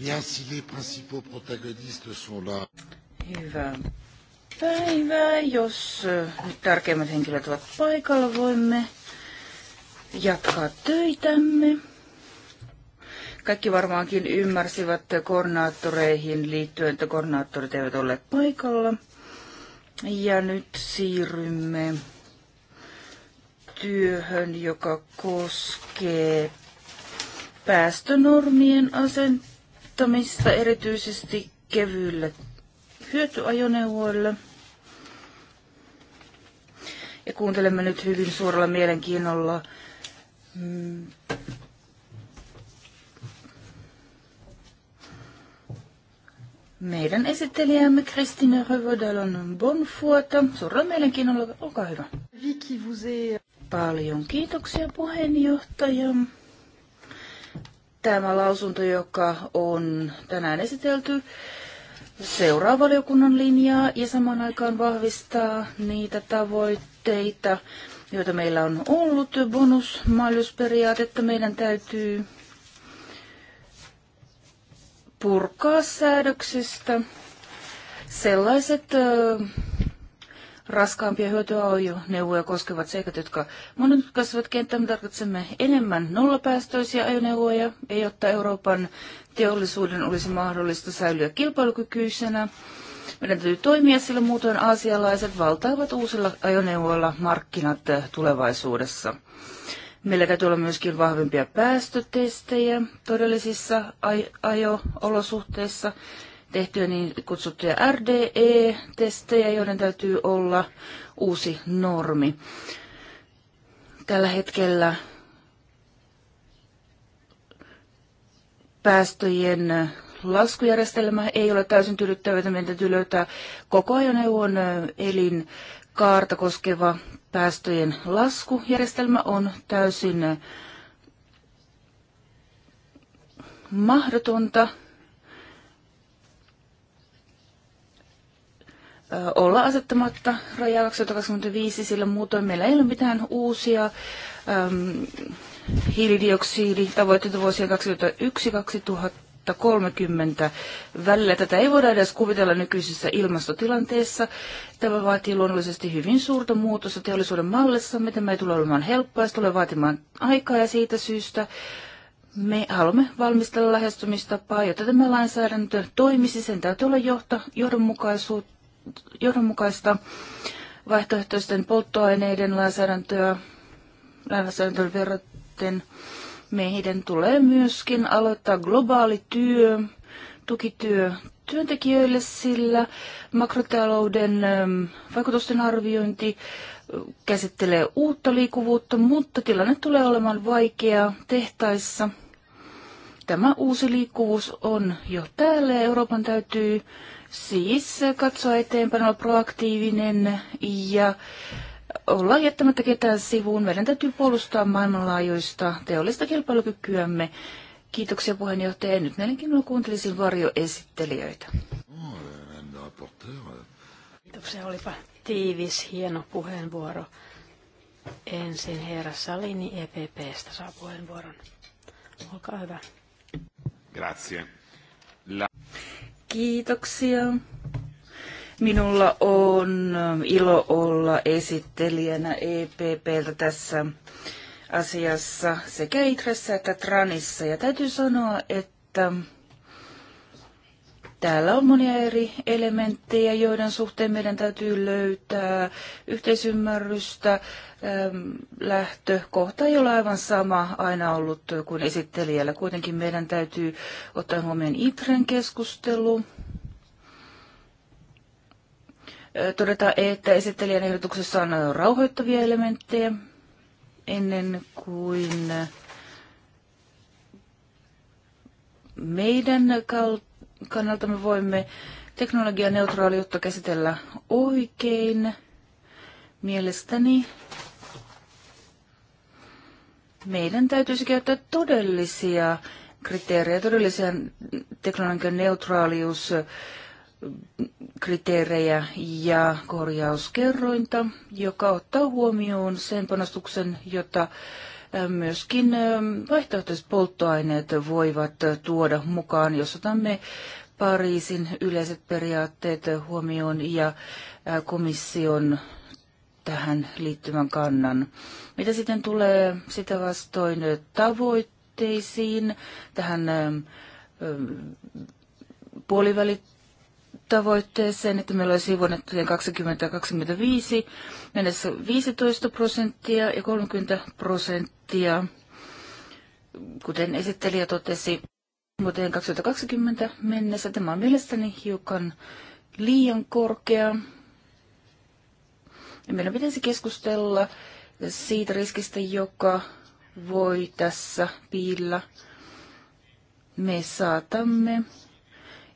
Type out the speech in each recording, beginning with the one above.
Bien, si les principaux protagonistes sont là. Hyvää päivää. Jos nyt tärkeimmät henkilöt ovat paikalla, voimme jatkaa töitämme. Kaikki varmaankin ymmärsivät koordinaattoreihin liittyen, että koordinaattorit eivät ole paikalla. Ja nyt siirrymme työhön, joka koskee päästönormien asentamista kuljettamista erityisesti kevyillä hyötyajoneuvoilla. Ja kuuntelemme nyt hyvin suurella mielenkiinnolla mm, meidän esittelijämme Kristine Rövodalon Bonfuota. Suurella mielenkiinnolla, olkaa hyvä. Paljon kiitoksia puheenjohtaja tämä lausunto, joka on tänään esitelty, seuraa valiokunnan linjaa ja samaan aikaan vahvistaa niitä tavoitteita, joita meillä on ollut. Bonusmaljusperiaatetta meidän täytyy purkaa säädöksistä sellaiset äh, raskaampia neuvoja koskevat seikat, jotka monimutkaistavat kenttää. Me tarvitsemme enemmän nollapäästöisiä ajoneuvoja, ja jotta Euroopan teollisuuden olisi mahdollista säilyä kilpailukykyisenä. Meidän täytyy toimia, sillä muutoin aasialaiset valtaavat uusilla ajoneuvoilla markkinat eh, tulevaisuudessa. Meillä täytyy olla myöskin vahvempia päästötestejä todellisissa ajo-olosuhteissa tehtyä niin kutsuttuja RDE-testejä, joiden täytyy olla uusi normi. Tällä hetkellä päästöjen laskujärjestelmä ei ole täysin tyydyttävä, että meidän täytyy löytää koko ajoneuvon elinkaarta koskeva päästöjen laskujärjestelmä on täysin mahdotonta. olla asettamatta rajaa 2025, sillä muutoin meillä ei ole mitään uusia äm, hiilidioksiditavoitteita vuosien 2001-2030 välillä. Tätä ei voida edes kuvitella nykyisessä ilmastotilanteessa. Tämä vaatii luonnollisesti hyvin suurta muutosta teollisuuden mitä me ei tule olemaan helppoa, se tulee vaatimaan aikaa ja siitä syystä me haluamme valmistella lähestymistapaa, jotta tämä lainsäädäntö toimisi. Sen täytyy olla johta, johdonmukaisuutta johdonmukaista vaihtoehtoisten polttoaineiden lainsäädäntöä lainsäädäntöön verraten. Meidän tulee myöskin aloittaa globaali työ, tukityö työntekijöille, sillä makrotalouden ähm, vaikutusten arviointi äh, käsittelee uutta liikuvuutta, mutta tilanne tulee olemaan vaikea tehtaissa. Tämä uusi liikkuvuus on jo täällä ja Euroopan täytyy Siis katsoa eteenpäin, olla proaktiivinen ja olla jättämättä ketään sivuun. Meidän täytyy puolustaa maailmanlaajuista teollista kilpailukykyämme. Kiitoksia puheenjohtaja. Nyt mielenkiinnolla kuuntelisin varjoesittelijöitä. Kiitoksia. Olipa tiivis, hieno puheenvuoro. Ensin herra Salini EPPstä saa puheenvuoron. Olkaa hyvä. Grazie. La... Kiitoksia. Minulla on ilo olla esittelijänä EPPltä tässä asiassa sekä Itressä että Tranissa. Ja täytyy sanoa, että Täällä on monia eri elementtejä, joiden suhteen meidän täytyy löytää yhteisymmärrystä, ehm, lähtökohta ei ole aivan sama aina ollut kuin esittelijällä. Kuitenkin meidän täytyy ottaa huomioon ITREn keskustelu, todeta, että esittelijän ehdotuksessa on rauhoittavia elementtejä ennen kuin meidän kautta kannalta me voimme teknologianeutraaliutta käsitellä oikein. Mielestäni meidän täytyisi käyttää todellisia kriteerejä, todellisia teknologian neutraaliuskriteerejä ja korjauskerrointa, joka ottaa huomioon sen panostuksen, jota myöskin vaihtoehtoiset polttoaineet voivat tuoda mukaan, jos otamme Pariisin yleiset periaatteet huomioon ja komission tähän liittyvän kannan. Mitä sitten tulee sitä vastoin tavoitteisiin, tähän puolivälit tavoitteeseen, että meillä olisi vuonna 2025 mennessä 15 prosenttia ja 30 prosenttia, kuten esittelijä totesi, vuoteen 2020 mennessä. Tämä on mielestäni hiukan liian korkea. Ja meidän pitäisi keskustella siitä riskistä, joka voi tässä piillä. Me saatamme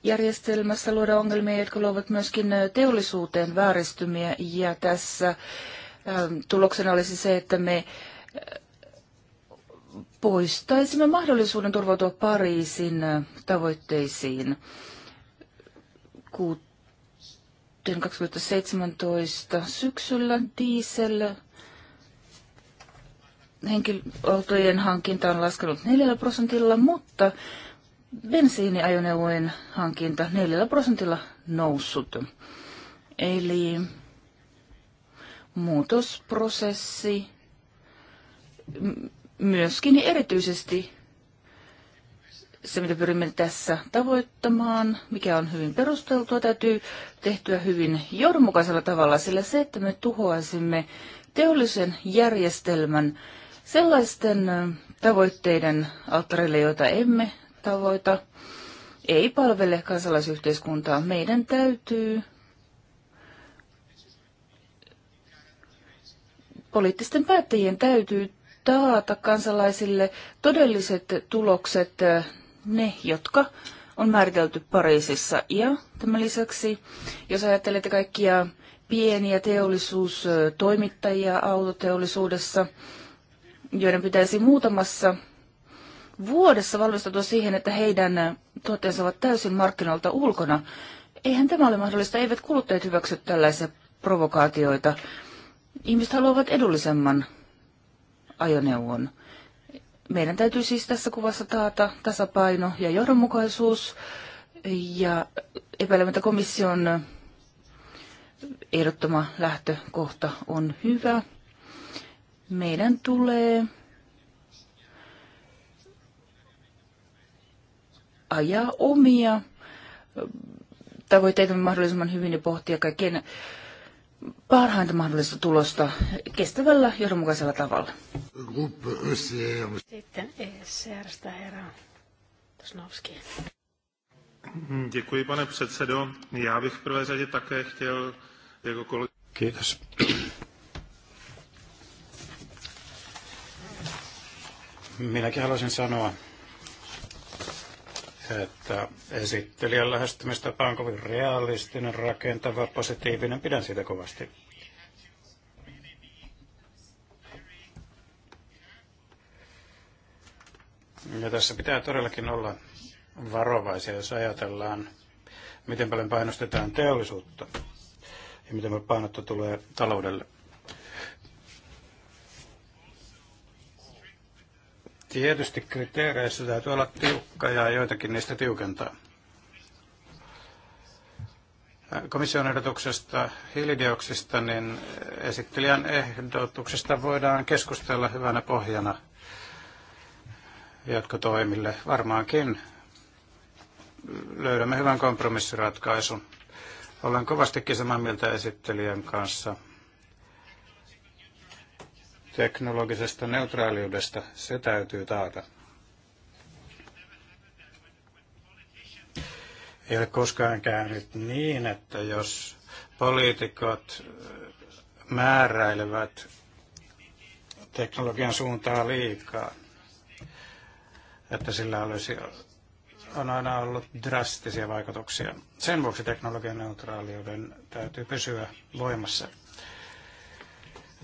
järjestelmässä luoda ongelmia, jotka luovat myöskin teollisuuteen vääristymiä. Ja tässä tuloksena olisi se, että me poistaisimme mahdollisuuden turvautua Pariisin tavoitteisiin. Kuten 2017 syksyllä diesel henkilöautojen hankinta on laskenut 4 prosentilla, mutta bensiiniajoneuvojen hankinta 4 prosentilla noussut. Eli muutosprosessi myöskin erityisesti se, mitä pyrimme tässä tavoittamaan, mikä on hyvin perusteltua, täytyy tehtyä hyvin johdonmukaisella tavalla, sillä se, että me tuhoaisimme teollisen järjestelmän sellaisten tavoitteiden alttarille, joita emme tavoita, ei palvele kansalaisyhteiskuntaa. Meidän täytyy poliittisten päättäjien täytyy taata kansalaisille todelliset tulokset, ne, jotka on määritelty Pariisissa. Ja tämän lisäksi, jos ajattelette kaikkia pieniä teollisuustoimittajia autoteollisuudessa, joiden pitäisi muutamassa vuodessa valmistautua siihen, että heidän tuotteensa ovat täysin markkinoilta ulkona. Eihän tämä ole mahdollista. Eivät kuluttajat hyväksy tällaisia provokaatioita. Ihmiset haluavat edullisemman ajoneuvon. Meidän täytyy siis tässä kuvassa taata tasapaino ja johdonmukaisuus. Ja epäilemättä komission ehdottoma lähtökohta on hyvä. Meidän tulee ajaa omia tavoitteitamme mahdollisimman hyvin ja pohtia kaikkien parhainta mahdollista tulosta kestävällä johdonmukaisella tavalla. E Sitten ECRstä herra Tosnovski. Hmm, děkuji, pane předsedo. Já bych v prvé řadě také chtěl jako kolega... Kiitos. Minäkin haluaisin sanoa, että esittelijän lähestymistapa on kovin realistinen, rakentava, positiivinen. Pidän siitä kovasti. Ja tässä pitää todellakin olla varovaisia, jos ajatellaan, miten paljon painostetaan teollisuutta ja miten paljon painotta tulee taloudelle. Tietysti kriteereissä täytyy olla tiukka ja joitakin niistä tiukentaa. Komission ehdotuksesta hiilidioksista, niin esittelijän ehdotuksesta voidaan keskustella hyvänä pohjana jatkotoimille. Varmaankin löydämme hyvän kompromissiratkaisun. Olen kovastikin samaa mieltä esittelijän kanssa teknologisesta neutraaliudesta, se täytyy taata. Ei ole koskaan käynyt niin, että jos poliitikot äh, määräilevät teknologian suuntaa liikaa, että sillä olisi, on aina ollut drastisia vaikutuksia. Sen vuoksi teknologian neutraaliuden täytyy pysyä voimassa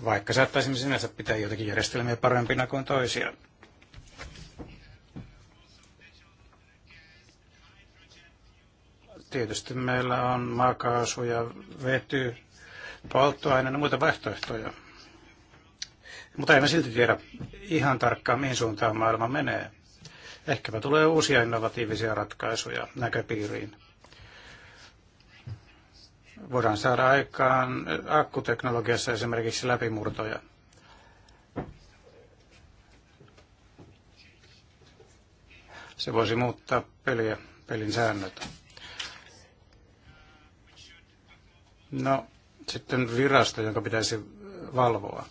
vaikka saattaisimme sinänsä pitää jotakin järjestelmiä parempina kuin toisia. Tietysti meillä on maakaasu ja vety, polttoaineena muita vaihtoehtoja. Mutta emme silti tiedä ihan tarkkaan, mihin suuntaan maailma menee. Ehkäpä tulee uusia innovatiivisia ratkaisuja näköpiiriin voidaan saada aikaan akkuteknologiassa esimerkiksi läpimurtoja. Se voisi muuttaa peliä, pelin säännöt. No, sitten virasto, jonka pitäisi valvoa.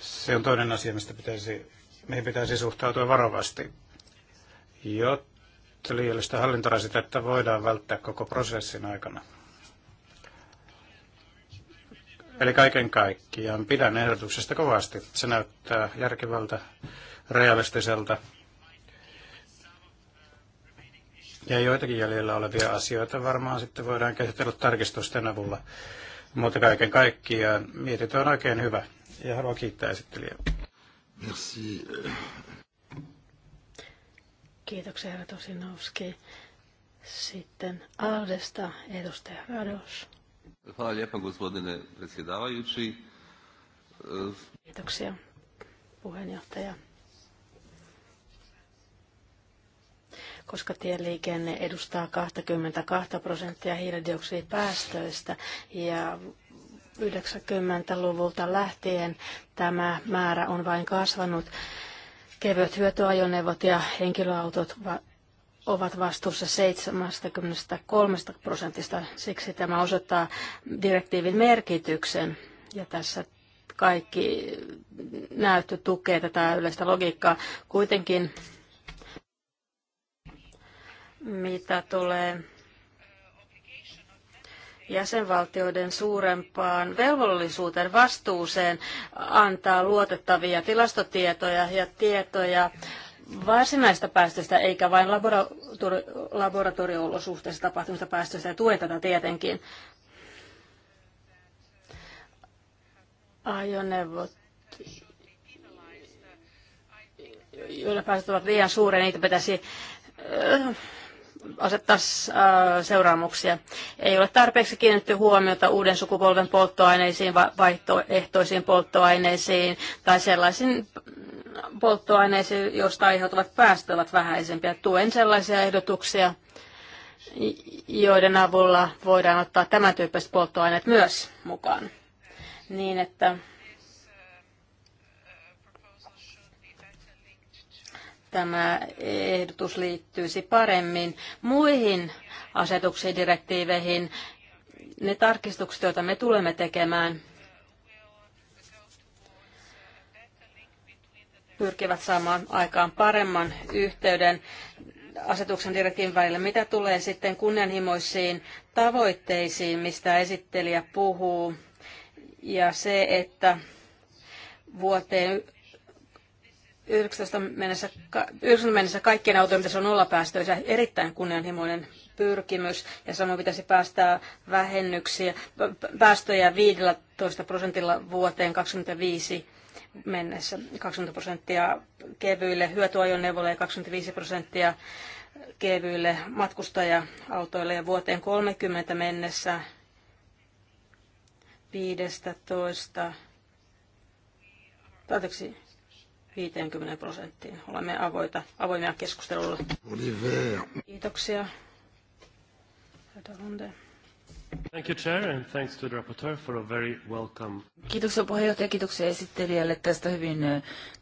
Se on toinen asia, mistä pitäisi, mihin pitäisi suhtautua varovasti jotta liiallista hallintorasitetta voidaan välttää koko prosessin aikana. Eli kaiken kaikkiaan pidän ehdotuksesta kovasti. Se näyttää järkevältä, realistiselta. Ja joitakin jäljellä olevia asioita varmaan sitten voidaan käsitellä tarkistusten avulla. Mutta kaiken kaikkiaan mietintö on oikein hyvä ja haluan kiittää esittelijää. Merci. Kiitoksia, herra Tosinowski. Sitten Aldesta, edustaja Rados. Hvala lijepa, gospodine predsjedavajući. Kiitoksia, puheenjohtaja. koska tieliikenne edustaa 22 prosenttia hiilidioksidipäästöistä ja 90-luvulta lähtien tämä määrä on vain kasvanut. Kevyet hyötyajoneuvot ja henkilöautot ovat vastuussa 73 prosentista. Siksi tämä osoittaa direktiivin merkityksen. Ja tässä kaikki näyttö tukee tätä yleistä logiikkaa. Kuitenkin mitä tulee jäsenvaltioiden suurempaan velvollisuuteen vastuuseen antaa luotettavia tilastotietoja ja tietoja varsinaista päästöistä eikä vain laboratori- laboratorioolosuhteissa tapahtumista päästöistä ja tuen tätä tietenkin. Ajoneuvot joilla päästöt ovat liian suuria, niitä pitäisi asettaa äh, seuraamuksia. Ei ole tarpeeksi kiinnitty huomiota uuden sukupolven polttoaineisiin, vaihtoehtoisiin polttoaineisiin tai sellaisiin polttoaineisiin, joista aiheutuvat päästöt ovat vähäisempiä. Tuen sellaisia ehdotuksia, joiden avulla voidaan ottaa tämän tyyppiset polttoaineet myös mukaan. Niin, että tämä ehdotus liittyisi paremmin muihin asetuksiin, direktiiveihin. Ne tarkistukset, joita me tulemme tekemään, pyrkivät saamaan aikaan paremman yhteyden asetuksen direktiivin välillä. Mitä tulee sitten kunnianhimoisiin tavoitteisiin, mistä esittelijä puhuu, ja se, että vuoteen 19 mennessä, 19 mennessä kaikkien autojen pitäisi olla nollapäästöisiä, erittäin kunnianhimoinen pyrkimys, ja samoin pitäisi päästää vähennyksiä, päästöjä 15 prosentilla vuoteen 25 mennessä, 20 prosenttia kevyille hyötyajoneuvoille ja 25 prosenttia kevyille matkustaja-autoille ja vuoteen 30 mennessä 15 Anteeksi, 50 prosenttiin. Olemme avoita, avoimia keskustelulle. Oliver. Kiitoksia. Herr Thank you, Chair, and thanks to the rapporteur for a very welcome. Kiitoksia puheenjohtaja, kiitoksia esittelijälle tästä hyvin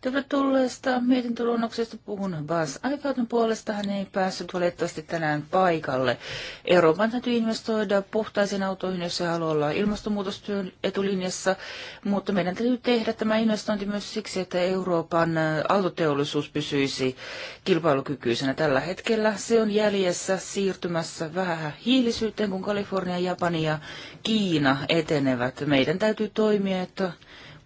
tervetulleesta mietintöluonnoksesta. Puhun Bas Aikautun puolesta. Hän ei päässyt valitettavasti tänään paikalle. Euroopan täytyy investoida puhtaisiin autoihin, jos se haluaa olla ilmastonmuutostyön etulinjassa, mutta meidän täytyy tehdä tämä investointi myös siksi, että Euroopan autoteollisuus pysyisi kilpailukykyisenä. Tällä hetkellä se on jäljessä siirtymässä vähän hiilisyyteen, kun Kalifornia ja Japani ja Kiina etenevät. Meidän täytyy toimia, että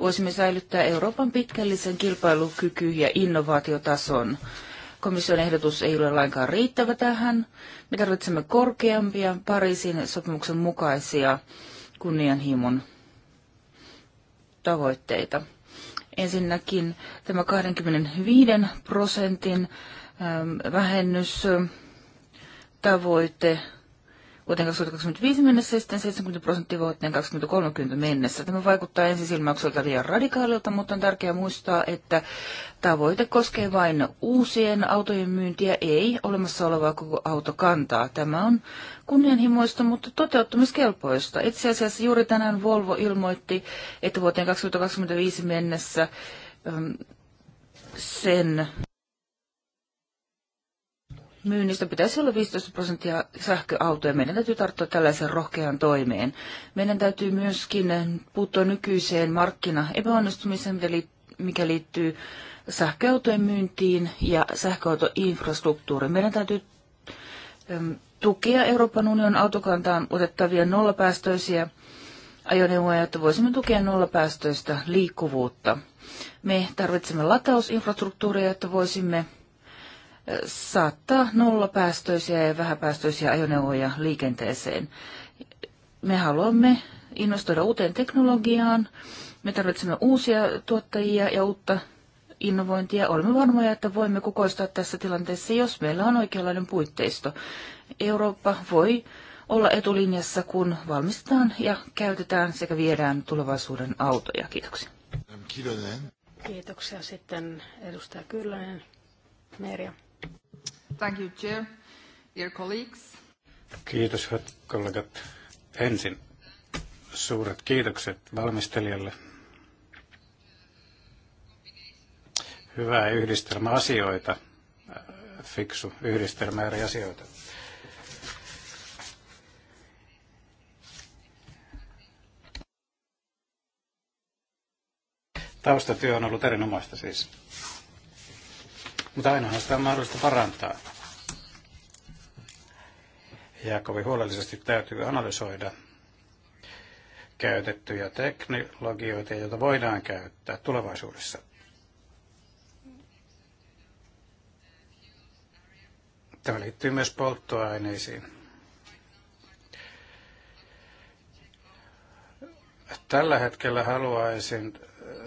voisimme säilyttää Euroopan pitkällisen kilpailukyky- ja innovaatiotason. Komission ehdotus ei ole lainkaan riittävä tähän. Me tarvitsemme korkeampia Pariisin sopimuksen mukaisia kunnianhimon tavoitteita. Ensinnäkin tämä 25 prosentin vähennystavoite vuoteen 2025 mennessä ja sitten 70 prosenttia vuoteen 2030 mennessä. Tämä vaikuttaa ensisilmäykseltä liian radikaalilta, mutta on tärkeää muistaa, että tavoite koskee vain uusien autojen myyntiä, ei olemassa olevaa koko autokantaa. Tämä on kunnianhimoista, mutta toteuttamiskelpoista. Itse asiassa juuri tänään Volvo ilmoitti, että vuoteen 2025 mennessä sen myynnistä pitäisi olla 15 prosenttia sähköautoja. Meidän täytyy tarttua tällaisen rohkean toimeen. Meidän täytyy myöskin puuttua nykyiseen markkinaepäonnistumiseen, mikä liittyy sähköautojen myyntiin ja sähköautoinfrastruktuuriin. Meidän täytyy tukea Euroopan unionin autokantaan otettavia nollapäästöisiä ajoneuvoja, jotta voisimme tukea nollapäästöistä liikkuvuutta. Me tarvitsemme latausinfrastruktuuria, jotta voisimme saattaa nollapäästöisiä ja vähäpäästöisiä ajoneuvoja liikenteeseen. Me haluamme investoida uuteen teknologiaan, me tarvitsemme uusia tuottajia ja uutta innovointia. Olemme varmoja, että voimme kukoistaa tässä tilanteessa, jos meillä on oikeanlainen puitteisto. Eurooppa voi olla etulinjassa, kun valmistetaan ja käytetään sekä viedään tulevaisuuden autoja. Kiitoksia. Kiitoksia sitten edustaja Kyllönen, Merja. Thank you, Chair. Dear colleagues. Kiitos, hyvät kollegat. Ensin suuret kiitokset valmistelijalle. Hyvää yhdistelmä asioita, fiksu yhdistelmä eri asioita. Taustatyö on ollut erinomaista siis mutta ainahan sitä on mahdollista parantaa. Ja kovin huolellisesti täytyy analysoida käytettyjä teknologioita, joita voidaan käyttää tulevaisuudessa. Tämä liittyy myös polttoaineisiin. Tällä hetkellä haluaisin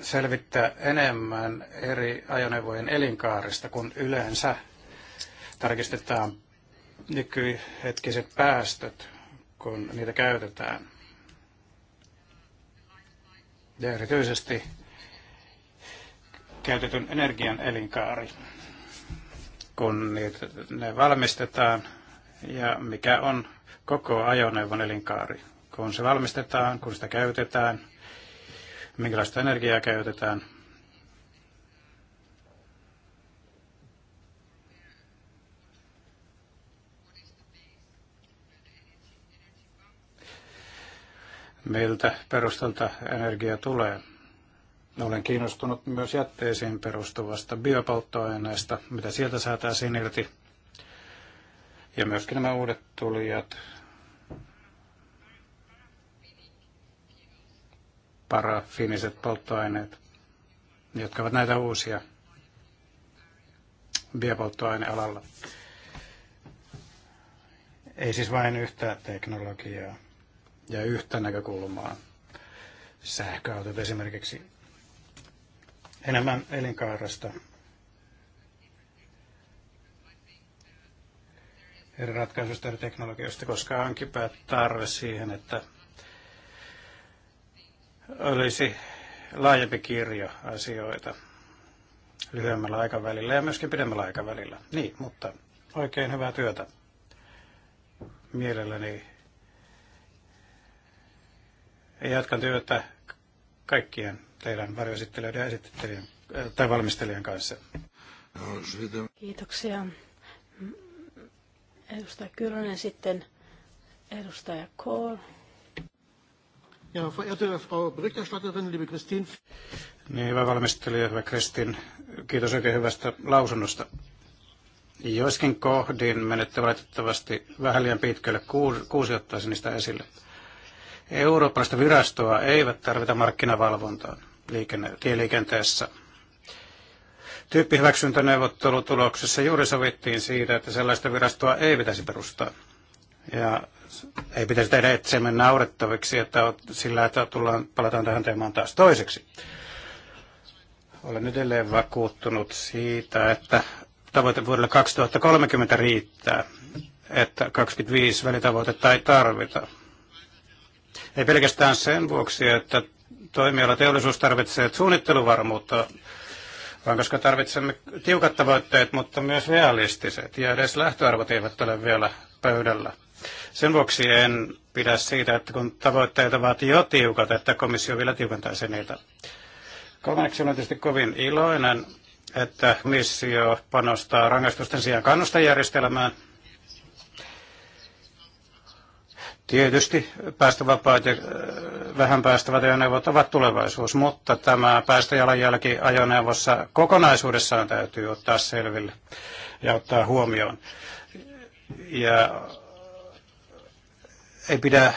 selvittää enemmän eri ajoneuvojen elinkaarista, kun yleensä tarkistetaan nykyhetkiset päästöt, kun niitä käytetään. Ja erityisesti käytetyn energian elinkaari, kun niitä, ne valmistetaan ja mikä on koko ajoneuvon elinkaari, kun se valmistetaan, kun sitä käytetään – minkälaista energiaa käytetään. Miltä perustalta energia tulee? Olen kiinnostunut myös jätteisiin perustuvasta biopolttoaineesta, mitä sieltä saataisiin irti. Ja myöskin nämä uudet tulijat, parafiiniset polttoaineet, jotka ovat näitä uusia biopolttoainealalla. Ei siis vain yhtä teknologiaa ja yhtä näkökulmaa. Sähköautot esimerkiksi enemmän elinkaarasta. eri ratkaisuista eri teknologioista, koska on kipä tarve siihen, että olisi laajempi kirjo asioita lyhyemmällä aikavälillä ja myöskin pidemmällä aikavälillä. Niin, mutta oikein hyvää työtä. Mielelläni jatkan työtä kaikkien teidän varjoesittelijöiden ja esittelijän äh, tai valmistelijan kanssa. Kiitoksia. Edustaja Kyrönen, sitten, edustaja Kohl. Ja, Frau Berichterstatterin, liebe Christine. Niin, hyvä valmistelija, hyvä Kristin. Kiitos oikein hyvästä lausunnosta. Joiskin kohdin menette valitettavasti vähän liian pitkälle. Kuusi ottaisin niistä esille. Eurooppalaista virastoa eivät tarvita markkinavalvontaan liikenne, tieliikenteessä. Tyyppihyväksyntäneuvottelutuloksessa juuri sovittiin siitä, että sellaista virastoa ei pitäisi perustaa. Ja ei pitäisi tehdä etsemme naurettaviksi, että sillä että tullaan, palataan tähän teemaan taas toiseksi. Olen edelleen vakuuttunut siitä, että tavoite vuodelle 2030 riittää, että 25 välitavoitetta ei tarvita. Ei pelkästään sen vuoksi, että toimiala teollisuus tarvitsee suunnitteluvarmuutta, vaan koska tarvitsemme tiukat tavoitteet, mutta myös realistiset, ja edes lähtöarvot eivät ole vielä pöydällä. Sen vuoksi en pidä siitä, että kun tavoitteet ovat jo tiukat, että komissio vielä tiukentaisi niitä. Kolmanneksi olen tietysti kovin iloinen, että komissio panostaa rangaistusten sijaan kannustajärjestelmään. Tietysti päästövapaat ja äh, vähän päästävät ajoneuvot ovat tulevaisuus, mutta tämä päästöjalanjälki ajoneuvossa kokonaisuudessaan täytyy ottaa selville ja ottaa huomioon. Ja ei pidä äh,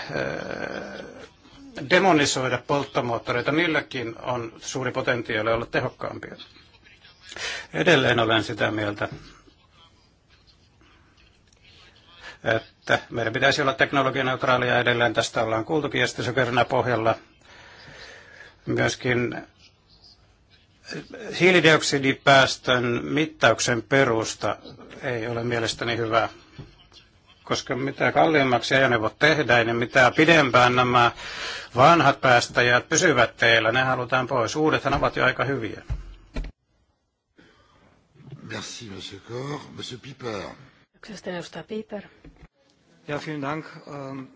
demonisoida polttomoottoreita. Niilläkin on suuri potentiaali olla tehokkaampia. Edelleen olen sitä mieltä, että meidän pitäisi olla teknologianeutraalia edelleen. Tästä ollaan kuultukin ja pohjalla myöskin hiilidioksidipäästön mittauksen perusta ei ole mielestäni hyvä koska mitä kalliimmaksi ajoneuvot tehdään, niin mitä pidempään nämä vanhat päästäjät pysyvät teillä, ne halutaan pois. Uudethan ovat jo aika hyviä. Merci, monsieur Cor. Monsieur Piper. Yksisten edustaja Piper. Ja, vielen dank. Um...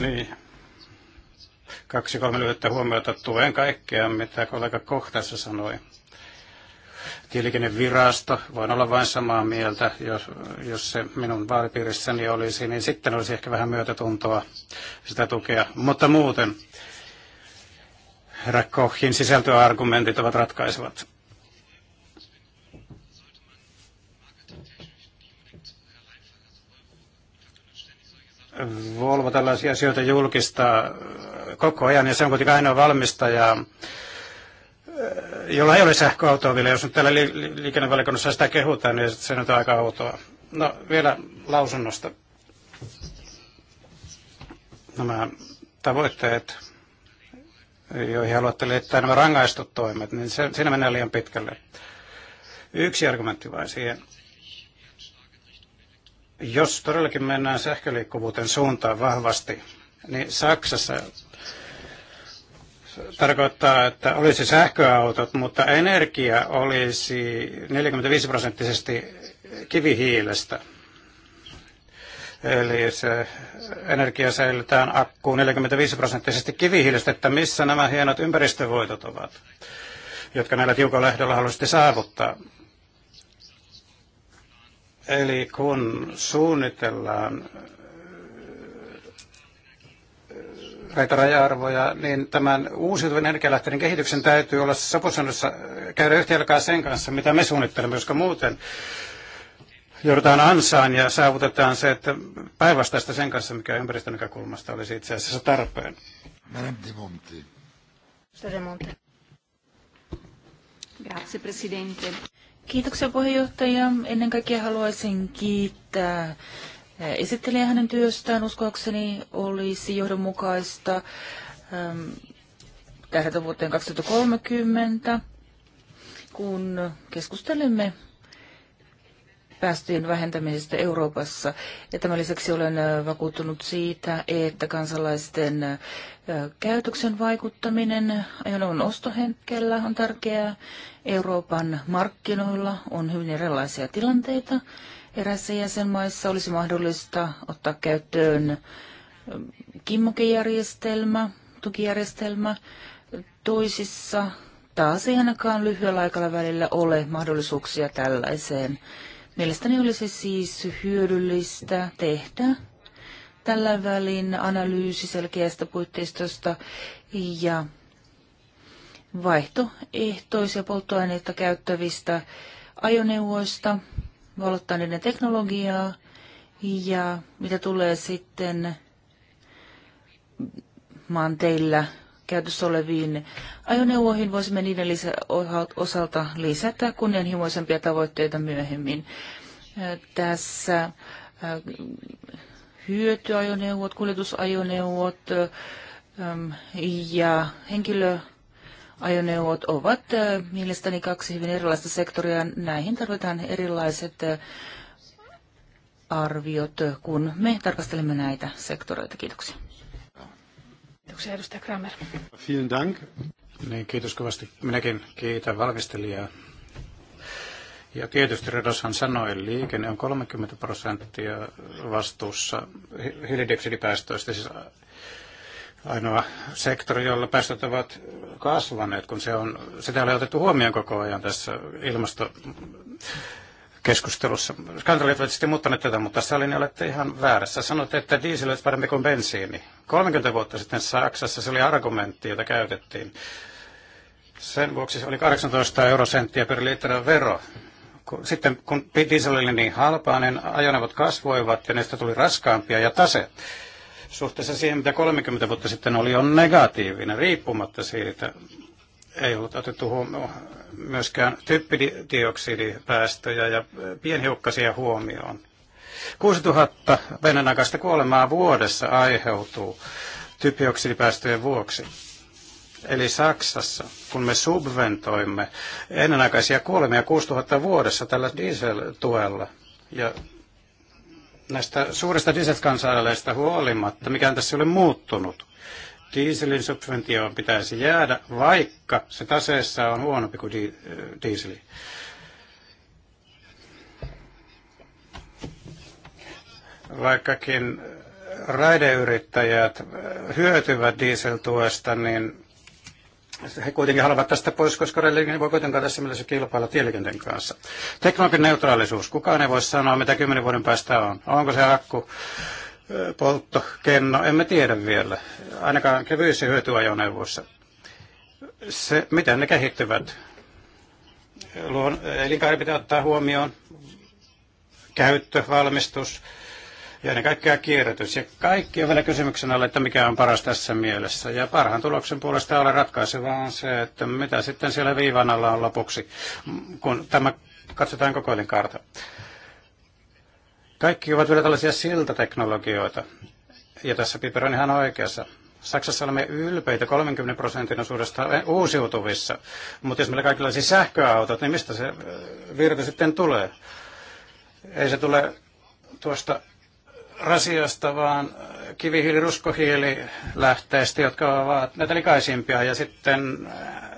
Niin. Kaksi kolme lyhyttä huomiota. Tuen kaikkea, mitä kollega Koch tässä sanoi tieliikennevirasto, voin olla vain samaa mieltä, jos, jos se minun vaalipiirissäni olisi, niin sitten olisi ehkä vähän myötätuntoa sitä tukea. Mutta muuten, herra Kohin sisältöargumentit ovat ratkaisevat. Volvo tällaisia asioita julkistaa koko ajan, ja se on kuitenkin ainoa valmistaja, jolla ei ole sähköautoa vielä, jos nyt täällä li- liikennevalikunnassa sitä kehutaan, niin se nyt on aika autoa. No vielä lausunnosta. Nämä tavoitteet, joihin haluatte liittää nämä rangaistut toimet, niin se, siinä menee liian pitkälle. Yksi argumentti vain siihen. Jos todellakin mennään sähköliikkuvuuteen suuntaan vahvasti, niin Saksassa tarkoittaa, että olisi sähköautot, mutta energia olisi 45 prosenttisesti kivihiilestä. Eli se energia säilytään akkuun 45 prosenttisesti kivihiilestä, että missä nämä hienot ympäristövoitot ovat, jotka näillä tiukalla ehdolla haluaisitte saavuttaa. Eli kun suunnitellaan näitä raja-arvoja, niin tämän uusiutuvien energialähteiden kehityksen täytyy olla sopusuunnassa käydä yhtä sen kanssa, mitä me suunnittelemme, koska muuten joudutaan ansaan ja saavutetaan se, että päinvastaista sen kanssa, mikä ympäristön näkökulmasta olisi itse asiassa tarpeen. Grazie Presidente. Kiitoksia puheenjohtaja. Ennen kaikkea haluaisin kiittää esittelijä hänen työstään uskoakseni olisi johdonmukaista ähm, tähdätä vuoteen 2030, kun keskustelemme päästöjen vähentämisestä Euroopassa. Ja tämän lisäksi olen äh, vakuuttunut siitä, että kansalaisten äh, käytöksen vaikuttaminen ajoneuvon ostohetkellä on tärkeää. Euroopan markkinoilla on hyvin erilaisia tilanteita eräissä jäsenmaissa olisi mahdollista ottaa käyttöön kimmokejärjestelmä, tukijärjestelmä. Toisissa taas ei ainakaan lyhyellä aikavälillä ole mahdollisuuksia tällaiseen. Mielestäni olisi siis hyödyllistä tehdä tällä välin analyysi selkeästä puitteistosta ja vaihtoehtoisia polttoaineita käyttävistä ajoneuvoista – valottaneiden teknologiaa ja mitä tulee sitten maanteillä käytössä oleviin ajoneuvoihin, voisimme niiden lisä, osalta lisätä kunnianhimoisempia tavoitteita myöhemmin. Tässä hyötyajoneuvot, kuljetusajoneuvot ja henkilö ajoneuvot ovat äh, mielestäni kaksi hyvin erilaista sektoria. Näihin tarvitaan erilaiset äh, arviot, kun me tarkastelemme näitä sektoreita. Kiitoksia. Kiitoksia, edustaja Kramer. Vielen dank. Niin, kiitos kovasti. Minäkin kiitän valmistelijaa. Ja tietysti Redoshan sanoi, liikenne on 30 prosenttia vastuussa hiilidioksidipäästöistä, siis ainoa sektori, jolla päästöt ovat kasvaneet, kun se on, sitä ei otettu huomioon koko ajan tässä ilmastokeskustelussa. Skandalit ovat sitten muuttaneet tätä, mutta Salin olette ihan väärässä. Sanoitte, että diesel olisi parempi kuin bensiini. 30 vuotta sitten Saksassa se oli argumentti, jota käytettiin. Sen vuoksi se oli 18 eurosenttiä per litra vero. Sitten kun diesel oli niin halpaa, niin ajoneuvot kasvoivat ja niistä tuli raskaampia ja taseet suhteessa siihen, mitä 30 vuotta sitten oli, on negatiivinen, riippumatta siitä. Ei ollut otettu huomioon myöskään typpidioksidipäästöjä ja pienhiukkasia huomioon. 6000 venenaikaista kuolemaa vuodessa aiheutuu typioksidipäästöjen vuoksi. Eli Saksassa, kun me subventoimme ennenaikaisia kuolemia 6000 vuodessa tällä dieseltuella ja näistä suurista dieselskansaaleista huolimatta, mikä tässä ei ole muuttunut. Dieselin subventioon pitäisi jäädä, vaikka se taseessa on huonompi kuin di- dieseli. Vaikkakin raideyrittäjät hyötyvät dieseltuesta, niin he kuitenkin haluavat tästä pois, koska religion voi kuitenkaan tässä mielessä kilpailla tieliikenteen kanssa. Teknologinen neutraalisuus. Kukaan ei voi sanoa, mitä kymmenen vuoden päästä on. Onko se akku, poltto, kenno, emme tiedä vielä. Ainakaan kevyissä hyötyajoneuvoissa. Se, miten ne kehittyvät. Luon, elinkaari pitää ottaa huomioon. Käyttö, valmistus, ja ennen kaikkea kierrätys. Ja kaikki on vielä kysymyksen alle, että mikä on paras tässä mielessä. Ja parhaan tuloksen puolesta ole ratkaisevaa on se, että mitä sitten siellä viivan alla on lopuksi, kun tämä katsotaan koko karta. Kaikki ovat vielä tällaisia siltateknologioita. Ja tässä Piper on ihan oikeassa. Saksassa olemme ylpeitä 30 prosentin osuudesta uusiutuvissa, mutta jos meillä kaikilla olisi sähköautot, niin mistä se äh, virta sitten tulee? Ei se tule tuosta rasiasta, vaan kivihiili, ruskohiili lähteistä, jotka ovat näitä likaisimpia. Ja sitten äh,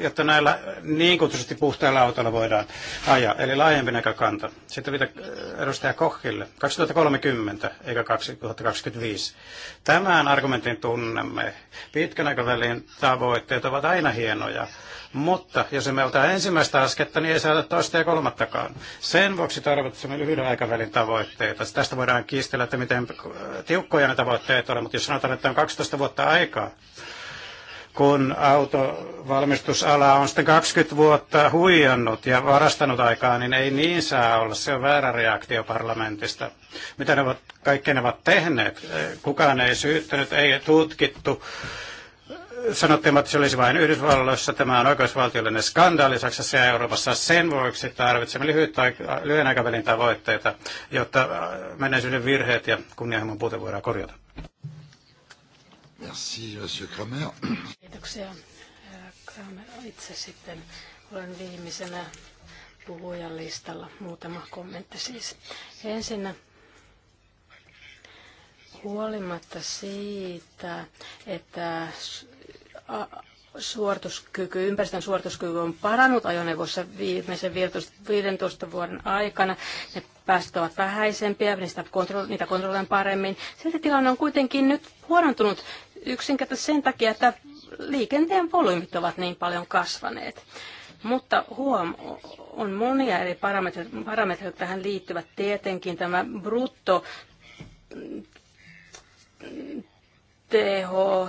jotta näillä niin kutsutusti puhtailla autoilla voidaan ajaa, eli laajempi näkökanta. Sitten mitä äh, edustaja Kohkille, 2030 eikä 2025. Tämän argumentin tunnemme. Pitkän aikavälin tavoitteet ovat aina hienoja, mutta jos emme ota ensimmäistä asketta, niin ei saada toista ja kolmattakaan. Sen vuoksi tarvitsemme lyhyen aikavälin tavoitteita. Tästä voidaan kiistellä, että miten äh, tiukkoja ne tavoitteet ovat, mutta jos sanotaan, että on 12 vuotta aikaa, kun autovalmistusala on sitten 20 vuotta huijannut ja varastanut aikaa, niin ei niin saa olla. Se on väärä reaktio parlamentista. Mitä ne ovat, kaikki ne ovat tehneet? Kukaan ei syyttänyt, ei tutkittu. Sanottiin, että se olisi vain Yhdysvalloissa. Tämä on oikeusvaltiollinen skandaali Saksassa ja Euroopassa. Sen vuoksi tarvitsemme lyhyen aikavälin tavoitteita, jotta menneisyyden virheet ja kunnianhimon puute voidaan korjata. Merci, Monsieur Kramer. Kiitoksia, Kramer. Itse sitten olen viimeisenä puhujan listalla. Muutama kommentti siis. Ensinnä huolimatta siitä, että suorituskyky, ympäristön suorituskyky on parannut ajoneuvossa viimeisen 15 vuoden aikana. Ne päästöt ovat vähäisempiä, niitä, kontrolloidaan paremmin. Silti tilanne on kuitenkin nyt huonontunut yksinkertaisesti sen takia, että liikenteen volyymit ovat niin paljon kasvaneet. Mutta huom, on monia eri parametreja, jotka tähän liittyvät. Tietenkin tämä brutto teho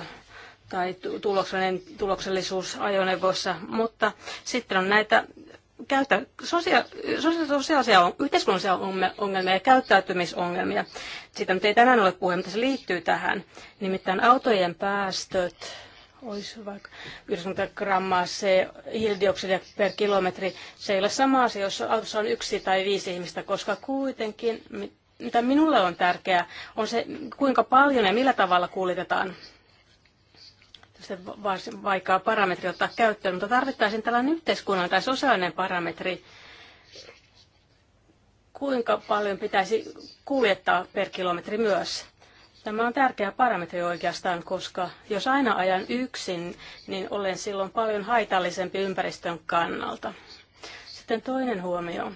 tai tuloksellinen, tuloksellisuus ajoneuvoissa, mutta sitten on näitä käyttä, sosia, sosiaalisia, yhteiskunnallisia ongelmia ja käyttäytymisongelmia. Siitä nyt ei tänään ole puhe, mutta se liittyy tähän. Nimittäin autojen päästöt olisi vaikka 90 grammaa se hiilidioksidia per kilometri. Se ei ole sama asia, jos autossa on yksi tai viisi ihmistä, koska kuitenkin, mitä minulle on tärkeää, on se, kuinka paljon ja millä tavalla kuljetetaan varsin vaikea parametri ottaa käyttöön, mutta tarvittaisiin tällainen yhteiskunnan tai sosiaalinen parametri, kuinka paljon pitäisi kuljettaa per kilometri myös. Tämä on tärkeä parametri oikeastaan, koska jos aina ajan yksin, niin olen silloin paljon haitallisempi ympäristön kannalta. Sitten toinen huomio.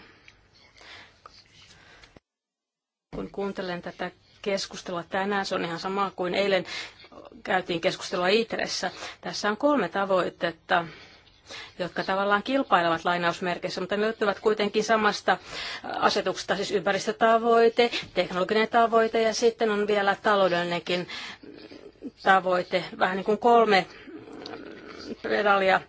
Kun kuuntelen tätä keskustelua tänään, se on ihan sama kuin eilen käytiin keskustelua Itressä. Tässä on kolme tavoitetta, jotka tavallaan kilpailevat lainausmerkeissä, mutta ne löytyvät kuitenkin samasta asetuksesta, siis ympäristötavoite, teknologinen tavoite ja sitten on vielä taloudellinenkin tavoite, vähän niin kuin kolme pedalia.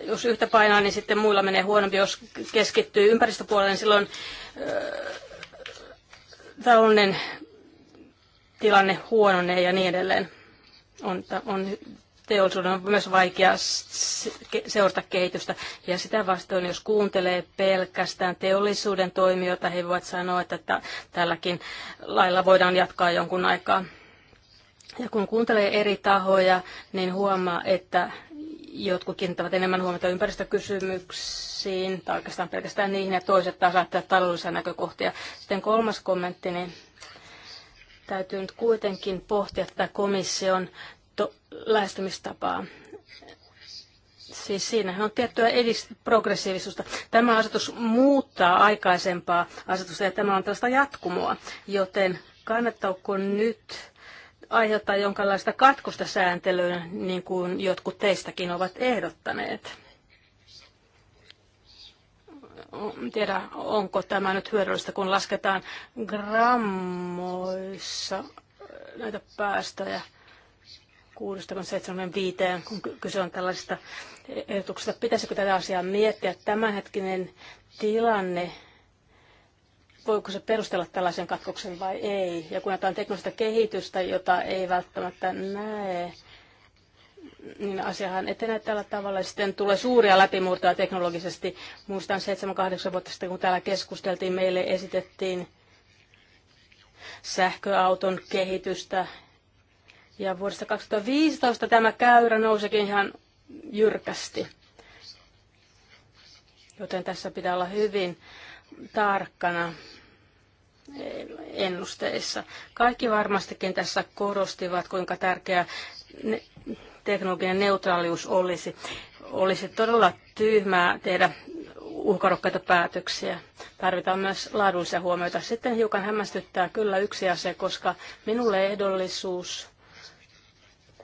Jos yhtä painaa, niin sitten muilla menee huonompi. Jos keskittyy ympäristöpuolelle, niin silloin taloudellinen tilanne huononee ja niin edelleen. On, on teollisuuden on myös vaikea seurata kehitystä. Ja sitä vastoin, jos kuuntelee pelkästään teollisuuden toimijoita, he voivat sanoa, että tälläkin lailla voidaan jatkaa jonkun aikaa. Ja kun kuuntelee eri tahoja, niin huomaa, että jotkut kiinnittävät enemmän huomiota ympäristökysymyksiin, tai oikeastaan pelkästään niihin, ja toiset taas ajattelevat taloudellisia näkökohtia. Sitten kolmas kommentti, niin täytyy nyt kuitenkin pohtia tätä komission lähestymistapaa. Siis siinähän on tiettyä edist- progressiivisuutta. Tämä asetus muuttaa aikaisempaa asetusta ja tämä on tällaista jatkumoa, joten kannattaako nyt aiheuttaa jonkinlaista katkosta sääntelyyn, niin kuin jotkut teistäkin ovat ehdottaneet? tiedä, onko tämä nyt hyödyllistä, kun lasketaan grammoissa näitä päästöjä. 675, kun kyse on tällaisesta ehdotuksesta. Pitäisikö tätä asiaa miettiä? Tämänhetkinen tilanne, voiko se perustella tällaisen katkoksen vai ei? Ja kun ajatellaan teknologista kehitystä, jota ei välttämättä näe, niin asiahan etenee tällä tavalla. Sitten tulee suuria läpimurtoja teknologisesti. Muistan 7-8 vuotta sitten, kun täällä keskusteltiin, meille esitettiin sähköauton kehitystä ja vuodesta 2015 tämä käyrä nousikin ihan jyrkästi. Joten tässä pitää olla hyvin tarkkana ennusteissa. Kaikki varmastikin tässä korostivat, kuinka tärkeä teknologinen neutraalius olisi. Olisi todella tyhmää tehdä uhkarokkaita päätöksiä. Tarvitaan myös laadullisia huomioita. Sitten hiukan hämmästyttää kyllä yksi asia, koska minulle ehdollisuus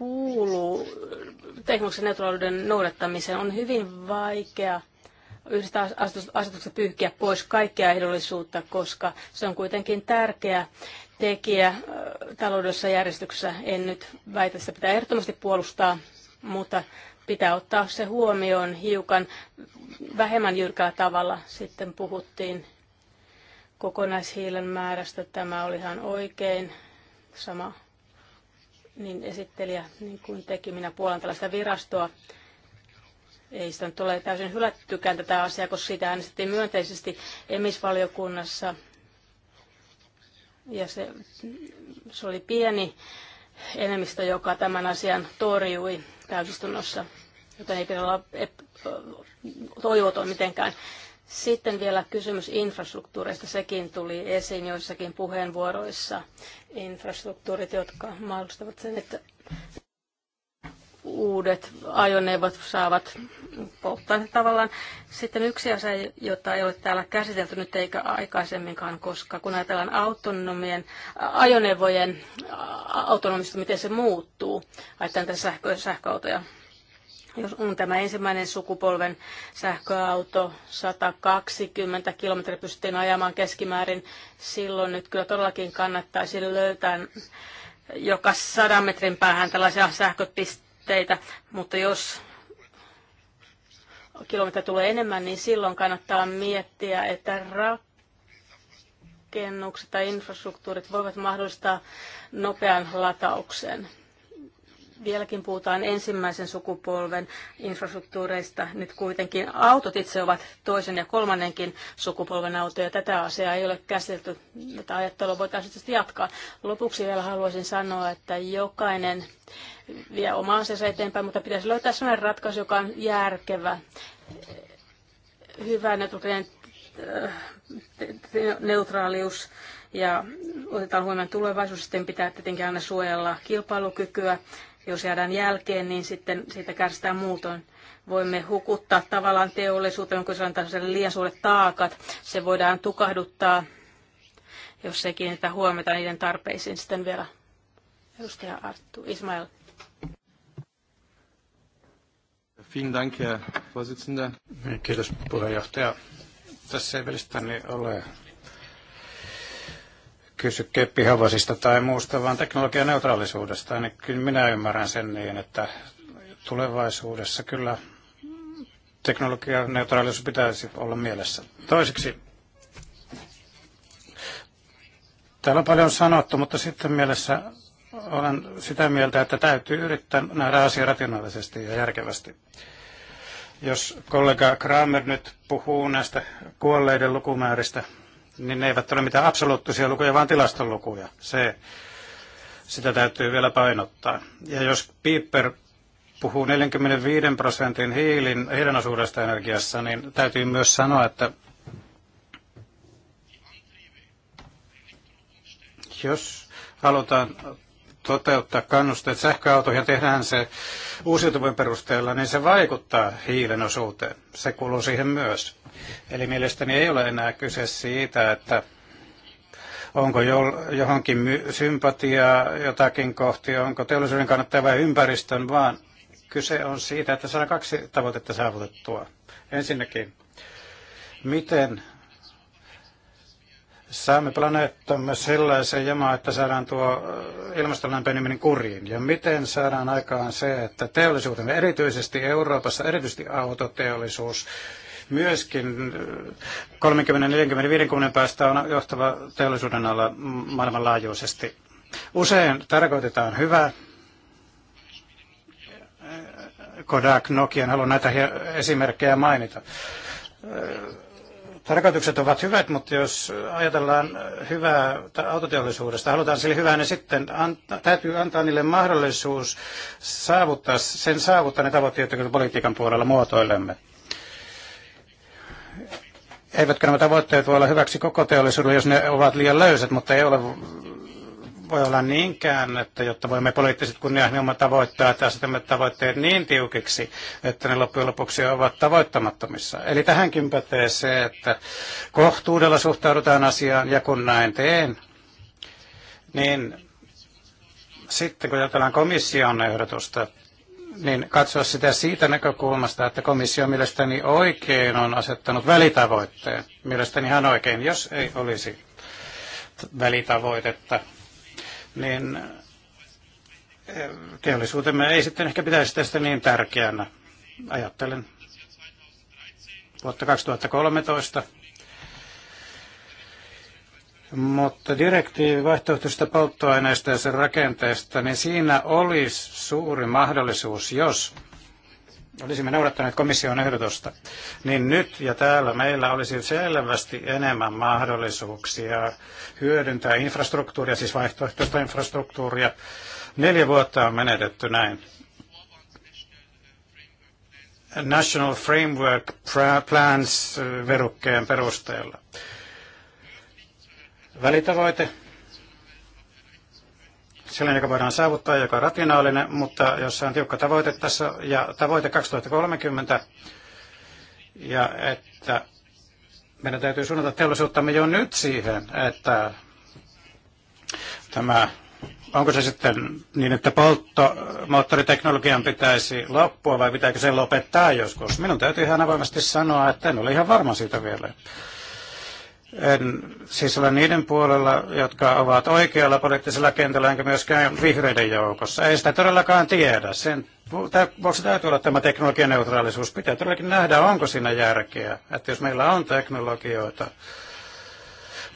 kuuluu teknologisen neutraaliuden noudattamiseen, on hyvin vaikea yhdestä asetuksesta pyyhkiä pois kaikkea ehdollisuutta, koska se on kuitenkin tärkeä tekijä taloudessa järjestyksessä. En nyt väitä, että pitää ehdottomasti puolustaa, mutta pitää ottaa se huomioon hiukan vähemmän jyrkällä tavalla. Sitten puhuttiin kokonaishiilen määrästä. Tämä oli ihan oikein. Sama niin esittelijä, niin kuin teki, minä puolan tällaista virastoa. Ei sitä nyt ole täysin hylättykään tätä asiaa, koska sitä äänestettiin myönteisesti emisvaliokunnassa. Ja se, se oli pieni enemmistö, joka tämän asian torjui täysistunnossa, joten ei pidä olla toivoton mitenkään. Sitten vielä kysymys infrastruktuurista. Sekin tuli esiin joissakin puheenvuoroissa. Infrastruktuurit, jotka mahdollistavat sen, että uudet ajoneuvot saavat polttoainetta tavallaan. Sitten yksi asia, jota ei ole täällä käsitelty nyt eikä aikaisemminkaan, koska kun ajatellaan autonomien, ajoneuvojen autonomista, miten se muuttuu, ajatellaan tässä sähkö, sähköautoja jos on tämä ensimmäinen sukupolven sähköauto, 120 kilometriä pystyttiin ajamaan keskimäärin, silloin nyt kyllä todellakin kannattaisi löytää joka sadan metrin päähän tällaisia sähköpisteitä, mutta jos kilometriä tulee enemmän, niin silloin kannattaa miettiä, että rakennukset tai infrastruktuurit voivat mahdollistaa nopean latauksen vieläkin puhutaan ensimmäisen sukupolven infrastruktuureista. Nyt kuitenkin autot itse ovat toisen ja kolmannenkin sukupolven autoja. Tätä asiaa ei ole käsitelty. Tätä ajattelua voitaisiin sitten jatkaa. Lopuksi vielä haluaisin sanoa, että jokainen vie oma asiansa eteenpäin, mutta pitäisi löytää sellainen ratkaisu, joka on järkevä, hyvä äh, neutraalius ja otetaan huomioon tulevaisuus, sitten pitää tietenkin aina suojella kilpailukykyä jos jäädään jälkeen, niin sitten siitä kärsitään muutoin. Voimme hukuttaa tavallaan teollisuuteen, jonka se antaa liian suuret taakat. Se voidaan tukahduttaa, jos ei kiinnitä huomiota niiden tarpeisiin. Sitten vielä edustaja Arttu Ismail. Vielen Dank, Herr Vorsitzender. Niin, kiitos puheenjohtaja. Tässä ei mielestäni niin ole kysy keppihavasista tai muusta, vaan teknologian neutraalisuudesta. Niin kyllä minä ymmärrän sen niin, että tulevaisuudessa kyllä teknologian neutraalisuus pitäisi olla mielessä. Toiseksi, täällä on paljon sanottu, mutta sitten mielessä olen sitä mieltä, että täytyy yrittää nähdä asia rationaalisesti ja järkevästi. Jos kollega Kramer nyt puhuu näistä kuolleiden lukumääristä, niin ne eivät ole mitään absoluuttisia lukuja, vaan tilastolukuja. Se, sitä täytyy vielä painottaa. Ja jos Piper puhuu 45 prosentin hiilin, hiilen osuudesta energiassa, niin täytyy myös sanoa, että jos halutaan toteuttaa kannusteet sähköautoihin, tehdään se uusiutuvien perusteella, niin se vaikuttaa hiilen osuuteen. Se kuuluu siihen myös. Eli mielestäni ei ole enää kyse siitä, että onko johonkin sympatiaa jotakin kohti, onko teollisuuden kannattaja vai ympäristön, vaan kyse on siitä, että saadaan kaksi tavoitetta saavutettua. Ensinnäkin, miten saamme planeettamme sellaiseen jamaan, että saadaan tuo äh, ilmaston lämpeneminen kuriin? Ja miten saadaan aikaan se, että teollisuutemme, erityisesti Euroopassa, erityisesti autoteollisuus, myöskin 30, 40, 50 päästä on johtava teollisuuden ala maailmanlaajuisesti. Usein tarkoitetaan hyvää. Kodak, Nokia, haluan näitä esimerkkejä mainita äh, Tarkoitukset ovat hyvät, mutta jos ajatellaan hyvää autoteollisuudesta, halutaan sille hyvää, niin sitten täytyy antaa niille mahdollisuus saavuttaa sen saavuttaa ne tavoitteet, joita politiikan puolella muotoilemme. Eivätkö nämä tavoitteet voi olla hyväksi koko teollisuudelle, jos ne ovat liian löysät, mutta ei ole voi olla niinkään, että jotta voimme poliittiset kunnianhimomme tavoittaa, että asetamme tavoitteet niin tiukiksi, että ne loppujen lopuksi ovat tavoittamattomissa. Eli tähänkin pätee se, että kohtuudella suhtaudutaan asiaan, ja kun näin teen, niin sitten kun ajatellaan komission ehdotusta, niin katsoa sitä siitä näkökulmasta, että komissio mielestäni oikein on asettanut välitavoitteen. Mielestäni ihan oikein, jos ei olisi välitavoitetta, niin eh, teollisuutemme ei sitten ehkä pitäisi tästä niin tärkeänä. Ajattelen vuotta 2013. Mutta direktiivi vaihtoehtoista polttoaineista ja sen rakenteesta, niin siinä olisi suuri mahdollisuus, jos olisimme noudattaneet komission ehdotusta, niin nyt ja täällä meillä olisi selvästi enemmän mahdollisuuksia hyödyntää infrastruktuuria, siis vaihtoehtoista infrastruktuuria. Neljä vuotta on menetetty näin. National Framework Plans verukkeen perusteella. Välitavoite sellainen, joka voidaan saavuttaa, joka on rationaalinen, mutta jossa on tiukka tavoite tässä ja tavoite 2030 ja että meidän täytyy suunnata teollisuuttamme jo nyt siihen, että tämä, onko se sitten niin, että polttomoottoriteknologian pitäisi loppua vai pitääkö se lopettaa joskus? Minun täytyy ihan avoimesti sanoa, että en ole ihan varma siitä vielä. En siis ole niiden puolella, jotka ovat oikealla poliittisella kentällä, enkä myöskään vihreiden joukossa. Ei sitä todellakaan tiedä. Sen vuoksi täytyy olla tämä teknologianeutraalisuus. Pitää todellakin nähdä, onko siinä järkeä. Että jos meillä on teknologioita,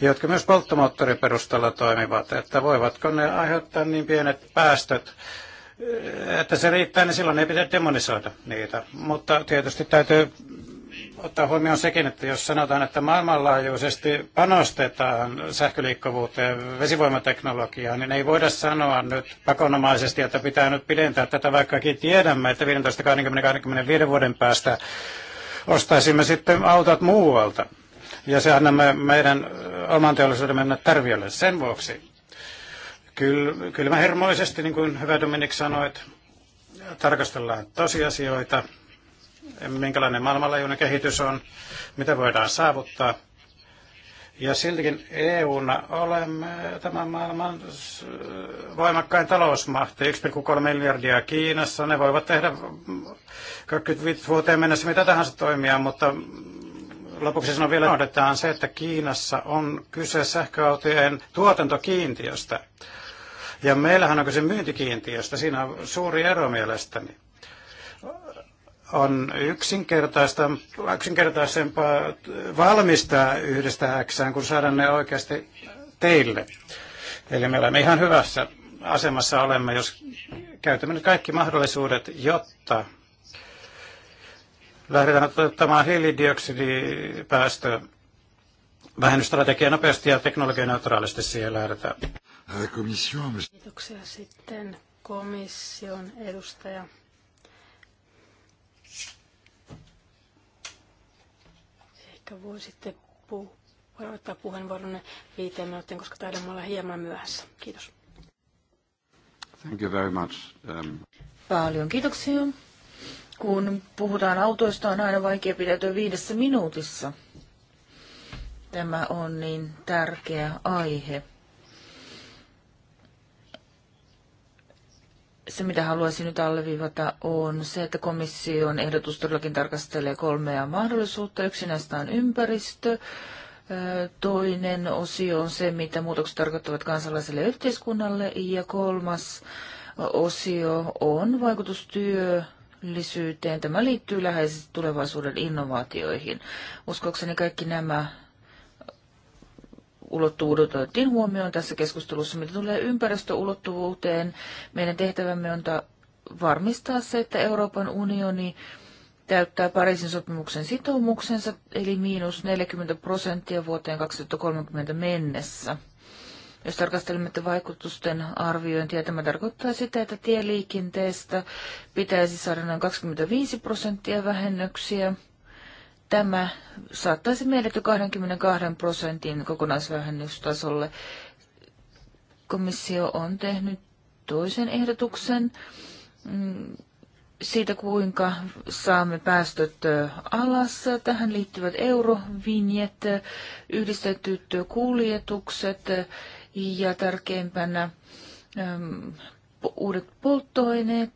jotka myös polttomoottoriperustalla toimivat, että voivatko ne aiheuttaa niin pienet päästöt, että se riittää, niin silloin ei pidä demonisoida niitä. Mutta tietysti täytyy ottaa huomioon sekin, että jos sanotaan, että maailmanlaajuisesti panostetaan sähköliikkuvuuteen, vesivoimateknologiaan, niin ei voida sanoa nyt pakonomaisesti, että pitää nyt pidentää tätä, vaikkakin tiedämme, että 15, 20, 25 vuoden päästä ostaisimme sitten autot muualta. Ja se annamme meidän oman teollisuuden mennä tarviolle sen vuoksi. Kyllä, kylmähermoisesti, niin kuin hyvä Dominik sanoit, tarkastellaan tosiasioita, minkälainen maailmanlaajuinen kehitys on, mitä voidaan saavuttaa. Ja siltikin EUna olemme tämän maailman voimakkain talousmahti. 1,3 miljardia Kiinassa. Ne voivat tehdä 25 vuoteen mennessä mitä tahansa toimia, mutta lopuksi sanon vielä, on se, että Kiinassa on kyse sähköautojen tuotantokiintiöstä. Ja meillähän on kyse myyntikiintiöstä. Siinä on suuri ero mielestäni on yksinkertaisempaa valmistaa yhdestä X kun saada ne oikeasti teille. Eli me olemme ihan hyvässä asemassa olemme, jos käytämme nyt kaikki mahdollisuudet, jotta lähdetään ottamaan hiilidioksidipäästö vähennysstrategia nopeasti ja teknologianeutraalisti siihen lähdetään. Äh, Kiitoksia sitten komission edustaja. Ehkä voisitte voi varoittaa puheenvuoronne viiteen minuuttiin, koska taidamme olla hieman myöhässä. Kiitos. Thank you very much. Um... Paljon kiitoksia. Kun puhutaan autoista, on aina vaikea pidätyä viidessä minuutissa. Tämä on niin tärkeä aihe. se, mitä haluaisin nyt alleviivata, on se, että komission ehdotus todellakin tarkastelee kolmea mahdollisuutta. Yksi näistä on ympäristö, toinen osio on se, mitä muutokset tarkoittavat kansalaiselle ja yhteiskunnalle, ja kolmas osio on vaikutustyö lisyyteen, Tämä liittyy läheisesti tulevaisuuden innovaatioihin. Uskoakseni kaikki nämä ulottuvuudet otettiin huomioon tässä keskustelussa. Mitä tulee ympäristöulottuvuuteen, meidän tehtävämme on varmistaa se, että Euroopan unioni täyttää Pariisin sopimuksen sitoumuksensa, eli miinus 40 prosenttia vuoteen 2030 mennessä. Jos tarkastelemme että vaikutusten arviointia, tämä tarkoittaa sitä, että tieliikenteestä pitäisi saada noin 25 prosenttia vähennyksiä Tämä saattaisi meidät jo 22 prosentin kokonaisvähennystasolle. Komissio on tehnyt toisen ehdotuksen mm, siitä, kuinka saamme päästöt alas. Tähän liittyvät eurovinjet, yhdistetyt kuljetukset ja tärkeimpänä uudet polttoaineet.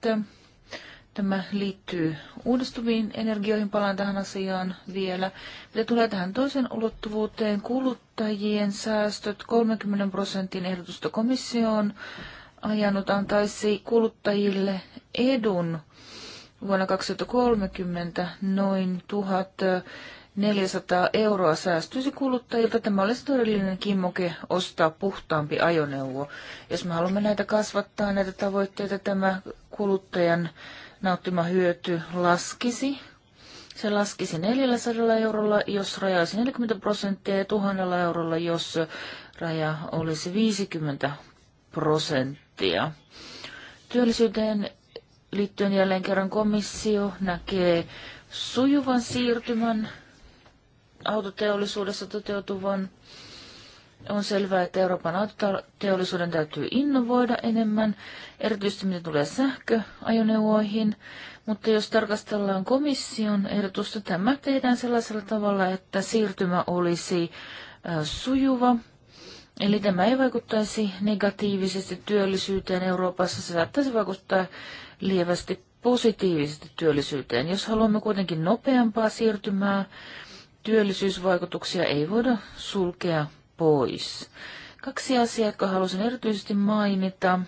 Tämä liittyy uudistuviin energioihin, palaan tähän asiaan vielä. Mitä tulee tähän toisen ulottuvuuteen, kuluttajien säästöt 30 prosentin ehdotusta komissioon ajanut antaisi kuluttajille edun vuonna 2030 noin 1400 euroa säästyisi kuluttajilta. Tämä olisi todellinen kimmoke ostaa puhtaampi ajoneuvo. Jos me haluamme näitä kasvattaa, näitä tavoitteita, tämä kuluttajan nauttima hyöty laskisi. Se laskisi 400 eurolla, jos raja olisi 40 prosenttia, ja 1000 eurolla, jos raja olisi 50 prosenttia. Työllisyyteen liittyen jälleen kerran komissio näkee sujuvan siirtymän autoteollisuudessa toteutuvan on selvää, että Euroopan autoteollisuuden täytyy innovoida enemmän, erityisesti mitä tulee sähköajoneuvoihin. Mutta jos tarkastellaan komission ehdotusta, tämä tehdään sellaisella tavalla, että siirtymä olisi sujuva. Eli tämä ei vaikuttaisi negatiivisesti työllisyyteen Euroopassa, se saattaisi vaikuttaa lievästi positiivisesti työllisyyteen. Jos haluamme kuitenkin nopeampaa siirtymää, työllisyysvaikutuksia ei voida sulkea pois. Kaksi asiaa, jotka halusin erityisesti mainita.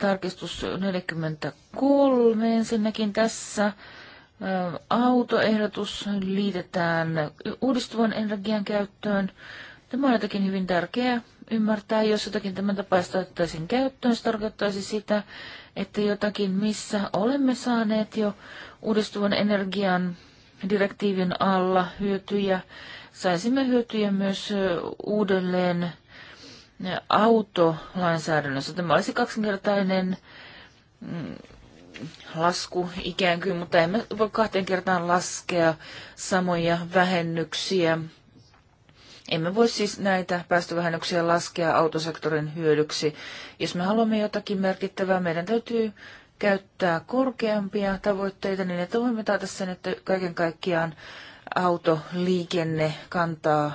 Tarkistus 43. Ensinnäkin tässä autoehdotus liitetään uudistuvan energian käyttöön. Tämä on jotakin hyvin tärkeää ymmärtää. Jos jotakin tämän tapaista ottaisin käyttöön, se tarkoittaisi sitä, että jotakin, missä olemme saaneet jo uudistuvan energian direktiivin alla hyötyjä, saisimme hyötyjä myös uudelleen autolainsäädännössä. Tämä olisi kaksinkertainen mm, lasku ikään kuin, mutta emme voi kahteen kertaan laskea samoja vähennyksiä. Emme voi siis näitä päästövähennyksiä laskea autosektorin hyödyksi. Jos me haluamme jotakin merkittävää, meidän täytyy käyttää korkeampia tavoitteita niin, että voimme taata sen, että kaiken kaikkiaan autoliikenne kantaa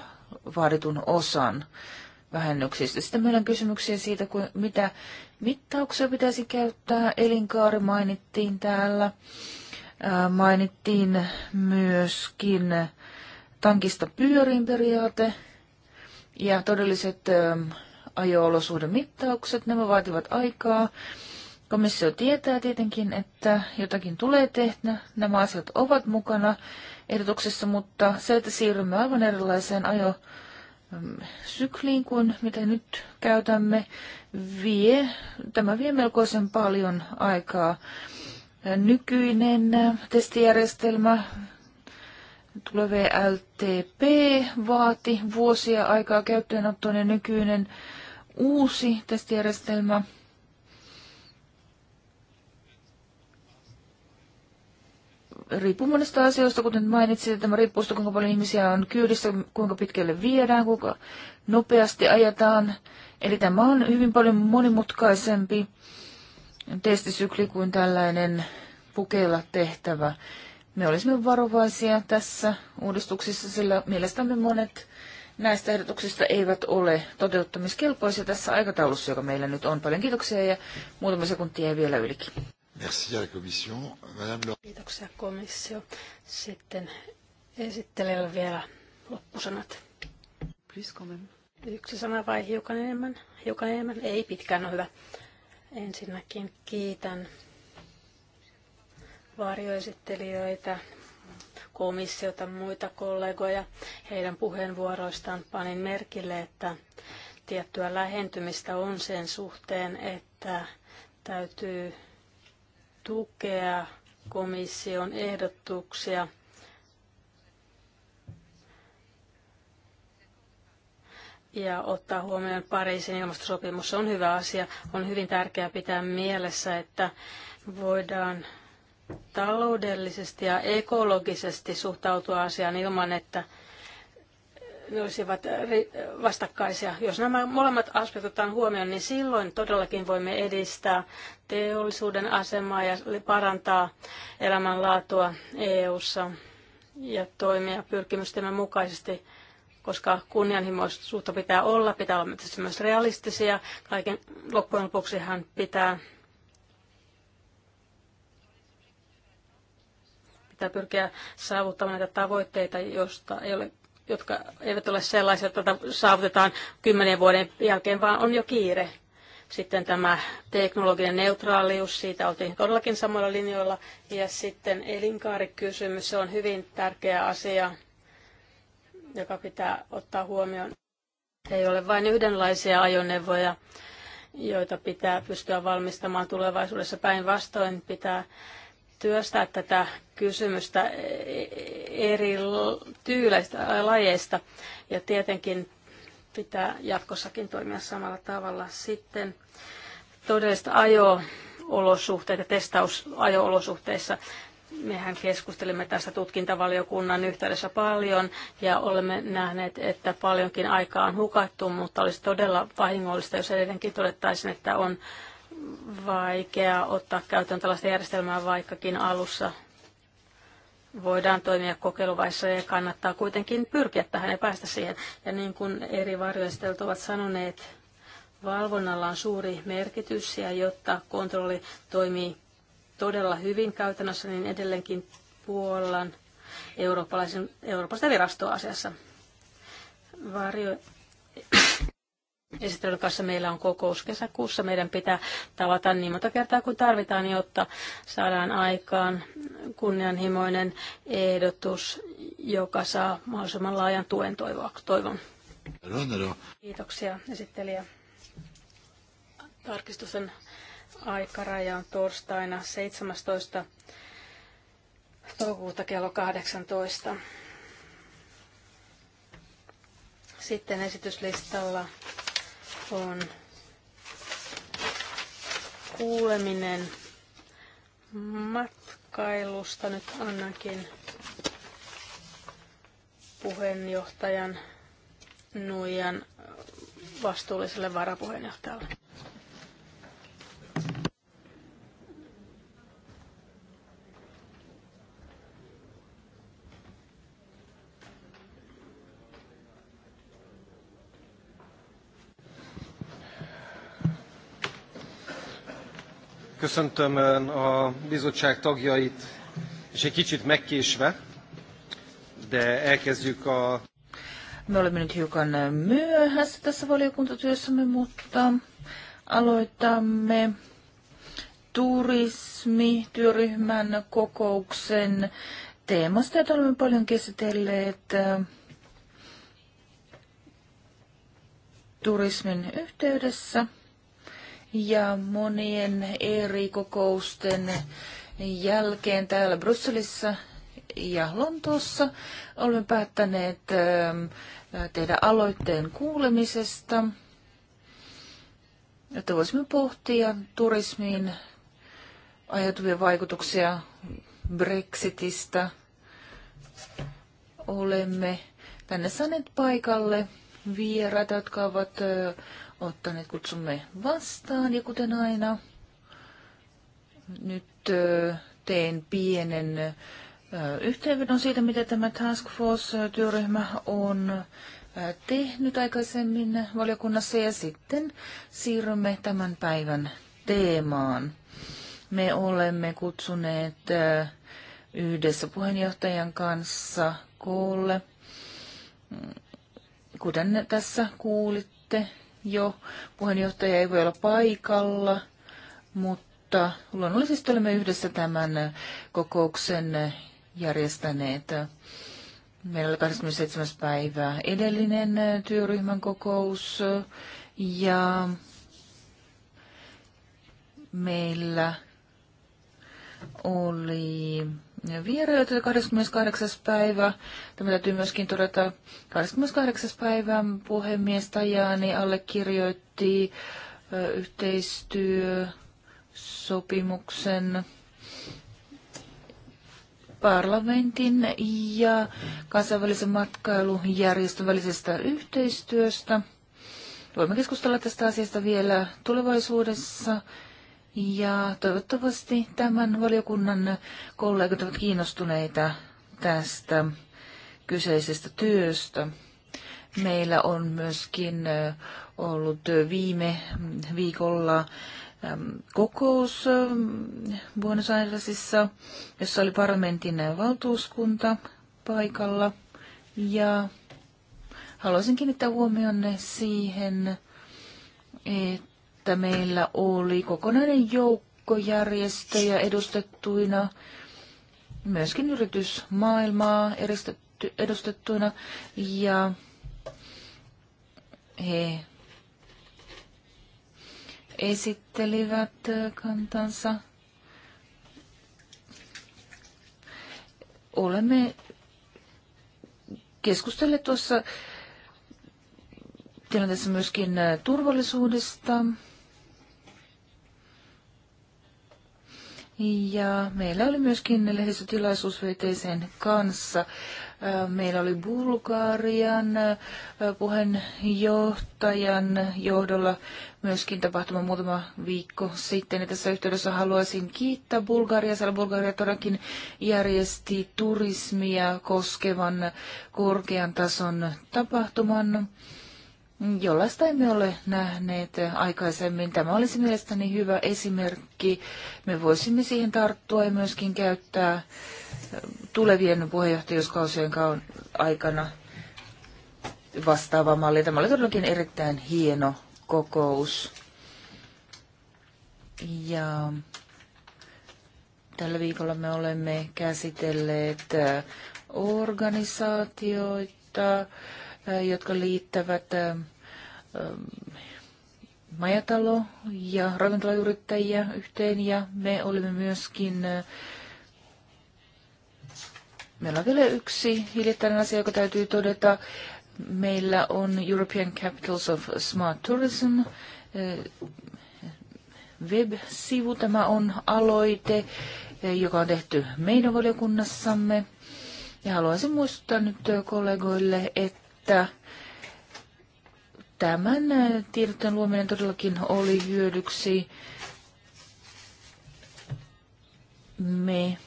vaaditun osan vähennyksistä. Sitten meillä on kysymyksiä siitä, kuin mitä mittauksia pitäisi käyttää. Elinkaari mainittiin täällä. Mainittiin myöskin tankista pyöriin periaate ja todelliset ajo-olosuhdemittaukset. Nämä vaativat aikaa. Komissio tietää tietenkin, että jotakin tulee tehdä. Nämä asiat ovat mukana ehdotuksessa, mutta se, että siirrymme aivan erilaiseen ajo mm, sykliin kuin mitä nyt käytämme, vie, tämä vie melkoisen paljon aikaa. Nykyinen testijärjestelmä, tulee LTP, vaati vuosia aikaa käyttöönottoon ja nykyinen uusi testijärjestelmä – riippuu monesta asioista, kuten mainitsin, tämä riippuu siitä, kuinka paljon ihmisiä on kyydissä, kuinka pitkälle viedään, kuinka nopeasti ajetaan. Eli tämä on hyvin paljon monimutkaisempi testisykli kuin tällainen pukeilla tehtävä. Me olisimme varovaisia tässä uudistuksessa, sillä mielestämme monet näistä ehdotuksista eivät ole toteuttamiskelpoisia tässä aikataulussa, joka meillä nyt on. Paljon kiitoksia ja muutama sekuntia vielä ylikin. Merci à la Commission. Madame Kiitoksia komissio. Sitten vielä loppusanat. Please comment. Yksi sana vai hiukan enemmän? Hiukan enemmän? Ei pitkään, on Ensinnäkin kiitän varjoesittelijöitä, komissiota, muita kollegoja. Heidän puheenvuoroistaan panin merkille, että tiettyä lähentymistä on sen suhteen, että täytyy tukea komission ehdotuksia. ja ottaa huomioon Pariisin ilmastosopimus on hyvä asia. On hyvin tärkeää pitää mielessä, että voidaan taloudellisesti ja ekologisesti suhtautua asiaan ilman, että olisivat vastakkaisia. Jos nämä molemmat aspektit otetaan huomioon, niin silloin todellakin voimme edistää teollisuuden asemaa ja parantaa elämänlaatua EU-ssa ja toimia pyrkimystemme mukaisesti, koska kunnianhimoisuutta pitää olla, pitää olla myös realistisia. Kaiken loppujen lopuksihan pitää pitää pyrkiä saavuttamaan näitä tavoitteita, joista ei ole jotka eivät ole sellaisia, että tuota saavutetaan kymmenen vuoden jälkeen, vaan on jo kiire. Sitten tämä teknologinen neutraalius, siitä oltiin todellakin samoilla linjoilla. Ja sitten elinkaarikysymys, se on hyvin tärkeä asia, joka pitää ottaa huomioon. Ei ole vain yhdenlaisia ajoneuvoja, joita pitää pystyä valmistamaan tulevaisuudessa. Päinvastoin pitää työstää tätä kysymystä eri tyyleistä lajeista ja tietenkin pitää jatkossakin toimia samalla tavalla. Sitten todelliset ajo-olosuhteet ja testaus ajo-olosuhteissa. Mehän keskustelimme tästä tutkintavaliokunnan yhteydessä paljon ja olemme nähneet, että paljonkin aikaa on hukattu, mutta olisi todella vahingollista, jos edelleenkin todettaisiin, että on vaikea ottaa käyttöön tällaista järjestelmää, vaikkakin alussa voidaan toimia kokeiluvaiheessa ja kannattaa kuitenkin pyrkiä tähän ja päästä siihen. Ja niin kuin eri varjoistelut ovat sanoneet, valvonnalla on suuri merkitys ja jotta kontrolli toimii todella hyvin käytännössä, niin edelleenkin Puolan eurooppalaisen, eurooppalaisen virastoasiassa. Varjo Esittelyn kanssa meillä on kokous kesäkuussa. Meidän pitää tavata niin monta kertaa kuin tarvitaan, jotta saadaan aikaan kunnianhimoinen ehdotus, joka saa mahdollisimman laajan tuen toivoa, toivon. Kiitoksia esittelijä. Tarkistusten aikaraja on torstaina 17. toukokuuta kello 18. Sitten esityslistalla on kuuleminen matkailusta. Nyt annankin puheenjohtajan Nuijan vastuulliselle varapuheenjohtajalle. Köszöntöm a bizottság tagjait, és egy kicsit megkésve, de elkezdjük a... Me olemme nyt hiukan myöhässä tässä valiokuntatyössämme, mutta aloitamme turismityöryhmän kokouksen teemasta, jota olemme paljon käsitelleet äh, turismin yhteydessä ja monien eri kokousten jälkeen täällä Brysselissä ja Lontoossa olemme päättäneet ähm, tehdä aloitteen kuulemisesta, että voisimme pohtia turismiin aiheutuvia vaikutuksia Brexitistä. Olemme tänne saaneet paikalle vieraita, jotka ovat äh, ottaneet kutsumme vastaan. Ja kuten aina, nyt teen pienen yhteenvedon siitä, mitä tämä Task Force-työryhmä on tehnyt aikaisemmin valiokunnassa ja sitten siirrymme tämän päivän teemaan. Me olemme kutsuneet yhdessä puheenjohtajan kanssa koolle, mm, kuten tässä kuulitte, jo. Puheenjohtaja ei voi olla paikalla, mutta luonnollisesti olemme yhdessä tämän kokouksen järjestäneet. Meillä oli 27. päivä edellinen työryhmän kokous ja meillä oli vierailijoita 28. päivä. Tämä täytyy myöskin todeta. 28. päivän puhemies Tajani allekirjoitti yhteistyösopimuksen parlamentin ja kansainvälisen matkailujärjestön välisestä yhteistyöstä. Voimme keskustella tästä asiasta vielä tulevaisuudessa. Ja toivottavasti tämän valiokunnan kollegat ovat kiinnostuneita tästä kyseisestä työstä. Meillä on myöskin ollut viime viikolla kokous Buenos Airesissa, jossa oli parlamentin valtuuskunta paikalla. Ja haluaisin kiinnittää huomionne siihen, että että meillä oli kokonainen joukko järjestöjä edustettuina, myöskin yritysmaailmaa edustettuina, ja he esittelivät kantansa. Olemme keskustelleet tuossa tilanteessa myöskin turvallisuudesta Ja meillä oli myöskin lehdistötilaisuus VTCn kanssa. Meillä oli Bulgarian puheenjohtajan johdolla myöskin tapahtuma muutama viikko sitten. Ja tässä yhteydessä haluaisin kiittää Bulgaria. Siellä Bulgaria todellakin järjesti turismia koskevan korkean tason tapahtuman jollaista emme ole nähneet aikaisemmin. Tämä olisi mielestäni hyvä esimerkki. Me voisimme siihen tarttua ja myöskin käyttää tulevien puheenjohtajuuskausien aikana vastaava malli. Tämä oli todellakin erittäin hieno kokous. Ja tällä viikolla me olemme käsitelleet organisaatioita, jotka liittävät majatalo- ja ravintolayrittäjiä yhteen ja me olimme myöskin Meillä on vielä yksi hiljattainen asia, joka täytyy todeta. Meillä on European Capitals of Smart Tourism web-sivu. Tämä on aloite, joka on tehty meidän valiokunnassamme. Ja haluaisin muistuttaa nyt kollegoille, että tämän äh, tiedotteen luominen todellakin oli hyödyksi. Me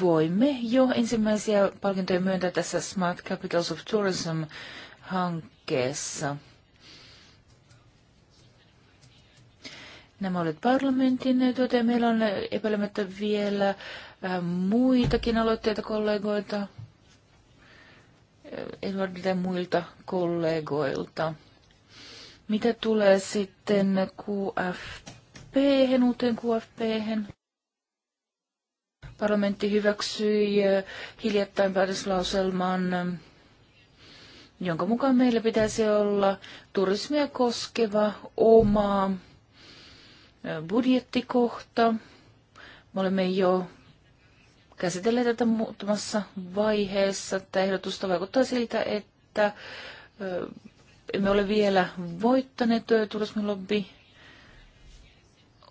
voimme jo ensimmäisiä palkintoja myöntää tässä Smart Capitals of Tourism-hankkeessa. Nämä olivat parlamentin työtä tuota, ja meillä on epäilemättä vielä äh, muitakin aloitteita kollegoita. Edwardille muilta kollegoilta. Mitä tulee sitten QFP, uuteen QFP? Parlamentti hyväksyi eh, hiljattain päätöslauselman, eh, jonka mukaan meillä pitäisi olla turismia koskeva oma eh, budjettikohta. Me olemme jo käsitelleet tätä muutamassa vaiheessa. Tämä ehdotusta vaikuttaa siltä, että emme ole vielä voittaneet. Turismilobby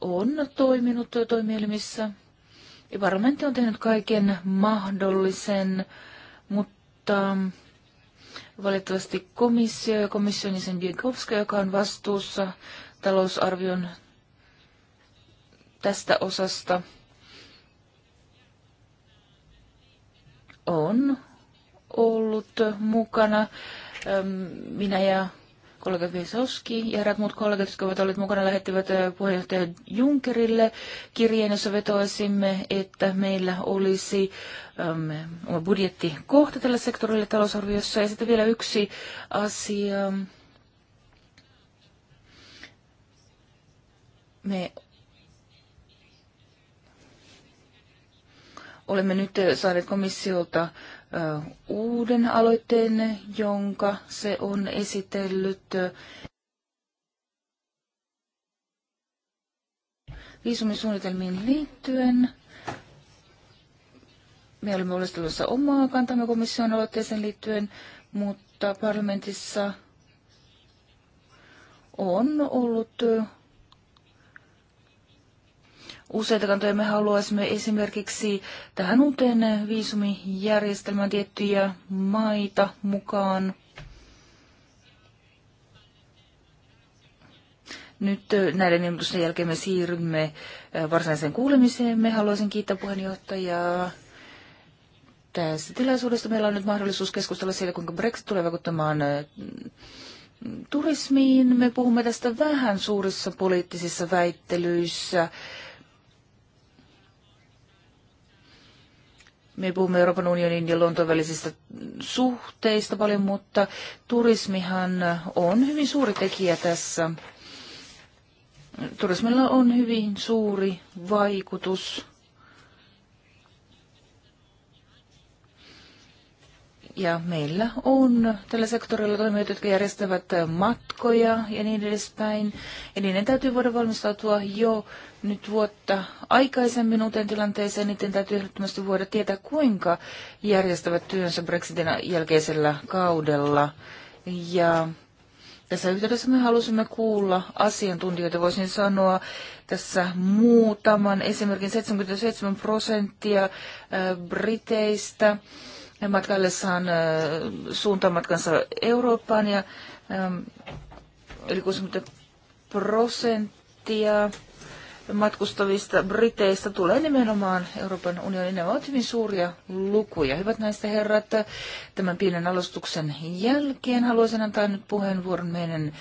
on toiminut toimielimissä. Ja parlamentti on tehnyt kaiken mahdollisen, mutta valitettavasti komissio ja komission jäsen Bienkowska, joka on vastuussa talousarvion tästä osasta, on ollut mukana. Minä ja kollega Vesoski ja eräät muut kollegat, jotka ovat olleet mukana, lähettivät puheenjohtaja Junckerille kirjeen, jossa vetoisimme, että meillä olisi um, kohta tällä sektorilla talousarviossa. Ja sitten vielä yksi asia. Me Olemme nyt eh, saaneet komissiolta eh, uuden aloitteen, jonka se on esitellyt eh, viisumisuunnitelmiin liittyen. Me olemme oleskelussa omaa kantamme komission aloitteeseen liittyen, mutta parlamentissa on ollut useita kantoja. Me haluaisimme esimerkiksi tähän uuteen viisumijärjestelmään tiettyjä maita mukaan. Nyt näiden ilmoitusten jälkeen me siirrymme varsinaiseen kuulemiseen. Me haluaisin kiittää puheenjohtajaa tässä tilaisuudessa Meillä on nyt mahdollisuus keskustella siitä, kuinka Brexit tulee vaikuttamaan turismiin. Me puhumme tästä vähän suurissa poliittisissa väittelyissä Me puhumme Euroopan unionin ja Lontoon välisistä suhteista paljon, mutta turismihan on hyvin suuri tekijä tässä. Turismilla on hyvin suuri vaikutus Ja meillä on tällä sektorilla toimijoita, jotka järjestävät matkoja ja niin edespäin. Eli niiden täytyy voida valmistautua jo nyt vuotta aikaisemmin uuteen tilanteeseen. Niiden täytyy ehdottomasti voida tietää, kuinka järjestävät työnsä Brexitin jälkeisellä kaudella. Ja tässä yhteydessä me halusimme kuulla asiantuntijoita, voisin sanoa tässä muutaman, esimerkiksi 77 prosenttia briteistä matkaillessaan äh, suuntaan matkansa Eurooppaan ja ähm, yli 60 prosenttia matkustavista briteistä tulee nimenomaan Euroopan unionin. Nämä ovat hyvin suuria lukuja. Hyvät näistä herrat, tämän pienen alustuksen jälkeen haluaisin antaa nyt puheenvuoron meidän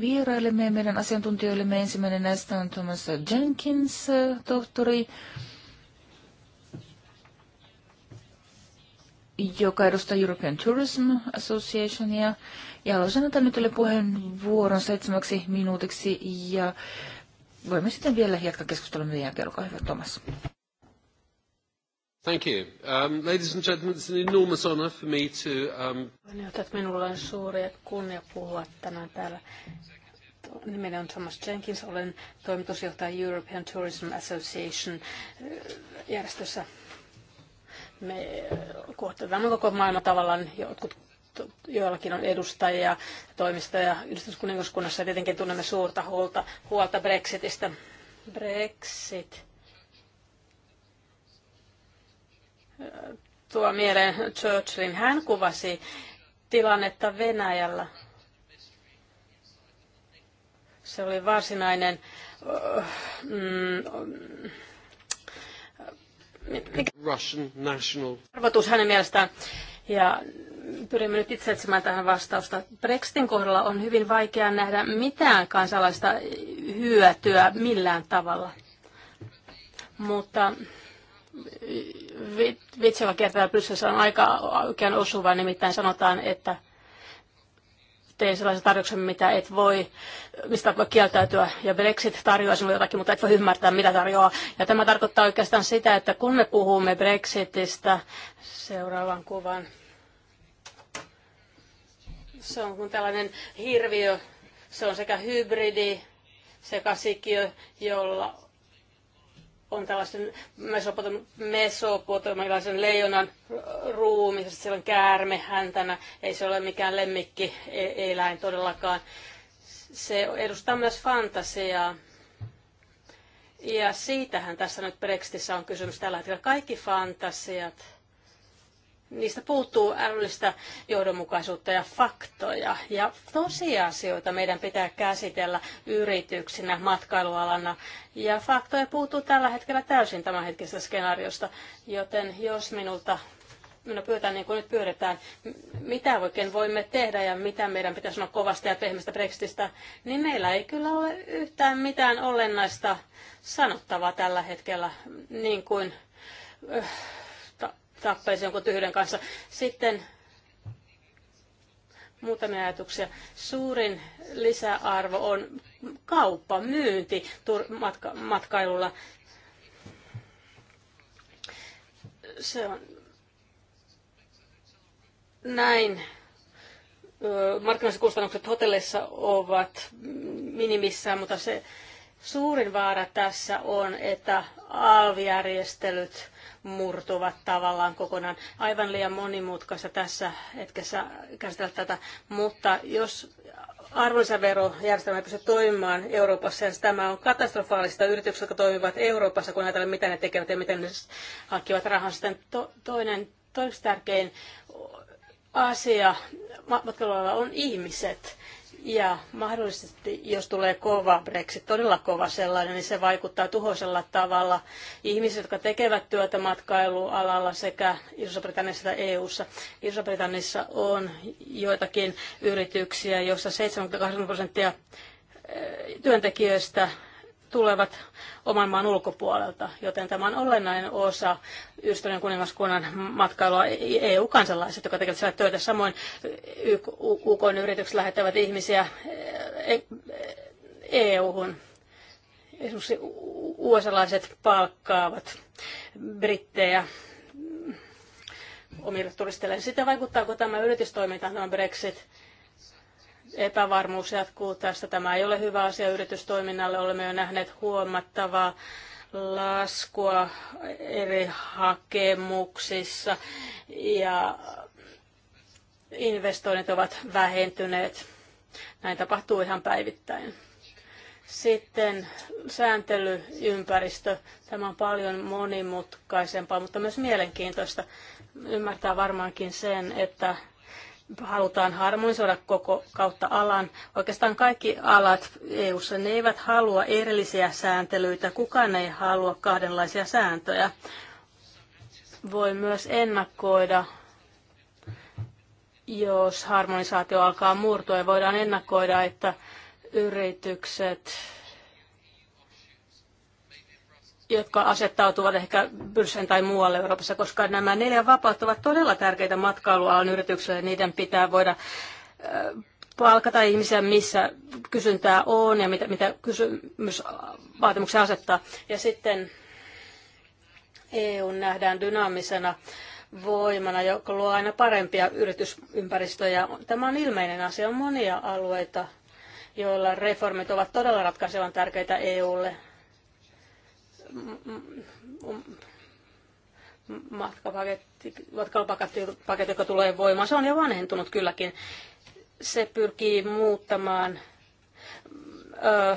vieraillemme ja meidän asiantuntijoillemme. Ensimmäinen näistä on Thomas Jenkins, äh, tohtori joka edustaa European Tourism Associationia. Ja aloitan antaa nyt teille puheenvuoron seitsemäksi minuutiksi ja voimme sitten vielä jatkaa keskustelua meidän jälkeen. Olkaa hyvä, Thomas. Thank you. Um, ladies and gentlemen, it's an enormous honor for me to... Um... Minulla on suuri kunnia puhua tänään täällä Nimeni on Thomas Jenkins, olen toimitusjohtaja European Tourism Association äh, järjestössä me kohtaamme koko maailma tavallaan, jotkut joillakin on edustajia, toimistoja yhdistyskuningaskunnassa ja tietenkin tunnemme suurta huolta, huolta Brexitistä. Brexit tuo mieleen Churchillin. Hän kuvasi tilannetta Venäjällä. Se oli varsinainen mm, Russian national. Arvotus hänen mielestään. Ja pyrimme nyt itse etsimään tähän vastausta. Brexitin kohdalla on hyvin vaikea nähdä mitään kansalaista hyötyä millään tavalla. Mutta vitsillä kertaa Brysselissä on aika oikein osuva, nimittäin sanotaan, että tein sellaisen tarjouksen, mitä et voi, mistä voi kieltäytyä. Ja Brexit tarjoaa sinulle jotakin, mutta et voi ymmärtää, mitä tarjoaa. Ja tämä tarkoittaa oikeastaan sitä, että kun me puhumme Brexitistä, seuraavan kuvan, se on kuin tällainen hirviö, se on sekä hybridi, sekä sikiö, jolla on tällaisen mesopotamilaisen leijonan ruumi, siellä on käärme häntänä, ei se ole mikään lemmikki e- eläin todellakaan. Se edustaa myös fantasiaa. Ja siitähän tässä nyt Brexitissä on kysymys tällä hetkellä. Kaikki fantasiat, niistä puuttuu älyllistä johdonmukaisuutta ja faktoja. Ja tosiasioita meidän pitää käsitellä yrityksinä, matkailualana. Ja faktoja puuttuu tällä hetkellä täysin tämänhetkisestä skenaariosta. Joten jos minulta minä pyydän niin kuin nyt pyydetään, mitä oikein voimme tehdä ja mitä meidän pitäisi sanoa kovasta ja pehmeästä Brexitistä, niin meillä ei kyllä ole yhtään mitään olennaista sanottavaa tällä hetkellä, niin kuin öh, tappaisi jonkun tyhjyyden kanssa. Sitten muutamia ajatuksia. Suurin lisäarvo on kauppa, myynti matka, matkailulla. Se on näin. Markkinoissa kustannukset hotellissa ovat minimissään, mutta se Suurin vaara tässä on, että alvijärjestelyt murtuvat tavallaan kokonaan. Aivan liian monimutkaista tässä hetkessä käsitellä tätä, mutta jos arvonlisäverojärjestelmä ei pysty toimimaan Euroopassa, ja tämä on katastrofaalista yritykset, jotka toimivat Euroopassa, kun ajatellaan, mitä ne tekevät ja miten ne hankkivat rahan. Sitten to, toinen, toinen tärkein asia matkailualalla on ihmiset. Ja mahdollisesti, jos tulee kova Brexit, todella kova sellainen, niin se vaikuttaa tuhoisella tavalla ihmisiä, jotka tekevät työtä matkailualalla sekä Iso-Britanniassa että EU-ssa. Iso-Britanniassa on joitakin yrityksiä, joissa seitsemänkymmentäkahdeksan prosenttia eh, työntekijöistä tulevat oman maan ulkopuolelta, joten tämä on olennainen osa Yhdistyneen kuningaskunnan matkailua EU-kansalaiset, jotka tekevät siellä töitä. Samoin UK-yritykset lähettävät ihmisiä EU-hun. Eh, eh, e Esimerkiksi USA-laiset palkkaavat brittejä omille turisteille. Sitä vaikuttaako tämä yritystoimintaan, tämä Brexit? epävarmuus jatkuu tästä. Tämä ei ole hyvä asia yritystoiminnalle. Olemme jo nähneet huomattavaa laskua eri hakemuksissa ja investoinnit ovat vähentyneet. Näin tapahtuu ihan päivittäin. Sitten sääntelyympäristö. Tämä on paljon monimutkaisempaa, mutta myös mielenkiintoista. Ymmärtää varmaankin sen, että halutaan harmonisoida koko kautta alan. Oikeastaan kaikki alat EU-ssa ne eivät halua erillisiä sääntelyitä, kukaan ei halua kahdenlaisia sääntöjä. Voi myös ennakoida, jos harmonisaatio alkaa murtua, ja voidaan ennakoida, että yritykset jotka asettautuvat ehkä Brysselin tai muualle Euroopassa, koska nämä neljä vapautta ovat todella tärkeitä matkailualan yrityksille. Niiden pitää voida palkata ihmisiä, missä kysyntää on ja mitä, mitä kysymysvaatimuksia asettaa. Ja sitten EU nähdään dynaamisena voimana, joka luo aina parempia yritysympäristöjä. Tämä on ilmeinen asia. On monia alueita, joilla reformit ovat todella ratkaisevan tärkeitä EUlle matkapaketti, paketti joka tulee voimaan, se on jo vanhentunut kylläkin. Se pyrkii muuttamaan Öö,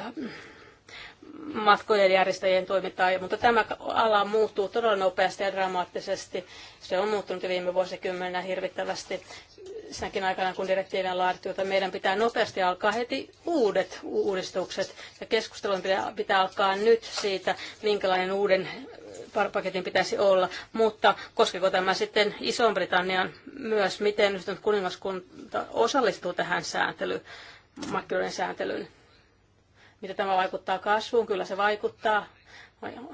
matkojen järjestäjien toimintaa, mutta tämä ala muuttuu todella nopeasti ja dramaattisesti. Se on muuttunut viime vuosikymmeninä hirvittävästi senkin aikana, kun direktiivin laadittu, jota meidän pitää nopeasti alkaa heti uudet uudistukset. Ja keskustelun pitää, pitää alkaa nyt siitä, minkälainen uuden paketin pitäisi olla. Mutta koskeko tämä sitten iso britannian myös, miten nyt kuningaskunta osallistuu tähän sääntelyyn, markkinoiden sääntelyyn? Mitä tämä vaikuttaa kasvuun? Kyllä se vaikuttaa.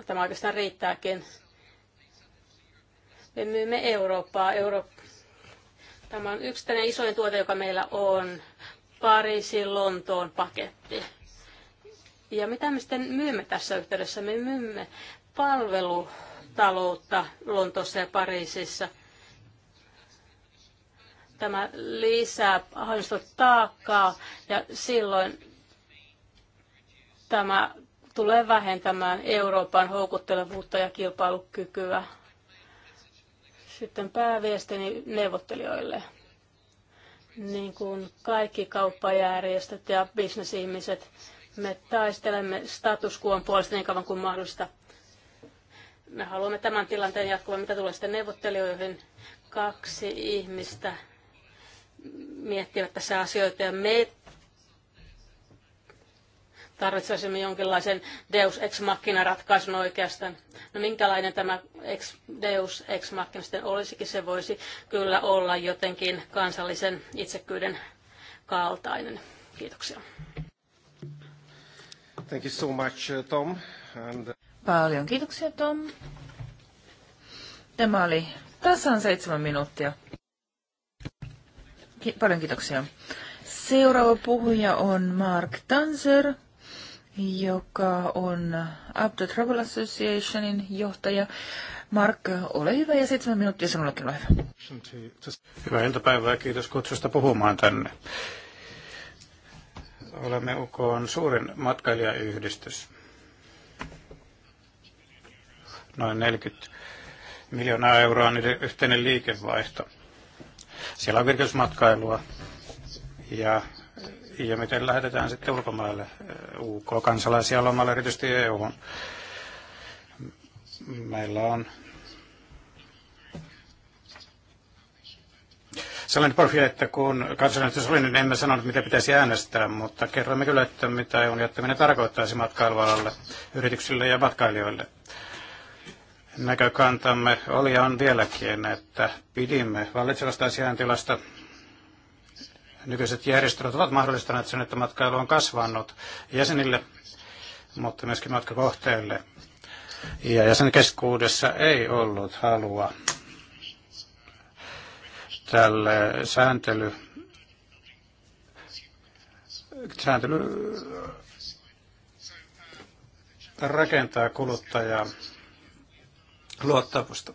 Tämä oikeastaan riittääkin. Me myymme Eurooppaa. Euro... Tämä on tänne isoin tuote, joka meillä on. Pariisin, Lontoon paketti. Ja mitä me sitten myymme tässä yhteydessä? Me myymme palvelutaloutta Lontoossa ja Pariisissa. Tämä lisää hallinnosta taakkaa ja silloin Tämä tulee vähentämään Euroopan houkuttelevuutta ja kilpailukykyä. Sitten pääviestini neuvottelijoille. Niin kuin kaikki kauppajärjestöt ja bisnesihmiset, me taistelemme status quoon puolesta niin kauan kuin mahdollista. Me haluamme tämän tilanteen jatkuvan, mitä tulee sitten neuvottelijoihin. Kaksi ihmistä miettivät tässä asioita ja me tarvitsisimme jonkinlaisen Deus Ex Machina ratkaisun oikeastaan. No minkälainen tämä ex, Deus Ex Machina sitten olisikin, se voisi kyllä olla jotenkin kansallisen itsekyyden kaltainen. Kiitoksia. Thank you so much, uh, Tom. And... Uh, paljon kiitoksia, Tom. Tämä oli tasan seitsemän minuuttia. Ki- paljon kiitoksia. Seuraava puhuja on Mark Tanzer joka on Up the Travel Associationin johtaja. Mark, ole hyvä ja seitsemän minuuttia sinullakin ole hyvä. Hyvää iltapäivää ja kiitos kutsusta puhumaan tänne. Olemme UK on suurin matkailijayhdistys. Noin 40 miljoonaa euroa on yhteinen liikevaihto. Siellä on virkeysmatkailua ja ja miten lähetetään sitten ulkomaille eh, UK-kansalaisia lomalle, erityisesti EU. Meillä on sellainen profi, että kun kansanäänestys oli, niin emme sanonut, mitä pitäisi äänestää, mutta kerroimme kyllä, että mitä EUn jättäminen tarkoittaisi matkailualalle, yrityksille ja matkailijoille. Näkökantamme oli ja on vieläkin, että pidimme vallitsevasta asiantilasta Nykyiset järjestelyt ovat mahdollistaneet sen, että matkailu on kasvanut jäsenille, mutta myöskin matkakohteille. Ja jäsen keskuudessa ei ollut halua tälle sääntely, sääntely rakentaa kuluttajaa luottamusta.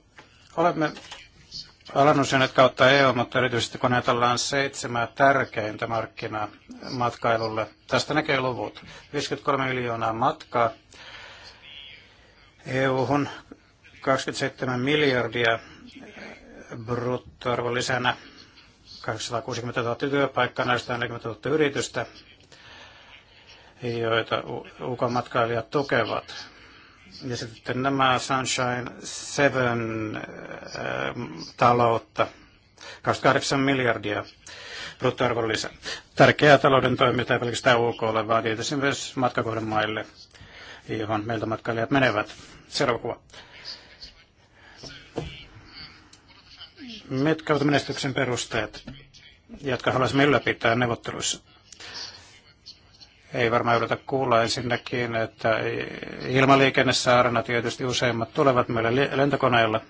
Olemme alennusjännät kautta EU, mutta erityisesti kun ajatellaan seitsemää tärkeintä markkinaa matkailulle. Tästä näkee luvut. 53 miljoonaa matkaa EU-hun, 27 miljardia bruttoarvonlisänä, lisänä, 860 000 työpaikkaa, 440 000 yritystä, joita ulkomatkailijat tukevat. Ja sitten nämä Sunshine Seven äh, taloutta, 28 miljardia bruttoarvonlisä. Tärkeää talouden toiminta ei pelkästään UKlle, vaan tietysti myös matkakohdemaille, johon meiltä matkailijat menevät. Seuraava kuva. Mitkä ovat menestyksen perusteet, jotka haluaisimme ylläpitää neuvotteluissa? Ei varmaan yritä kuulla ensinnäkin, että ilmaliikennesaarana tietysti useimmat tulevat meille lentokoneella.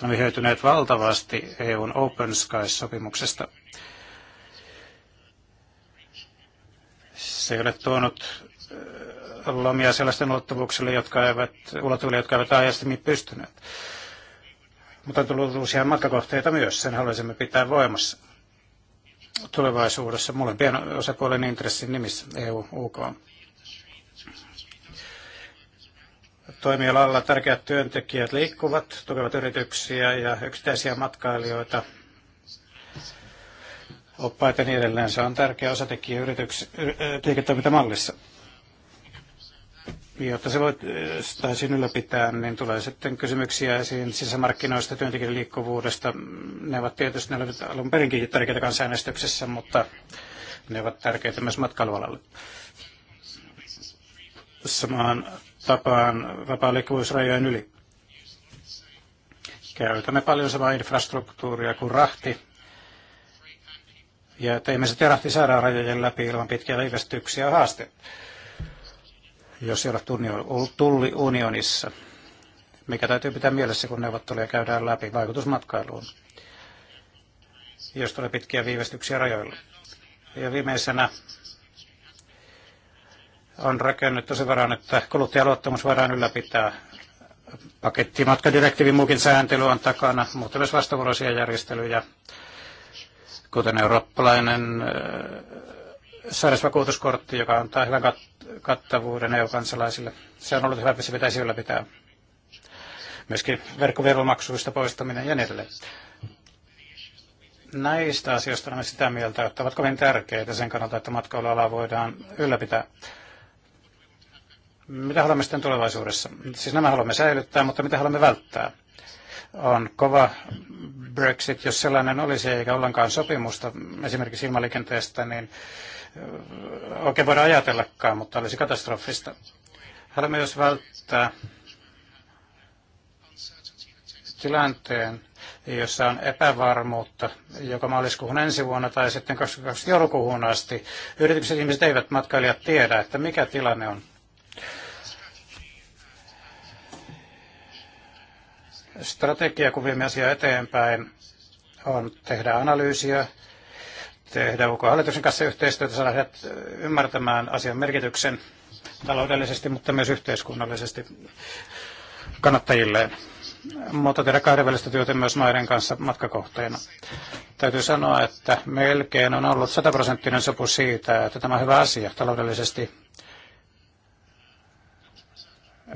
Olemme hyötyneet valtavasti EUn Open Skies-sopimuksesta. Se ei ole tuonut äh, lomia sellaisten ulottuvuuksille, jotka eivät, ulottuville, jotka eivät aiemmin pystyneet. Mutta on tullut uusia matkakohteita myös, sen haluaisimme pitää voimassa tulevaisuudessa molempien osapuolen intressin nimissä EU-UK. Toimialalla tärkeät työntekijät liikkuvat, tukevat yrityksiä ja yksittäisiä matkailijoita. Oppaita niin edelleen. Se on tärkeä osatekijä yrityks- liiketoimintamallissa jotta se voitaisiin ylläpitää, niin tulee sitten kysymyksiä esiin sisämarkkinoista, työntekijän liikkuvuudesta. Ne ovat tietysti ne ovat alun perinkin tärkeitä kansanäänestyksessä, mutta ne ovat tärkeitä myös matkailualalle. Samaan tapaan vapaa liikkuvuus rajojen yli. Käytämme paljon samaa infrastruktuuria kuin rahti, ja teimme se rahti saadaan rajojen läpi ilman pitkiä viivästyksiä haasteita jos ei ole tulliunionissa, mikä täytyy pitää mielessä, kun neuvotteluja käydään läpi vaikutusmatkailuun, jos tulee pitkiä viivästyksiä rajoilla. Ja viimeisenä on rakennettu sen varaan, että kuluttajaluottamus voidaan ylläpitää. Pakettimatkadirektiivin muukin sääntely on takana, mutta myös vastavuoroisia järjestelyjä, kuten eurooppalainen äh, sairausvakuutuskortti, joka antaa hyvän kat- kattavuuden EU-kansalaisille. Se on ollut hyvä, että se pitäisi ylläpitää. Myöskin verkkoveromaksuista poistaminen ja niin edelleen. Näistä asioista olemme sitä mieltä, että ovat kovin tärkeitä sen kannalta, että matkailualaa voidaan ylläpitää. Mitä haluamme sitten tulevaisuudessa? Siis nämä haluamme säilyttää, mutta mitä haluamme välttää? On kova Brexit, jos sellainen olisi eikä ollenkaan sopimusta esimerkiksi ilmaliikenteestä, niin oikein voida ajatellakaan, mutta olisi katastrofista. Haluamme myös välttää tilanteen, jossa on epävarmuutta, joka maaliskuuhun ensi vuonna tai sitten 22 joulukuuhun asti. Yritykset ihmiset eivät matkailijat tiedä, että mikä tilanne on. Strategia, kun viemme asiaa eteenpäin, on tehdä analyysiä tehdä UK-hallituksen kanssa yhteistyötä, saada heidät ymmärtämään asian merkityksen taloudellisesti, mutta myös yhteiskunnallisesti kannattajilleen. Mutta tehdä kahdenvälistä työtä myös maiden kanssa matkakohteena. Täytyy sanoa, että melkein on ollut sataprosenttinen sopu siitä, että tämä on hyvä asia taloudellisesti.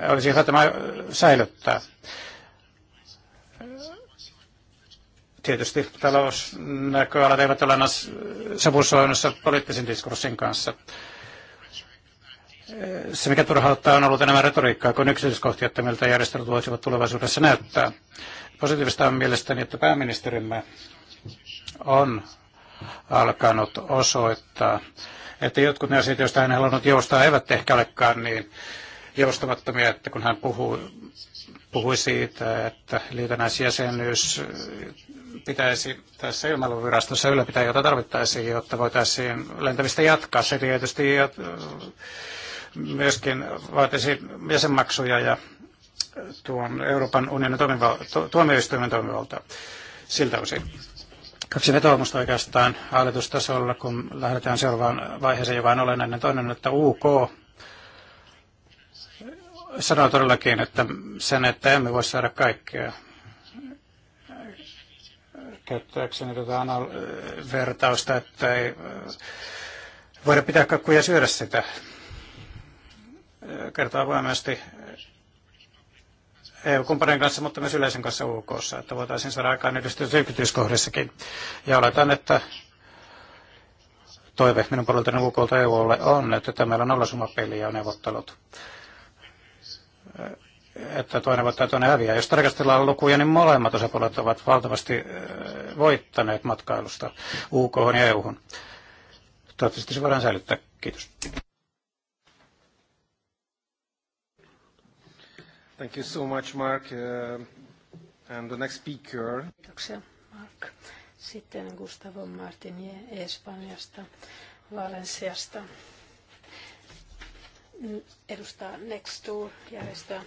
Olisi hyvä tämä säilyttää. tietysti talousnäköalat eivät ole sopusoinnussa poliittisen diskurssin kanssa. Se, mikä turhauttaa, on ollut enemmän retoriikkaa kuin yksityiskohtia, että miltä järjestelyt voisivat tulevaisuudessa näyttää. Positiivista on mielestäni, että pääministerimme on alkanut osoittaa, että jotkut ne asiat, joista hän halunnut joustaa, eivät ehkä olekaan niin joustamattomia, että kun hän puhuu puhui siitä, että liitännäisjäsenyys pitäisi tässä ilmailuvirastossa ylläpitää, jota tarvittaisiin, jotta voitaisiin lentämistä jatkaa. Se tietysti äh, myöskin vaatisi jäsenmaksuja ja tuon Euroopan unionin toimival- tu- tuomioistuimen toimivalta siltä osin. Kaksi vetoomusta oikeastaan hallitustasolla, kun lähdetään seuraavaan vaiheeseen, joka on olennainen. Toinen, että UK sanoo todellakin, että sen, että emme voi saada kaikkea. Käyttääkseni tätä anal- vertausta, että ei äh, voida pitää kakkuja syödä sitä. Äh, kertoo avoimesti eu kumppanien kanssa, mutta myös yleisen kanssa UK, että voitaisiin saada aikaan edistys yksityiskohdissakin. Ja oletan, että toive minun puoleltani UKlta EUlle on, että meillä on nollasumapeli ja neuvottelut että toinen voittaa toinen häviää. Jos tarkastellaan lukuja, niin molemmat osapuolet ovat valtavasti voittaneet matkailusta UK ja EU. -hun. Toivottavasti se voidaan säilyttää. Kiitos. Thank you so much, Mark. Uh, and the next speaker. Kiitoksia, Mark. Sitten Gustavo Martinie Espanjasta, Valensiasta edustaa Next Tour-järjestöä.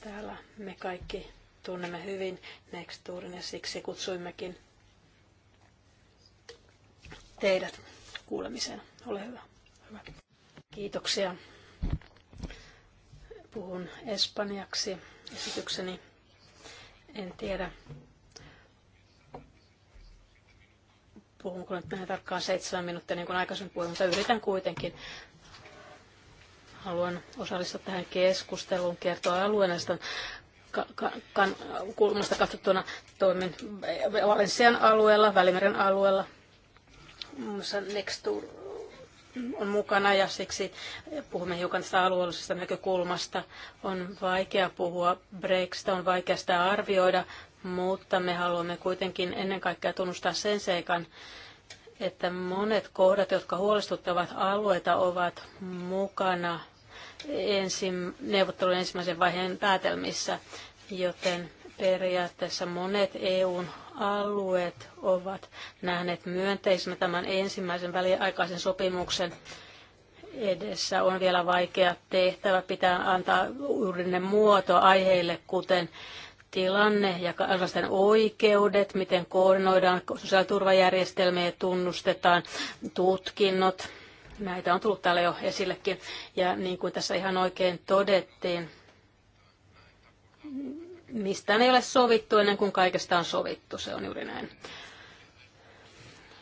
Täällä me kaikki tunnemme hyvin Next Tourin ja siksi kutsuimmekin teidät kuulemiseen. Ole hyvä. hyvä. Kiitoksia. Puhun espanjaksi esitykseni. En tiedä, puhunko nyt näin tarkkaan seitsemän minuuttia niin kuin aikaisemmin puhuin, mutta yritän kuitenkin. Haluan osallistua tähän keskusteluun, kertoa alueesta kulmasta katsottuna toimin Valensian alueella, Välimeren alueella. Muassa Nextur on mukana ja siksi puhumme hiukan tästä alueellisesta näkökulmasta. On vaikea puhua Brexistä, on vaikea sitä arvioida, mutta me haluamme kuitenkin ennen kaikkea tunnustaa sen seikan, että monet kohdat, jotka huolestuttavat alueita, ovat mukana ensin, neuvottelujen ensimmäisen vaiheen päätelmissä, joten periaatteessa monet EUn alueet ovat nähneet myönteisenä tämän ensimmäisen väliaikaisen sopimuksen edessä on vielä vaikea tehtävä. Pitää antaa uudellinen muoto aiheille, kuten tilanne ja kansalaisten oikeudet, miten koordinoidaan sosiaaliturvajärjestelmiä ja tunnustetaan tutkinnot, Näitä on tullut täällä jo esillekin. Ja niin kuin tässä ihan oikein todettiin, mistään ei ole sovittu ennen kuin kaikesta on sovittu. Se on juuri näin.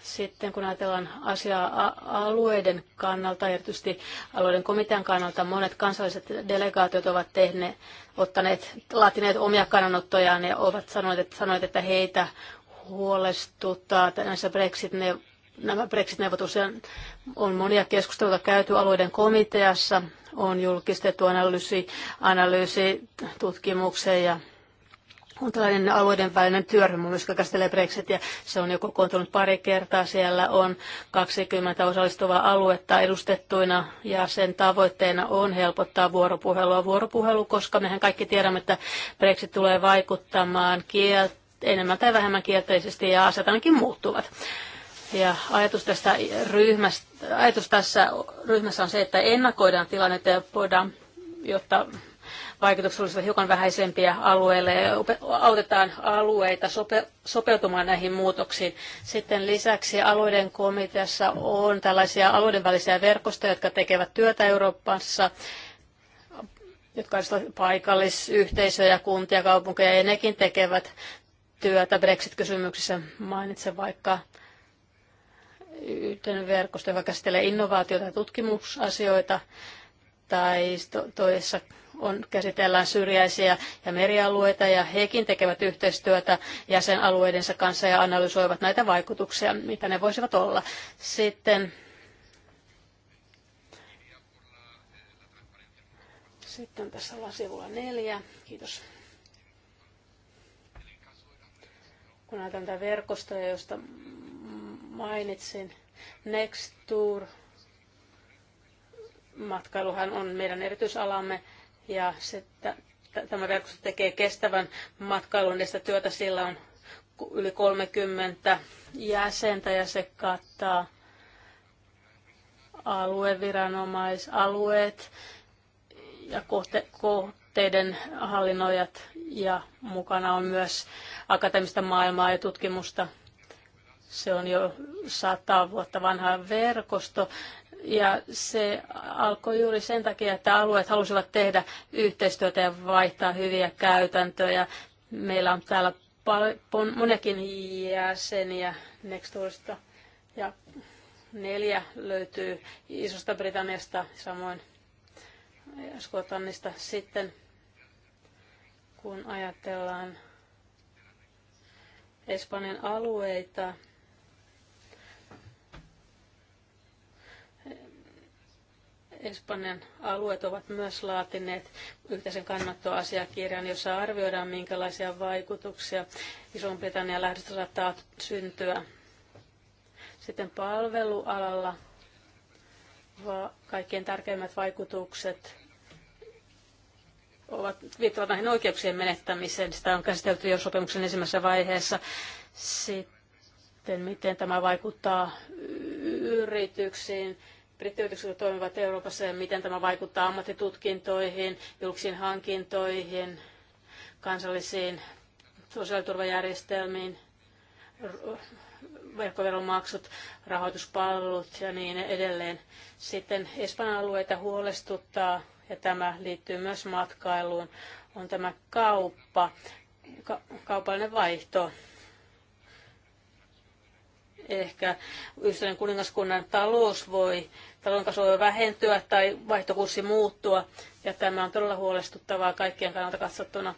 Sitten kun ajatellaan asiaa alueiden kannalta, erityisesti alueiden komitean kannalta, monet kansalliset delegaatiot ovat tehneet, ottaneet, laatineet omia kannanottojaan ja ovat sanoneet, että, sanoneet, että heitä huolestuttaa näissä Brexit-neuvotteluissa nämä brexit neuvottelut on monia keskusteluita käyty alueiden komiteassa, on julkistettu analyysi, analyysi tutkimukseen ja on tällainen alueiden välinen työryhmä, joka käsittelee Brexitia. Se on jo kokoontunut pari kertaa. Siellä on 20 osallistuvaa aluetta edustettuina ja sen tavoitteena on helpottaa vuoropuhelua. Vuoropuhelu, koska mehän kaikki tiedämme, että Brexit tulee vaikuttamaan kiel- enemmän tai vähemmän kielteisesti ja asetankin muuttuvat. Ja ajatus, tästä ryhmästä, ajatus tässä ryhmässä on se, että ennakoidaan tilannetta ja voidaan, jotta vaikutukset olisivat hiukan vähäisempiä alueille ja autetaan alueita sope, sopeutumaan näihin muutoksiin. Sitten lisäksi alueiden komiteassa on tällaisia alueiden välisiä verkostoja, jotka tekevät työtä Euroopassa jotka ovat paikallisyhteisöjä, kuntia, kaupunkeja, ja nekin tekevät työtä Brexit-kysymyksissä. Mainitsen vaikka yhteinen verkosto, joka käsittelee innovaatioita ja tutkimusasioita, tai toisessa on, käsitellään syrjäisiä ja merialueita, ja hekin tekevät yhteistyötä jäsenalueidensa kanssa ja analysoivat näitä vaikutuksia, mitä ne voisivat olla. Sitten Sitten tässä ollaan sivulla neljä. Kiitos. Kun näytän tätä verkostoja, josta mainitsin. Next Tour matkailuhan on meidän erityisalamme ja se, tämä verkosto tekee kestävän matkailun ja sitä työtä sillä on yli 30 jäsentä ja se kattaa alueviranomaisalueet ja kohte, kohteiden hallinnoijat ja mukana on myös akateemista maailmaa ja tutkimusta se on jo sata vuotta vanha verkosto ja se alkoi juuri sen takia, että alueet halusivat tehdä yhteistyötä ja vaihtaa hyviä käytäntöjä. Meillä on täällä paljon, moniakin jäseniä Nextdoorista ja neljä löytyy Isosta Britanniasta, samoin Skotannista sitten, kun ajatellaan Espanjan alueita, Espanjan alueet ovat myös laatineet yhteisen kannattoasiakirjan, jossa arvioidaan, minkälaisia vaikutuksia Ison-Britannian lähdöstä saattaa syntyä. Sitten palvelualalla kaikkein tärkeimmät vaikutukset ovat, viittavat näihin oikeuksien menettämiseen. Sitä on käsitelty jo sopimuksen ensimmäisessä vaiheessa. Sitten miten tämä vaikuttaa yrityksiin, brittiyritykset toimivat Euroopassa ja miten tämä vaikuttaa ammattitutkintoihin, julkisiin hankintoihin, kansallisiin sosiaaliturvajärjestelmiin, verkkoveromaksut, rahoituspalvelut ja niin edelleen. Sitten Espanjan alueita huolestuttaa, ja tämä liittyy myös matkailuun, on tämä kauppa, ka- kaupallinen vaihto ehkä Yhdistyneen kuningaskunnan talous voi, talouden kasvu voi vähentyä tai vaihtokurssi muuttua. Ja tämä on todella huolestuttavaa kaikkien kannalta katsottuna.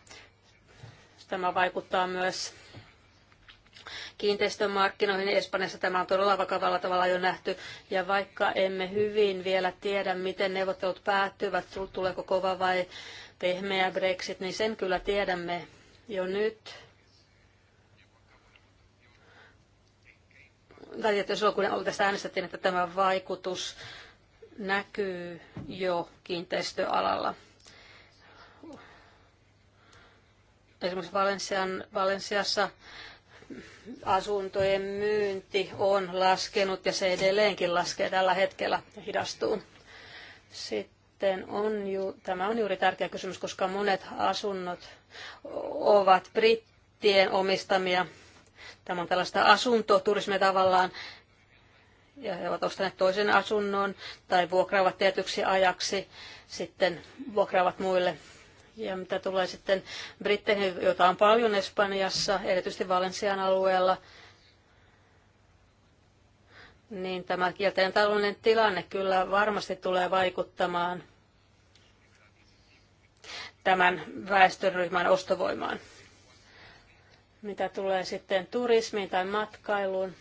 Tämä vaikuttaa myös kiinteistömarkkinoihin Espanjassa. Tämä on todella vakavalla tavalla jo nähty. Ja vaikka emme hyvin vielä tiedä, miten neuvottelut päättyvät, tuleeko kova vai pehmeä Brexit, niin sen kyllä tiedämme jo nyt tai että silloin kun tästä äänestettiin, että tämä vaikutus näkyy jo kiinteistöalalla. Esimerkiksi Valensian, Valensiassa asuntojen myynti on laskenut ja se edelleenkin laskee tällä hetkellä ja hidastuu. Sitten on ju, tämä on juuri tärkeä kysymys, koska monet asunnot ovat brittien omistamia Tämä on tällaista asuntoturismia tavallaan, ja he ovat ostaneet toisen asunnon tai vuokraavat tietyksi ajaksi, sitten vuokraavat muille. Ja mitä tulee sitten Britteihin, joita on paljon Espanjassa, erityisesti Valensian alueella, niin tämä kielteinen taloudellinen tilanne kyllä varmasti tulee vaikuttamaan tämän väestöryhmän ostovoimaan. Mitä tulee sitten turismiin tai matkailuun,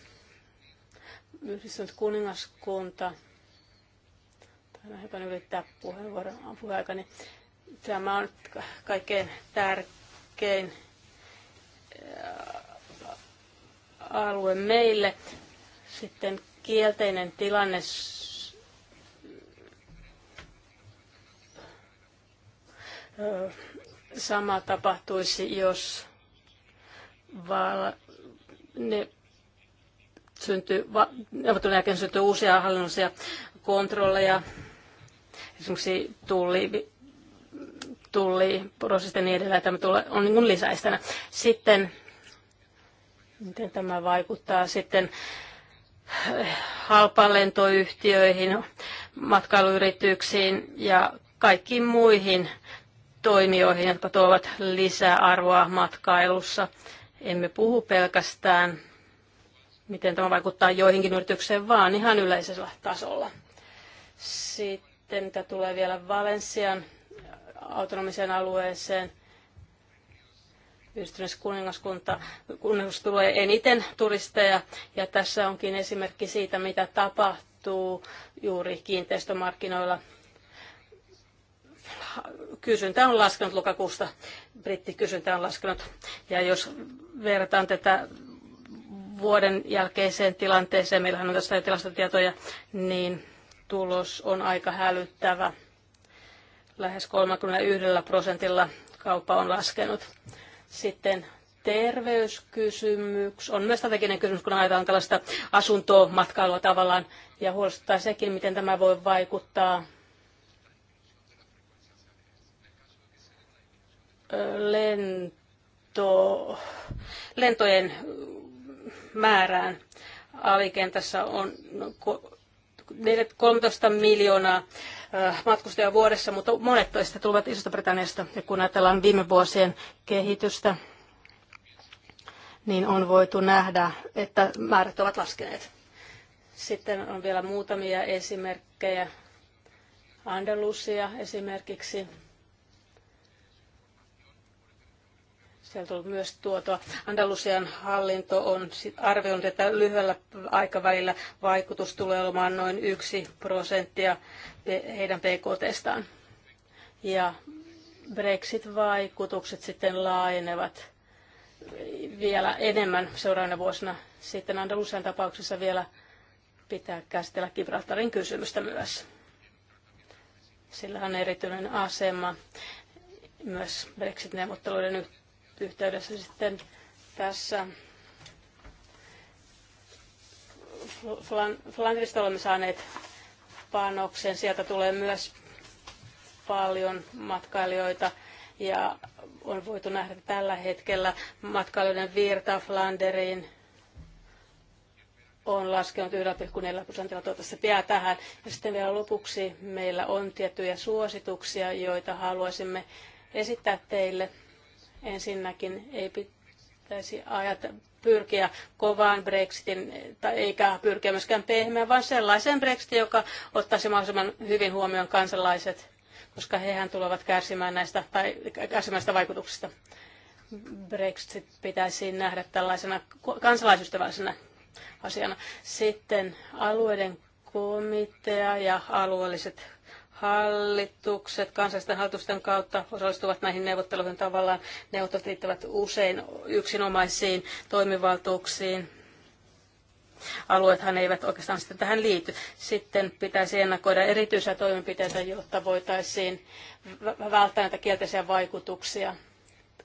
yhdistynyt kuningaskunta, tai hiukan ylittää puheenvuoron puheaikani, tämä on kaikkein tärkein alue meille. Sitten kielteinen tilanne sama tapahtuisi, jos vaan ne syntyy, neuvottelun jälkeen syntyy uusia hallinnollisia kontrolleja, esimerkiksi tulli, tulli prosessit ja niin edelleen, tämä tulee, on niin lisäistänä. Sitten, miten tämä vaikuttaa sitten eh, lentoyhtiöihin, matkailuyrityksiin ja kaikkiin muihin toimijoihin, jotka tuovat lisää arvoa matkailussa. Emme puhu pelkästään, miten tämä vaikuttaa joihinkin yritykseen, vaan ihan yleisellä tasolla. Sitten mitä tulee vielä Valensian autonomiseen alueeseen, yhdistyneessä kuningaskunta, kuningas tulee eniten turisteja ja tässä onkin esimerkki siitä, mitä tapahtuu juuri kiinteistömarkkinoilla kysyntä on laskenut lokakuusta, brittikysyntä on laskenut. Ja jos verrataan tätä vuoden jälkeiseen tilanteeseen, meillähän on tässä tilastotietoja, niin tulos on aika hälyttävä. Lähes 31 prosentilla kauppa on laskenut. Sitten terveyskysymys on myös strateginen kysymys, kun ajatellaan tällaista asuntoa, matkailua tavallaan, ja huolestuttaa sekin, miten tämä voi vaikuttaa lento, lentojen määrään. Alikentässä on 13 no, miljoonaa matkustajaa vuodessa, mutta monet toista tulevat Isosta-Britanniasta. Ja kun ajatellaan viime vuosien kehitystä, niin on voitu nähdä, että määrät ovat laskeneet. Sitten on vielä muutamia esimerkkejä. Andalusia esimerkiksi Sieltä on myös tuotua. Andalusian hallinto on arvioinut, että lyhyellä aikavälillä vaikutus tulee olemaan noin 1 prosenttia heidän PKTstaan. Ja Brexit-vaikutukset sitten laajenevat vielä enemmän seuraavina vuosina. Sitten Andalusian tapauksessa vielä pitää käsitellä Gibraltarin kysymystä myös. Sillä on erityinen asema myös Brexit-neuvotteluiden yhteydessä yhteydessä sitten tässä Flandrista olemme saaneet panoksen. Sieltä tulee myös paljon matkailijoita ja on voitu nähdä tällä hetkellä matkailijoiden virta Flanderiin on laskenut 1,4 prosentilla. Toivottavasti pää tähän. Ja sitten vielä lopuksi meillä on tiettyjä suosituksia, joita haluaisimme esittää teille. Ensinnäkin ei pitäisi ajata, pyrkiä kovaan Brexitin, tai eikä pyrkiä myöskään pehmeään, vaan sellaiseen Brexitin, joka ottaisi mahdollisimman hyvin huomioon kansalaiset, koska hehän tulevat kärsimään näistä, tai kärsimään näistä vaikutuksista. Brexit pitäisi nähdä tällaisena kansalaisystävällisenä asiana. Sitten alueiden komitea ja alueelliset hallitukset kansallisten hallitusten kautta osallistuvat näihin neuvotteluihin tavallaan. Neuvottelut liittyvät usein yksinomaisiin toimivaltuuksiin. Alueethan eivät oikeastaan sitten tähän liity. Sitten pitäisi ennakoida erityisiä toimenpiteitä, jotta voitaisiin välttää näitä kielteisiä vaikutuksia.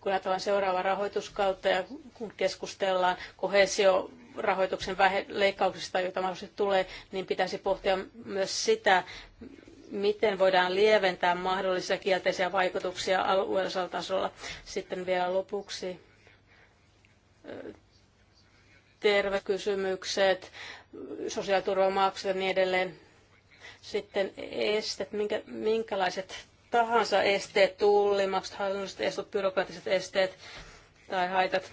Kun ajatellaan seuraavaa rahoituskautta ja kun keskustellaan kohesio rahoituksen vähe- leikkauksista, joita mahdollisesti tulee, niin pitäisi pohtia myös sitä, miten voidaan lieventää mahdollisia kielteisiä vaikutuksia alueellisella tasolla. Sitten vielä lopuksi tervekysymykset, sosiaaliturvamaksut ja niin edelleen. Sitten estet, minkä, minkälaiset tahansa esteet, tullimaksut, hallinnolliset estot, byrokraattiset esteet tai haitat,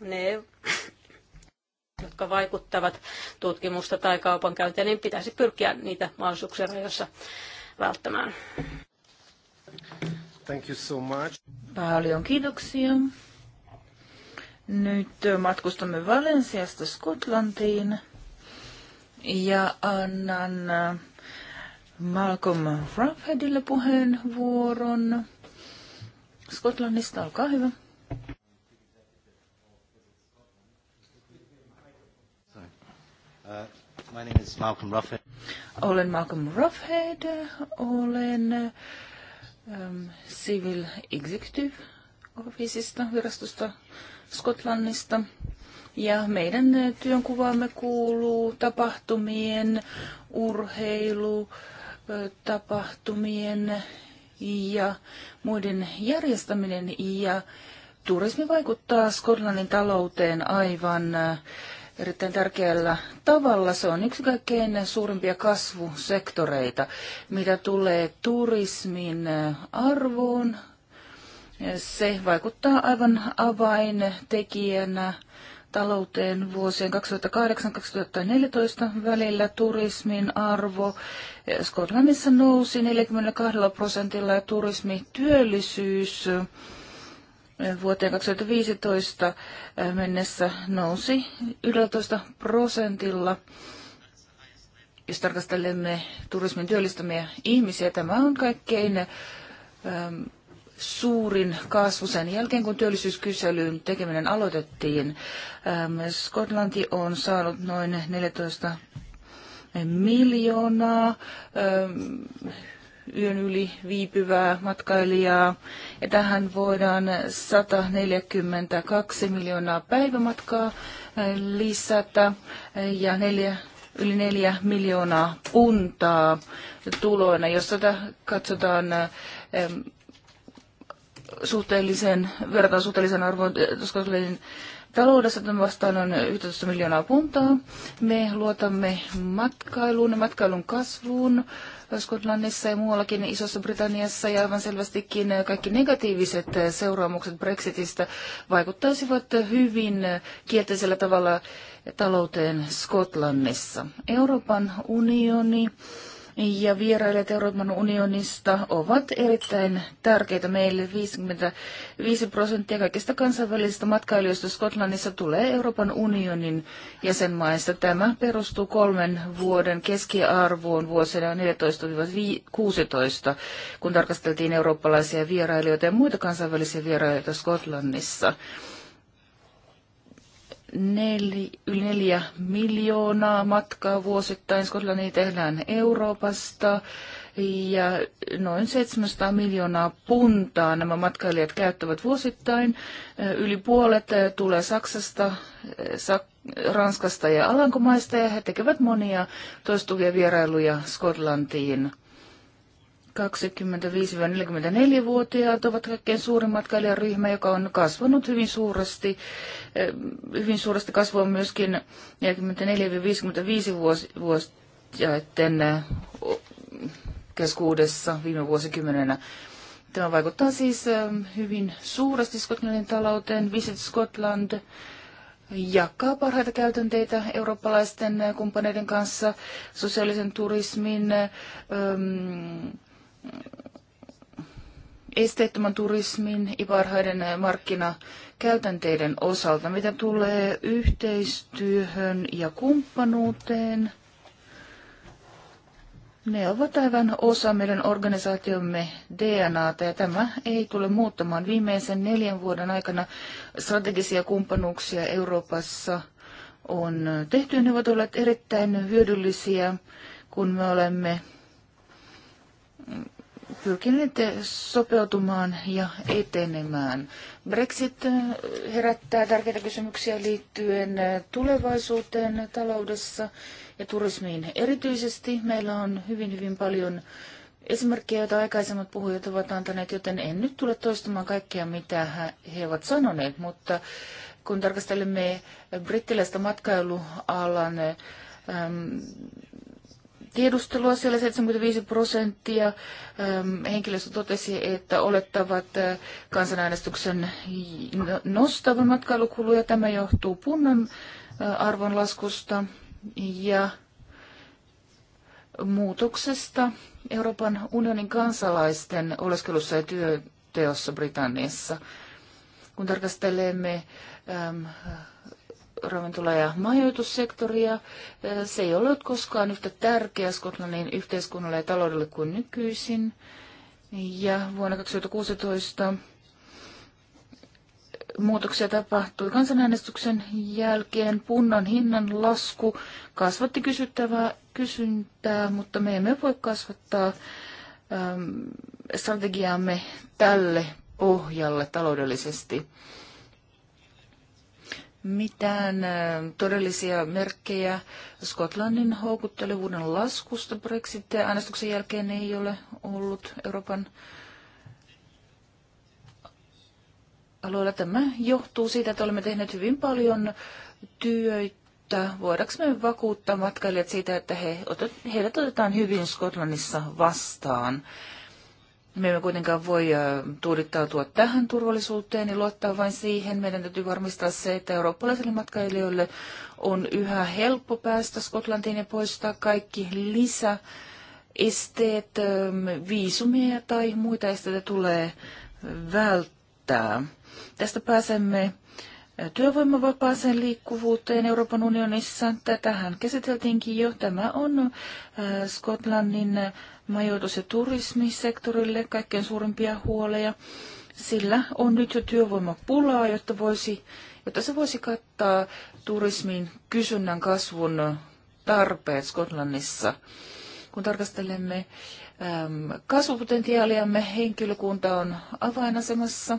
ne jotka vaikuttavat tutkimusta tai kaupankäyntiä, niin pitäisi pyrkiä niitä mahdollisuuksia rajoissa välttämään. Thank you so much. Paljon kiitoksia. Nyt matkustamme Valensiasta Skotlantiin ja annan äh, Malcolm Ruffheadille puheenvuoron. Skotlannista, olkaa hyvä. Uh, my name is Malcolm Ruffhead. Olen Malcolm Roughhead, olen um, Civil Executive Officeista, virastosta Skotlannista. Ja meidän äh, työnkuvaamme kuuluu tapahtumien, urheilu, äh, tapahtumien ja muiden järjestäminen ja turismi vaikuttaa Skotlannin talouteen aivan äh, erittäin tärkeällä tavalla. Se on yksi kaikkein suurimpia kasvusektoreita, mitä tulee turismin arvoon. Se vaikuttaa aivan avaintekijänä talouteen vuosien 2008-2014 välillä turismin arvo Skotlannissa nousi 42 prosentilla ja turismityöllisyys vuoteen 2015 mennessä nousi 11 prosentilla. Jos tarkastelemme turismin työllistämiä ihmisiä, tämä on kaikkein suurin kasvu sen jälkeen, kun työllisyyskyselyn tekeminen aloitettiin. Skotlanti on saanut noin 14 miljoonaa yön yli viipyvää matkailijaa. Ja tähän voidaan 142 miljoonaa päivämatkaa eh, lisätä eh, ja neljä, yli 4 miljoonaa puntaa tuloina, jos tätä katsotaan eh, suhteellisen, verrataan suhteellisen arvoon, koska taloudessa tämän vastaan on 11 miljoonaa puntaa. Me luotamme matkailuun ja matkailun kasvuun. Skotlannissa ja muuallakin Isossa Britanniassa ja aivan selvästikin kaikki negatiiviset seuraamukset Brexitistä vaikuttaisivat hyvin kielteisellä tavalla talouteen Skotlannissa. Euroopan unioni ja vierailijat Euroopan unionista ovat erittäin tärkeitä meille. 55 prosenttia kaikista kansainvälisistä matkailijoista Skotlannissa tulee Euroopan unionin jäsenmaista. Tämä perustuu kolmen vuoden keskiarvoon vuosina 14-16, kun tarkasteltiin eurooppalaisia vierailijoita ja muita kansainvälisiä vierailijoita Skotlannissa neli, yli neljä miljoonaa matkaa vuosittain. Skotlannia tehdään Euroopasta ja noin 700 miljoonaa puntaa nämä matkailijat käyttävät vuosittain. Yli puolet tulee Saksasta, Ranskasta ja Alankomaista ja he tekevät monia toistuvia vierailuja Skotlantiin. 25-44-vuotiaat ovat kaikkein suurin matkailijaryhmä, joka on kasvanut hyvin suuresti. Eh, hyvin suuresti kasvoi myöskin 44-55-vuotiaiden eh, keskuudessa viime vuosikymmenenä. Tämä vaikuttaa siis eh, hyvin suuresti Skotlannin talouteen. Visit Scotland jakaa parhaita käytänteitä eurooppalaisten kumppaneiden kanssa sosiaalisen turismin, mm, esteettömän turismin ja parhaiden markkinakäytänteiden osalta, mitä tulee yhteistyöhön ja kumppanuuteen. Ne ovat aivan osa meidän organisaatiomme DNAta ja tämä ei tule muuttamaan viimeisen neljän vuoden aikana strategisia kumppanuuksia Euroopassa on tehty. Ne ovat olleet erittäin hyödyllisiä, kun me olemme pyrkineet sopeutumaan ja etenemään. Brexit äh, herättää tärkeitä kysymyksiä liittyen äh, tulevaisuuteen taloudessa ja turismiin erityisesti. Meillä on hyvin, hyvin paljon esimerkkejä, joita aikaisemmat puhujat ovat antaneet, joten en nyt tule toistamaan kaikkea, mitä he ovat sanoneet, mutta kun tarkastelemme brittiläistä matkailualan ähm, tiedustelua. Siellä 75 prosenttia henkilöstö totesi, että olettavat kansanäänestyksen no-, nostavan matkailukuluja. Tämä johtuu punnan arvon laskusta ja muutoksesta Euroopan unionin kansalaisten oleskelussa ja työteossa Britanniassa. Kun tarkastelemme ravintola- ja majoitussektoria. Äh, se ei ollut koskaan yhtä tärkeä Skotlannin yhteiskunnalle ja taloudelle kuin nykyisin. Ja vuonna 2016 muutoksia tapahtui kansanäänestyksen jälkeen. Punnan hinnan lasku kasvatti kysyttävää kysyntää, mutta me emme voi kasvattaa äm, strategiaamme tälle pohjalle taloudellisesti mitään äh, todellisia merkkejä Skotlannin houkuttelevuuden laskusta Brexit-äänestyksen jälkeen ei ole ollut Euroopan alueella. Tämä johtuu siitä, että olemme tehneet hyvin paljon työtä voidaksemme vakuuttaa matkailijat siitä, että he, heidät otetaan hyvin Skotlannissa vastaan. Me emme kuitenkaan voi tuudittautua tähän turvallisuuteen ja luottaa vain siihen. Meidän täytyy varmistaa se, että eurooppalaisille matkailijoille on yhä helppo päästä Skotlantiin ja poistaa kaikki lisä esteet, viisumia tai muita esteitä tulee välttää. Tästä pääsemme työvoimavapaaseen liikkuvuuteen Euroopan unionissa. Tätähän käsiteltiinkin jo. Tämä on Skotlannin majoitus- ja turismisektorille kaikkein suurimpia huoleja. Sillä on nyt jo työvoimapulaa, jotta, voisi, jotta se voisi kattaa turismin kysynnän kasvun tarpeet Skotlannissa. Kun tarkastelemme äm, kasvupotentiaaliamme, henkilökunta on avainasemassa.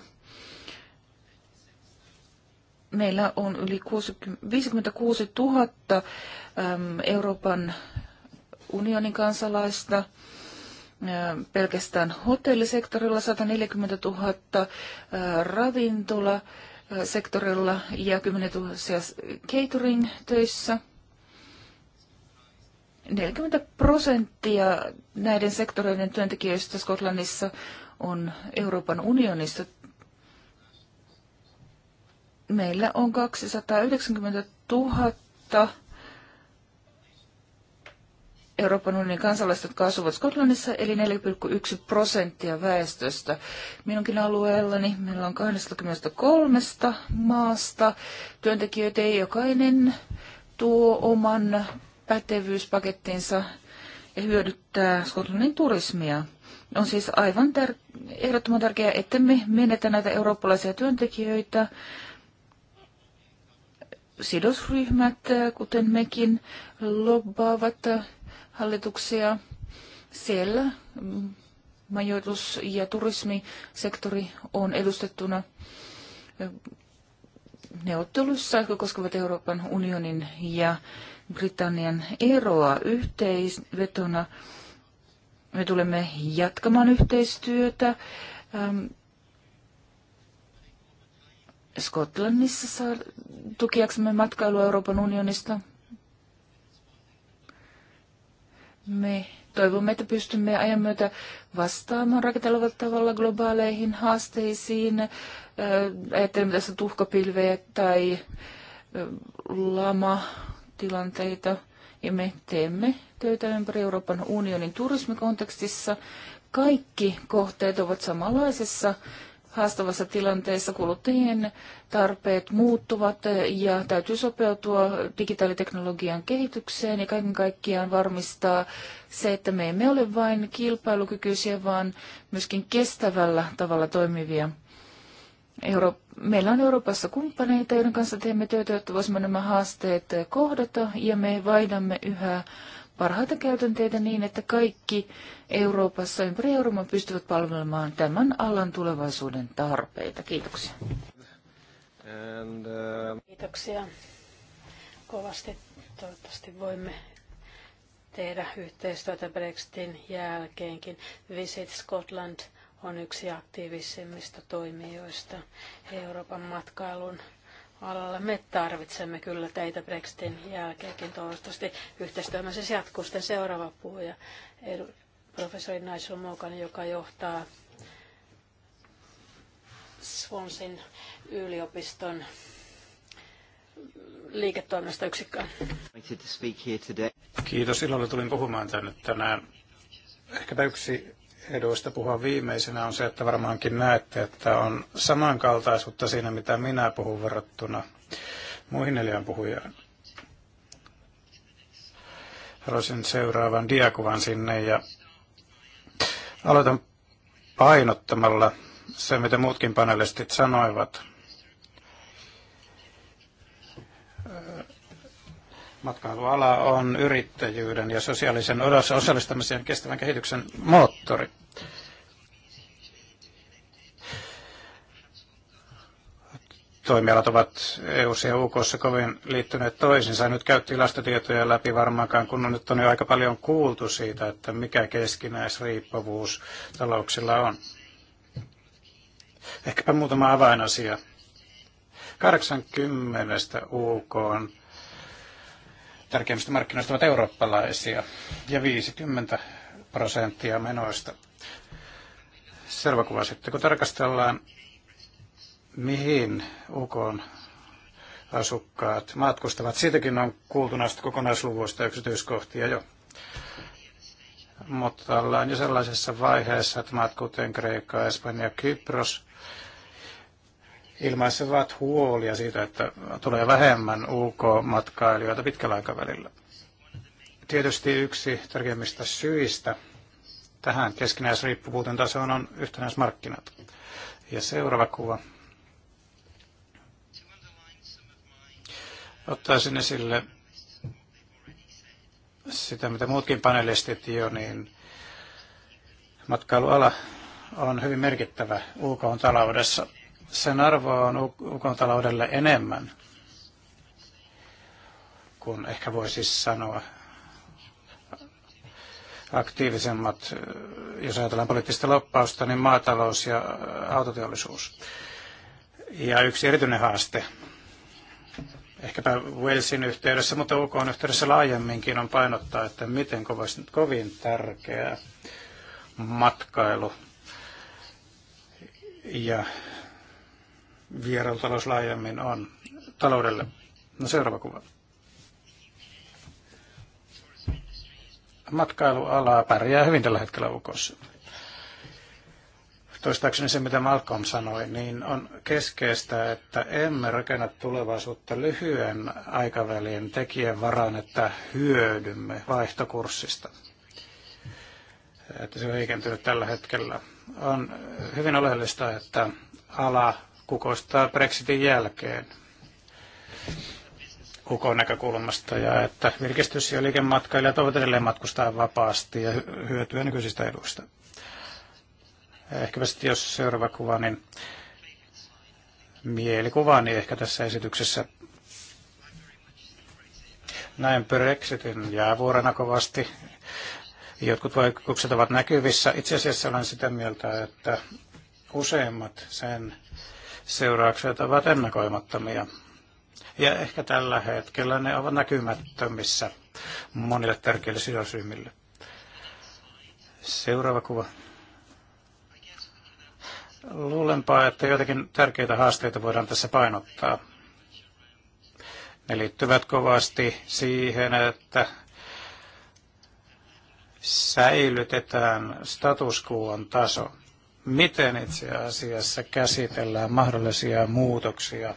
Meillä on yli 56 000 äm, Euroopan unionin kansalaista pelkästään hotellisektorilla 140 000 ravintolasektorilla sektorilla ja 10 000 catering töissä. 40 prosenttia näiden sektoreiden työntekijöistä Skotlannissa on Euroopan unionista. Meillä on 290 000 Euroopan unionin kansalaiset, jotka asuvat Skotlannissa, eli 4,1 prosenttia väestöstä. Minunkin alueellani meillä on 23 maasta työntekijöitä, ei jokainen tuo oman pätevyyspakettinsa ja hyödyttää Skotlannin turismia. On siis aivan tär- ehdottoman tärkeää, että me menetä näitä eurooppalaisia työntekijöitä. Sidosryhmät, kuten mekin, lobbaavat hallituksia. Siellä majoitus- ja turismisektori on edustettuna neuvottelussa, jotka koskevat Euroopan unionin ja Britannian eroa yhteisvetona. Me tulemme jatkamaan yhteistyötä. Ähm, Skotlannissa tukiaksemme matkailua Euroopan unionista. Me toivomme, että pystymme ajan myötä vastaamaan rakentavalla tavalla globaaleihin haasteisiin. Ajattelemme tässä tuhkapilvejä tai lamatilanteita. Ja me teemme töitä ympäri Euroopan unionin turismikontekstissa. Kaikki kohteet ovat samanlaisessa haastavassa tilanteessa kuluttajien tarpeet muuttuvat ja täytyy sopeutua digitaaliteknologian kehitykseen ja kaiken kaikkiaan varmistaa se, että me emme ole vain kilpailukykyisiä, vaan myöskin kestävällä tavalla toimivia. Euro- Meillä on Euroopassa kumppaneita, joiden kanssa teemme työtä, jotta voisimme nämä haasteet kohdata ja me vaihdamme yhä parhaita käytänteitä niin, että kaikki Euroopassa ympäri Euroopan pystyvät palvelemaan tämän alan tulevaisuuden tarpeita. Kiitoksia. And, uh... Kiitoksia kovasti. Toivottavasti voimme tehdä yhteistyötä Brexitin jälkeenkin. Visit Scotland on yksi aktiivisimmista toimijoista Euroopan matkailun alalla. Me tarvitsemme kyllä teitä Brexitin jälkeenkin toivottavasti. Yhteistyömme siis jatkuu sitten seuraava puhuja, professori Nigel Mokan, joka johtaa Swansin yliopiston liiketoiminnasta Kiitos, ilolla tulin puhumaan tänne tänään. Ehkäpä yksi eduista puhua viimeisenä on se, että varmaankin näette, että on samankaltaisuutta siinä, mitä minä puhun verrattuna muihin neljään puhujaan. Haluaisin seuraavan diakuvan sinne ja aloitan painottamalla se, mitä muutkin panelistit sanoivat – Matkailuala on yrittäjyyden ja sosiaalisen osallistamisen kestävän kehityksen moottori. toimialat ovat eu ja uk kovin liittyneet toisiinsa. Nyt käytti tilastotietoja läpi varmaankaan, kun on nyt on jo aika paljon kuultu siitä, että mikä keskinäisriippuvuus talouksilla on. Ehkäpä muutama avainasia. 80 UK on tärkeimmistä markkinoista ovat eurooppalaisia ja 50 prosenttia menoista. Selvä kuva sitten, kun tarkastellaan, mihin UK on asukkaat matkustavat. Siitäkin on kuultu näistä kokonaisluvuista yksityiskohtia jo. Mutta ollaan jo sellaisessa vaiheessa, että maat kuten Kreikka, Espanja, Kypros ilmaisevat huolia siitä, että tulee vähemmän UK-matkailijoita pitkällä aikavälillä. Tietysti yksi tärkeimmistä syistä tähän keskinäisriippuvuuden tasoon on yhtenäismarkkinat. Ja seuraava kuva. Ottaisin esille sitä, mitä muutkin panelistit jo, niin matkailuala on hyvin merkittävä UK-taloudessa sen arvoa on Ukon taloudelle enemmän kuin ehkä voisi sanoa aktiivisemmat, jos ajatellaan poliittista loppausta, niin maatalous ja autoteollisuus. Ja yksi erityinen haaste, ehkäpä Walesin yhteydessä, mutta UK on yhteydessä laajemminkin, on painottaa, että miten kovin tärkeä matkailu ja vierailutalous laajemmin on taloudelle. No seuraava kuva. Matkailuala pärjää hyvin tällä hetkellä ukossa. Toistaakseni se, mitä Malcolm sanoi, niin on keskeistä, että emme rakenna tulevaisuutta lyhyen aikavälin tekijän varaan, että hyödymme vaihtokurssista. Että se on heikentynyt tällä hetkellä. On hyvin oleellista, että ala kukoistaa Brexitin jälkeen UKon näkökulmasta ja että virkistys- ja liikematkailijat voivat edelleen matkustaa vapaasti ja hyötyä nykyisistä eduista. Ehkäpä sitten jos seuraava kuva, niin mielikuva, niin ehkä tässä esityksessä näen Brexitin jäävuorena kovasti. Jotkut vaikutukset ovat näkyvissä. Itse asiassa olen sitä mieltä, että useimmat sen seuraukset ovat ennakoimattomia. Ja ehkä tällä hetkellä ne ovat näkymättömissä monille tärkeille sidosryhmille. Seuraava kuva. Luulenpa, että jotakin tärkeitä haasteita voidaan tässä painottaa. Ne liittyvät kovasti siihen, että säilytetään status quo taso miten itse asiassa käsitellään mahdollisia muutoksia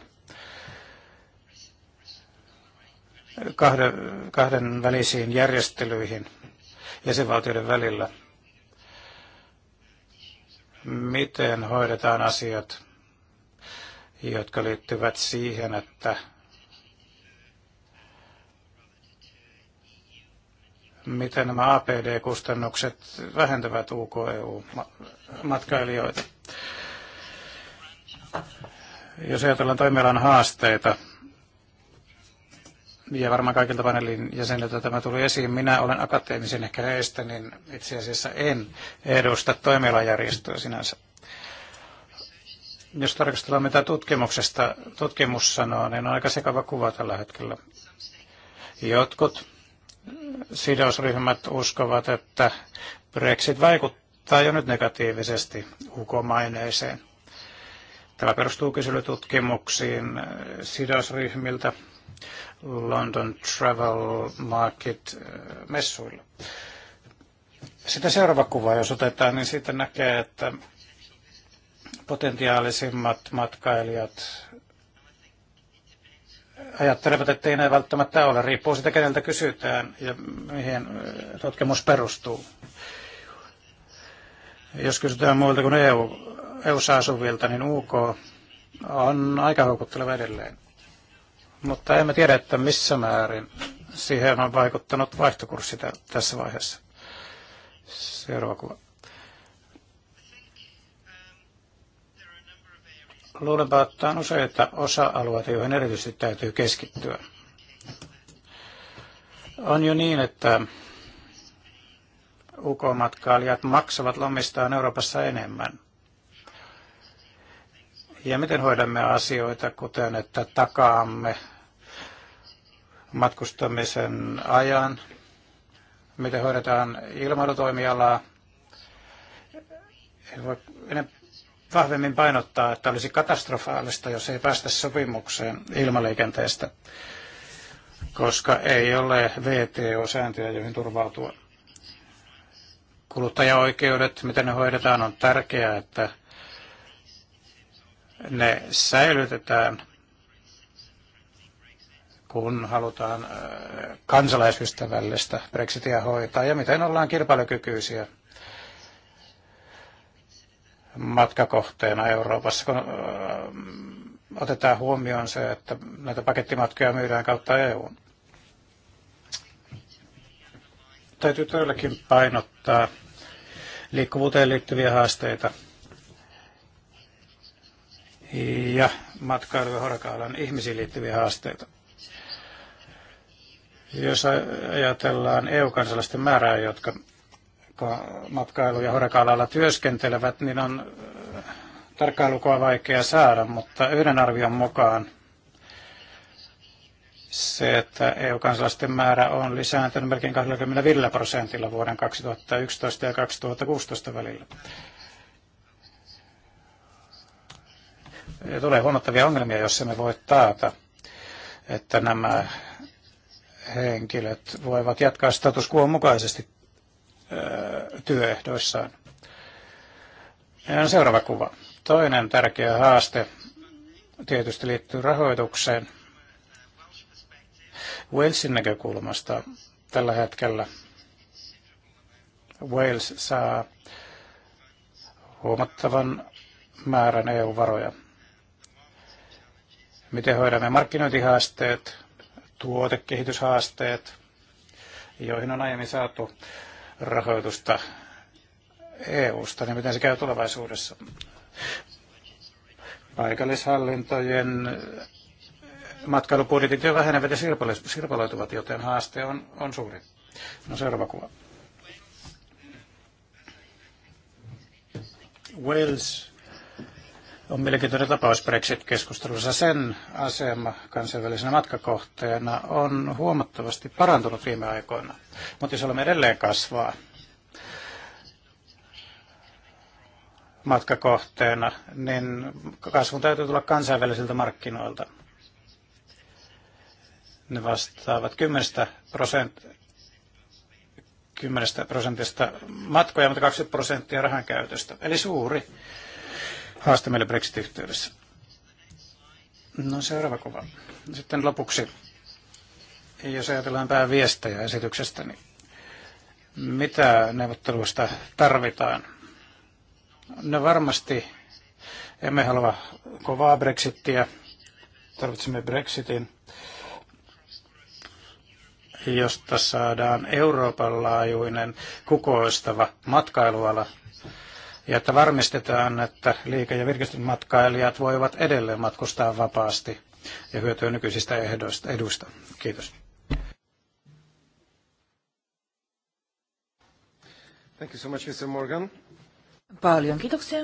kahden, kahden välisiin järjestelyihin jäsenvaltioiden välillä. Miten hoidetaan asiat, jotka liittyvät siihen, että miten nämä APD-kustannukset vähentävät ukeu e matkailijoita Jos ajatellaan toimialan haasteita, ja varmaan kaikilta paneelin jäseniltä tämä tuli esiin. Minä olen akateemisen ehkä heistä, niin itse asiassa en edusta toimialajärjestöä sinänsä. Jos tarkastellaan mitä tutkimuksesta tutkimus sanoo, niin on aika sekava kuva tällä hetkellä. Jotkut sidosryhmät uskovat, että Brexit vaikuttaa jo nyt negatiivisesti UK-maineeseen. Tämä perustuu kyselytutkimuksiin sidosryhmiltä London Travel Market-messuilla. Eh, Sitä seuraava kuva, jos otetaan, niin siitä näkee, että potentiaalisimmat matkailijat ajattelevat, että ei näin välttämättä ole. Riippuu siitä, keneltä kysytään ja mihin äh, tutkimus perustuu. Jos kysytään muilta kuin EU, eu asuvilta, niin UK on aika houkutteleva edelleen. Mutta emme tiedä, että missä määrin siihen on vaikuttanut vaihtokurssi tässä vaiheessa. Seuraava kuva. luulenpa, että on useita osa-alueita, joihin erityisesti täytyy keskittyä. On jo niin, että UK-matkailijat maksavat lomistaan Euroopassa enemmän. Ja miten hoidamme asioita, kuten että takaamme matkustamisen ajan, miten hoidetaan ilmailutoimialaa. En voi vahvemmin painottaa, että olisi katastrofaalista, jos ei päästä sopimukseen ilmaliikenteestä, koska ei ole VTO-sääntöjä, joihin turvautua. Kuluttajaoikeudet, miten ne hoidetaan, on tärkeää, että ne säilytetään, kun halutaan äh, kansalaisystävällistä Brexitia hoitaa ja miten ollaan kilpailukykyisiä – matkakohteena Euroopassa, kun äh, otetaan huomioon se, että näitä pakettimatkoja myydään kautta EUn. Täytyy todellakin painottaa liikkuvuuteen liittyviä haasteita ja matkailu- ja horakaalan ihmisiin liittyviä haasteita. Jos ajatellaan EU-kansalaisten määrää, jotka jotka matkailu- ja horeka-alalla työskentelevät, niin on äh, tarkkailukoa vaikea saada, mutta yhden arvion mukaan se, että EU-kansalaisten määrä on lisääntynyt melkein 25 prosentilla vuoden 2011 ja 2016 välillä. Ja tulee huomattavia ongelmia, jos emme voi taata, että nämä henkilöt voivat jatkaa status quo mukaisesti työehdoissaan. Seuraava kuva. Toinen tärkeä haaste tietysti liittyy rahoitukseen. Walesin näkökulmasta tällä hetkellä Wales saa huomattavan määrän EU-varoja. Miten hoidamme markkinointihaasteet, tuotekehityshaasteet, joihin on aiemmin saatu rahoitusta EU-sta, niin miten se käy tulevaisuudessa? Paikallishallintojen matkailupudjetit jo vähenevät ja sirpaloituvat, joten haaste on, on suuri. No seuraava kuva. Wales on mielenkiintoinen tapaus Brexit-keskustelussa. Sen asema kansainvälisenä matkakohteena on huomattavasti parantunut viime aikoina, mutta jos olemme edelleen kasvaa matkakohteena, niin kasvun täytyy tulla kansainvälisiltä markkinoilta. Ne vastaavat 10 10 prosentista matkoja, mutta 20 prosenttia rahan käytöstä. Eli suuri haaste meille Brexit-yhteydessä. No seuraava kuva. Sitten lopuksi, jos ajatellaan pääviestejä esityksestä, niin mitä neuvotteluista tarvitaan? No varmasti emme halua kovaa Brexittiä. Tarvitsemme Brexitin, josta saadaan Euroopan laajuinen kukoistava matkailuala – ja että varmistetaan, että liike- ja virkistysmatkailijat voivat edelleen matkustaa vapaasti ja hyötyä nykyisistä ehdoista, eduista. Kiitos. Thank you so much, Mr. Morgan. Paljon kiitoksia.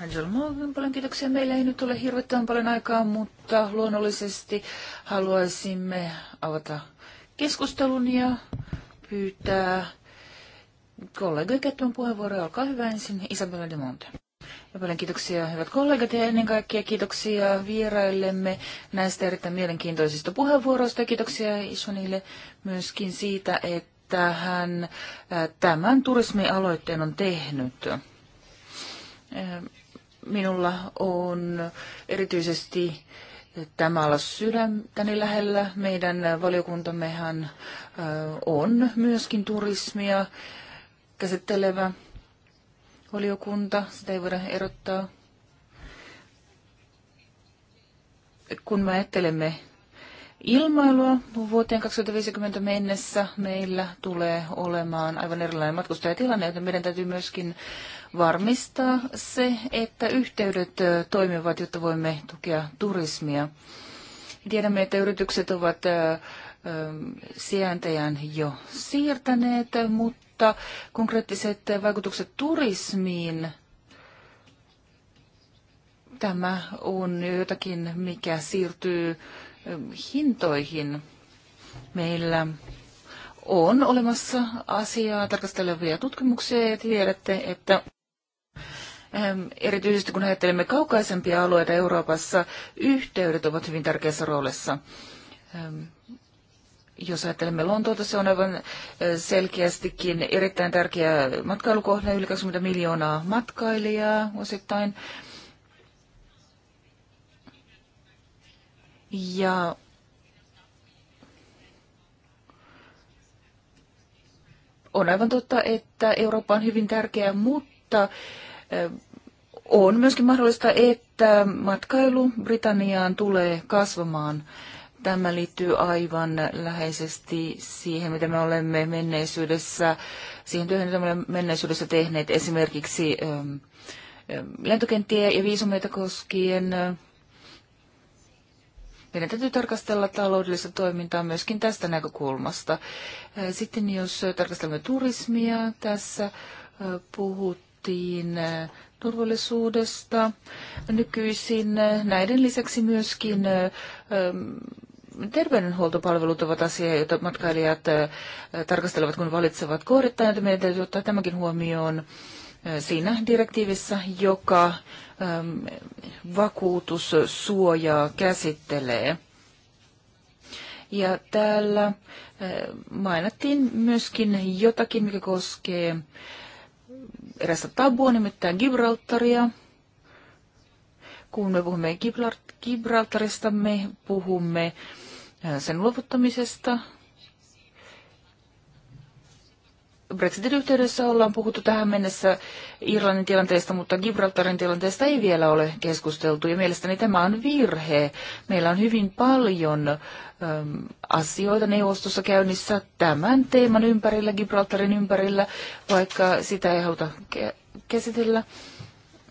Nigel Morgan, paljon kiitoksia. Meillä ei nyt ole hirveän paljon aikaa, mutta luonnollisesti haluaisimme avata keskustelun ja pyytää kollega käyttämään puheenvuoroja. Olkaa hyvä ensin Isabella de Monte. Ja paljon kiitoksia hyvät kollegat ja ennen kaikkea kiitoksia vieraillemme näistä erittäin mielenkiintoisista puheenvuoroista ja kiitoksia Isonille myöskin siitä, että hän tämän turismialoitteen on tehnyt. Minulla on erityisesti tämä ala sydäntäni lähellä. Meidän valiokuntammehan on myöskin turismia käsittelevä valiokunta. Sitä ei voida erottaa. Kun me ajattelemme ilmailua vuoteen 2050 mennessä, meillä tulee olemaan aivan erilainen matkustajatilanne, joten meidän täytyy myöskin varmistaa se, että yhteydet toimivat, jotta voimme tukea turismia. Tiedämme, että yritykset ovat sijaintajaan jo siirtäneet, mutta mutta konkreettiset vaikutukset turismiin, tämä on jotakin, mikä siirtyy ähm, hintoihin. Meillä on olemassa asiaa tarkastelevia tutkimuksia ja tiedätte, että ähm, erityisesti kun ajattelemme kaukaisempia alueita Euroopassa, yhteydet ovat hyvin tärkeässä roolissa. Ähm, jos ajattelemme Lontoota, se on aivan selkeästikin erittäin tärkeä matkailukohde, yli 20 miljoonaa matkailijaa osittain. Ja on aivan totta, että Eurooppa on hyvin tärkeä, mutta on myöskin mahdollista, että matkailu Britanniaan tulee kasvamaan. Tämä liittyy aivan läheisesti siihen, mitä me olemme menneisyydessä, siihen työhön, mitä me olemme menneisyydessä tehneet esimerkiksi ähm, ähm, lentokenttiä ja viisumeita koskien. Meidän täytyy tarkastella taloudellista toimintaa myöskin tästä näkökulmasta. Äh, sitten jos tarkastelemme turismia, tässä äh, puhuttiin äh, turvallisuudesta. Nykyisin näiden lisäksi myöskin ähm, terveydenhuoltopalvelut ovat asia, jota matkailijat tarkastelevat, kun valitsevat kohdettaan, joten meidän täytyy ottaa tämäkin huomioon siinä direktiivissä, joka vakuutussuojaa käsittelee. Ja täällä mainittiin myöskin jotakin, mikä koskee erästä tabua, nimittäin Gibraltaria. Kun me puhumme Gibraltarista, me puhumme Äh, sen luovuttamisesta. Brexitin yhteydessä ollaan puhuttu tähän mennessä Irlannin tilanteesta, mutta Gibraltarin tilanteesta ei vielä ole keskusteltu. Ja mielestäni tämä on virhe. Meillä on hyvin paljon äm, asioita neuvostossa käynnissä tämän teeman ympärillä, Gibraltarin ympärillä, vaikka sitä ei haluta käsitellä.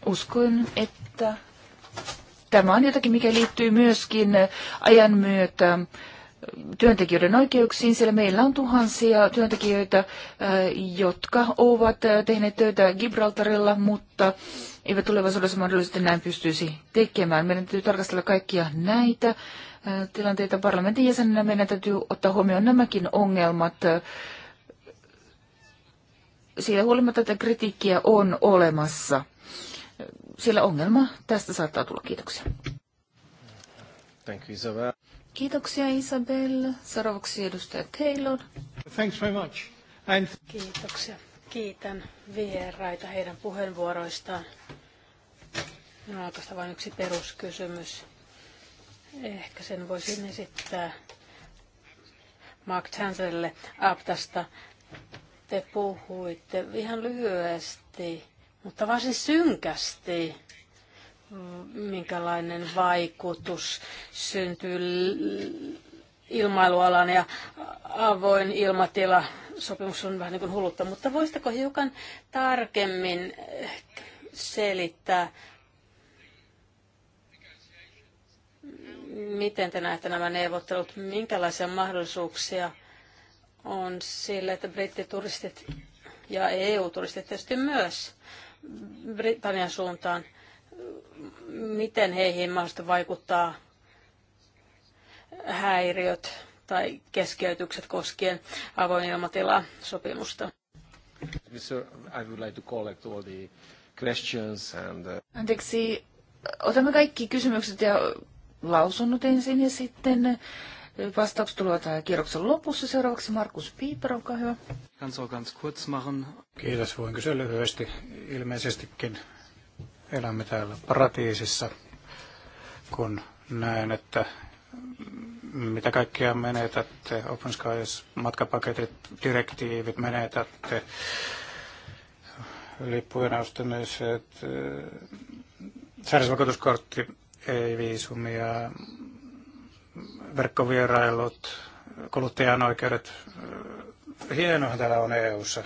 Uskoin, että Tämä on jotakin, mikä liittyy myöskin ajan myötä työntekijöiden oikeuksiin, sillä meillä on tuhansia työntekijöitä, äh, jotka ovat äh, tehneet töitä Gibraltarilla, mutta eivät tulevaisuudessa mahdollisesti näin pystyisi tekemään. Meidän täytyy tarkastella kaikkia näitä äh, tilanteita parlamentin jäsenenä. Meidän täytyy ottaa huomioon nämäkin ongelmat. Siitä huolimatta, että kritiikkiä on olemassa sillä ongelma tästä saattaa tulla. Kiitoksia. Thank you, Isabel. Kiitoksia Isabel. Seuraavaksi edustaja Taylor. Thanks very much. And... Kiitoksia. Kiitän vieraita heidän puheenvuoroistaan. Minulla on oikeastaan vain yksi peruskysymys. Ehkä sen voisin esittää Mark Chancellorille Aptasta. Te puhuitte ihan lyhyesti mutta varsin synkästi minkälainen vaikutus syntyy ilmailualan ja avoin ilmatila. Sopimus on vähän niin kuin hulutta, mutta voisitteko hiukan tarkemmin selittää, miten te näette nämä neuvottelut, minkälaisia mahdollisuuksia on sille, että brittituristit ja EU-turistit tietysti myös Britannian suuntaan. Miten heihin mahdollisesti vaikuttaa häiriöt tai keskeytykset koskien avoin ilmatilaa sopimusta? Uh, Anteeksi, otamme kaikki kysymykset ja lausunnot ensin ja sitten Vastaukset tulevat tähän kierroksen lopussa. Seuraavaksi Markus Piiper, olkaa hyvä. Kiitos, voin kysyä lyhyesti. Ilmeisestikin elämme täällä paratiisissa, kun näen, että mitä kaikkea menetätte, Open Skies, matkapaketit, direktiivit menetätte, lippujen ostamiset, eh, sairausvakuutuskortti, ei viisumia, verkkovierailut, kuluttajan oikeudet. Hienoa täällä on EU:ssa.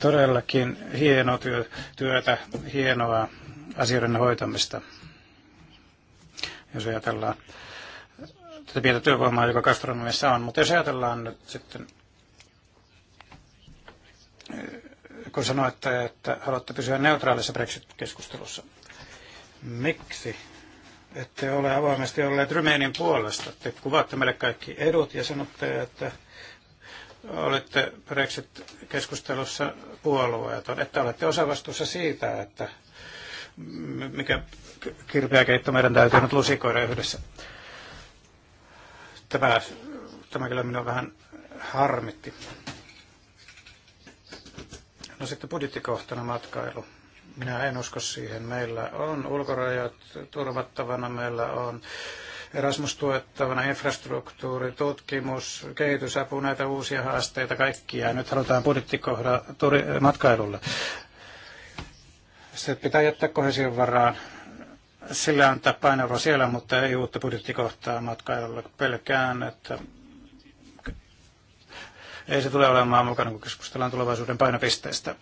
Todellakin hienoa työ, työtä, hienoa asioiden hoitamista. Jos ajatellaan tätä pientä työvoimaa, joka gastronomiassa on, mutta jos ajatellaan nyt sitten kun sanoitte, että haluatte pysyä neutraalissa Brexit-keskustelussa. Miksi ette ole avoimesti olleet Rumenin puolesta. Te kuvaatte meille kaikki edut ja sanotte, että olette Brexit-keskustelussa puolueeton, että olette osavastuussa siitä, että mikä kirpeä keitto meidän täytyy nyt lusikoida yhdessä. Tämä, tämä kyllä minua vähän harmitti. No sitten budjettikohtana matkailu. Minä en usko siihen. Meillä on ulkorajat turvattavana, meillä on Erasmus tuettavana, infrastruktuuri, tutkimus, kehitysapu, näitä uusia haasteita kaikkia. Nyt halutaan budjettikohda matkailulle. Se pitää jättää kohesion varaan. Sillä on painoarvo siellä, mutta ei uutta budjettikohtaa matkailulle. Pelkään, että ei se tule olemaan mukana, kun keskustellaan tulevaisuuden painopisteistä.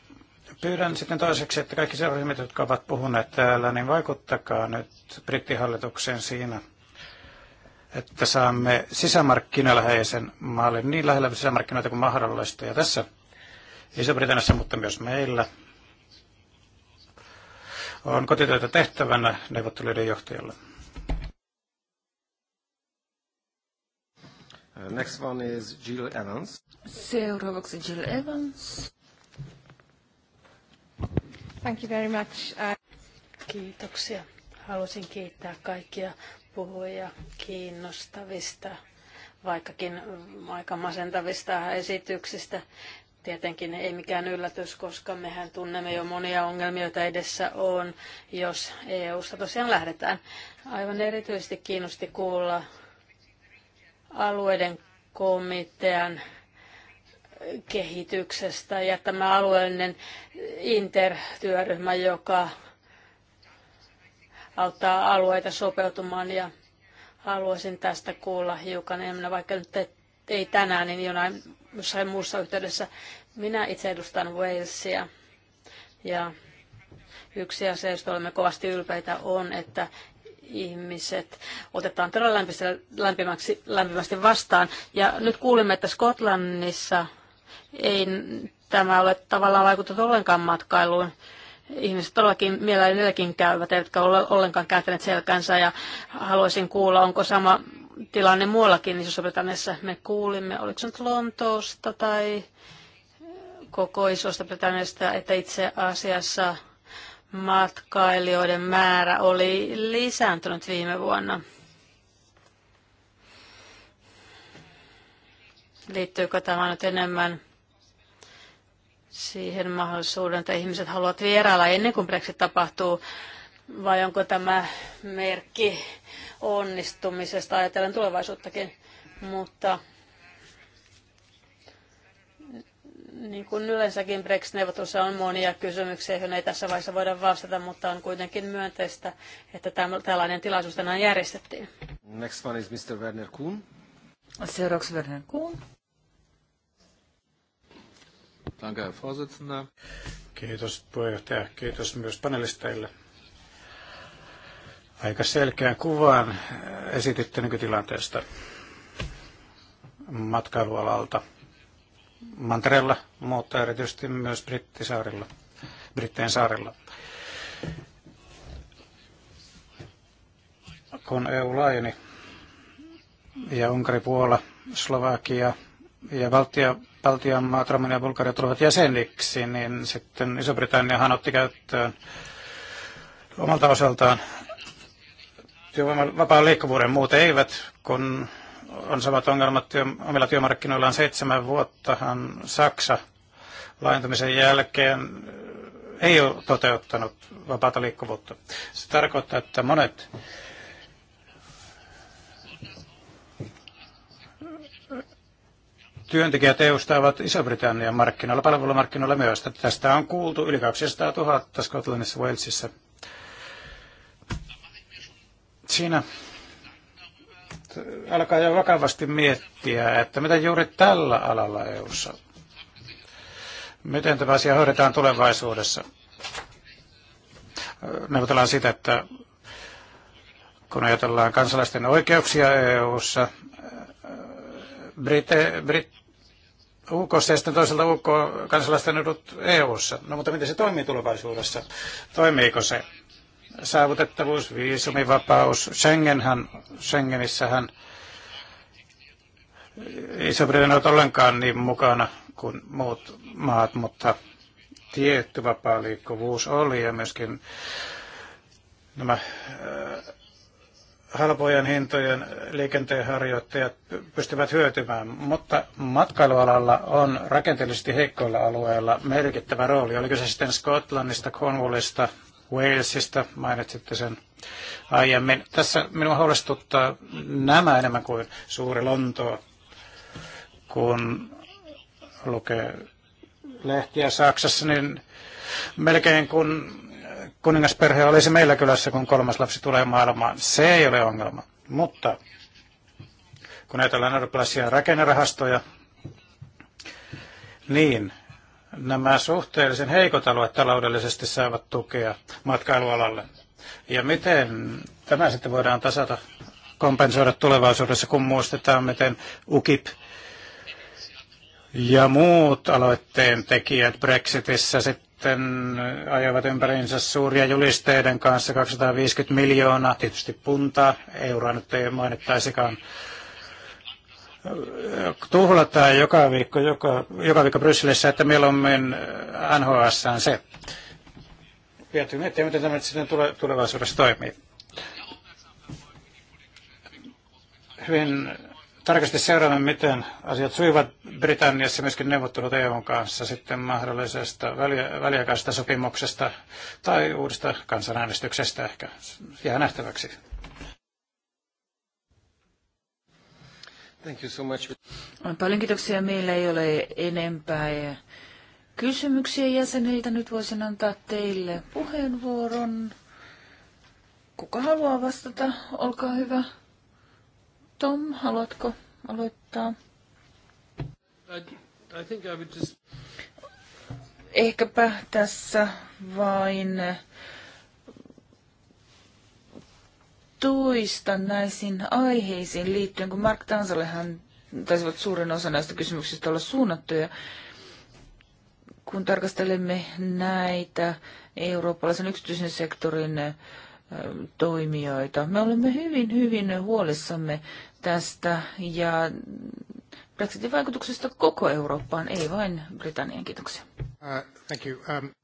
Pyydän sitten toiseksi, että kaikki seuraryhmät, jotka ovat puhuneet täällä, niin vaikuttakaa nyt brittihallitukseen siinä, että saamme sisämarkkinaläheisen maalin niin lähellä sisämarkkinoita kuin mahdollista. Ja tässä Iso-Britanniassa, mutta myös meillä, on kotitöitä tehtävänä neuvottelijoiden johtajalle. Uh, next one is Jill Evans. Seuraavaksi Jill Evans. Thank you very much. Uh, Kiitoksia. Haluaisin kiittää kaikkia puhujia kiinnostavista, vaikkakin aika masentavista esityksistä. Tietenkin ei mikään yllätys, koska mehän tunnemme jo monia ongelmia, joita edessä on, jos EU-sta tosiaan lähdetään. Aivan erityisesti kiinnosti kuulla alueiden komitean kehityksestä ja tämä alueellinen intertyöryhmä, joka auttaa alueita sopeutumaan ja haluaisin tästä kuulla hiukan enemmän, vaikka nyt ei tänään, niin jonain jossain muussa yhteydessä. Minä itse edustan Walesia ja yksi asia, josta olemme kovasti ylpeitä, on, että ihmiset otetaan todella lämpimästi vastaan. Ja nyt kuulimme, että Skotlannissa ei tämä ole tavallaan vaikuttanut ollenkaan matkailuun. Ihmiset todellakin mielelläni käyvät, eivätkä ole ollenkaan kääntäneet selkänsä ja haluaisin kuulla, onko sama tilanne muuallakin iso britanniassa Me kuulimme, oliko se nyt Lontoosta tai koko isosta Britanniasta, että itse asiassa matkailijoiden määrä oli lisääntynyt viime vuonna – Liittyykö tämä nyt enemmän siihen mahdollisuuden, että ihmiset haluavat vierailla ennen kuin Brexit tapahtuu, vai onko tämä merkki onnistumisesta ajatellen tulevaisuuttakin? Mutta niin kuin yleensäkin Brexit-neuvottelussa on monia kysymyksiä, joihin ei tässä vaiheessa voida vastata, mutta on kuitenkin myönteistä, että tällainen tilaisuus tänään järjestettiin. Next one is Mr. Werner Kuhn. Seuraavaksi Werner Kuhn. Danke, Herr Vorsitzender. Kiitos puheenjohtaja. Kiitos myös panelisteille. Aika selkeän kuvan esititte nykytilanteesta matkailualalta Mantereella, mutta erityisesti myös Brittisaarilla, Brittein saarilla. Kun EU laajeni ja Unkari, Puola, Slovakia ja valtia. Baltian maat, Romania ja Bulgaria tulevat jäseniksi, niin sitten Iso-Britanniahan otti käyttöön omalta osaltaan työvoiman vapaan liikkuvuuden. Muut eivät, kun on samat ongelmat työ, omilla työmarkkinoillaan seitsemän vuottahan Saksa laajentumisen jälkeen ei ole toteuttanut vapaata liikkuvuutta. Se tarkoittaa, että monet työntekijät EUsta ovat Iso-Britannian markkinoilla, palvelumarkkinoilla myös. Tästä on kuultu yli 200 000 Skotlannissa Walesissa. Siinä alkaa jo vakavasti miettiä, että mitä juuri tällä alalla EUssa, miten tämä asia hoidetaan tulevaisuudessa. Neuvotellaan sitä, että kun ajatellaan kansalaisten oikeuksia EUssa, Brite, Brit, UK ja sitten toisaalta UK kansalaisten edut EU-ssa. No mutta miten se toimii tulevaisuudessa? Toimiiko se? Saavutettavuus, viisumivapaus, Schengenhän, Schengenissähän Iso-Britannia on ollenkaan niin mukana kuin muut maat, mutta tietty vapaa liikkuvuus oli ja myöskin nämä halpojen hintojen liikenteen harjoittajat pystyvät hyötymään, mutta matkailualalla on rakenteellisesti heikkoilla alueilla merkittävä rooli. Oliko se sitten Skotlannista, Cornwallista, Walesista, mainitsitte sen aiemmin. Tässä minua huolestuttaa nämä enemmän kuin suuri Lontoa, kun lukee lehtiä Saksassa, niin melkein kun kuningasperhe olisi meillä kylässä, kun kolmas lapsi tulee maailmaan. Se ei ole ongelma. Mutta kun ajatellaan eurooppalaisia rakennerahastoja, niin nämä suhteellisen heikot alueet taloudellisesti saavat tukea matkailualalle. Ja miten tämä sitten voidaan tasata, kompensoida tulevaisuudessa, kun muistetaan, miten UKIP ja muut aloitteen tekijät Brexitissä sitten sitten ajoivat ympäriinsä suuria julisteiden kanssa 250 miljoonaa, tietysti puntaa, euroa nyt ei mainittaisikaan. Tuhlataan joka viikko, joka, joka viikko Brysselissä, että mieluummin NHS on se. Pidätkö miettiä, miten tämä sitten tulevaisuudessa toimii. Hyvin tarkasti seuraamme, miten asiat suivat Britanniassa myöskin neuvottelut EUn kanssa sitten mahdollisesta väliaikaisesta sopimuksesta tai uudesta kansanäänestyksestä ehkä. Jää nähtäväksi. Thank you so much. Paljon kiitoksia. Meillä ei ole enempää kysymyksiä jäseniltä. Nyt voisin antaa teille puheenvuoron. Kuka haluaa vastata? Olkaa hyvä. Tom, haluatko aloittaa? I think I would just... Ehkäpä tässä vain tuista näisiin aiheisiin liittyen, kun Mark Tansallehan taisivat suurin osa näistä kysymyksistä olla suunnattuja. Kun tarkastelemme näitä eurooppalaisen yksityisen sektorin toimijoita, me olemme hyvin, hyvin huolissamme tästä ja Brexitin vaikutuksesta koko Eurooppaan, ei vain Britannian. Kiitoksia. Uh, thank you. Um,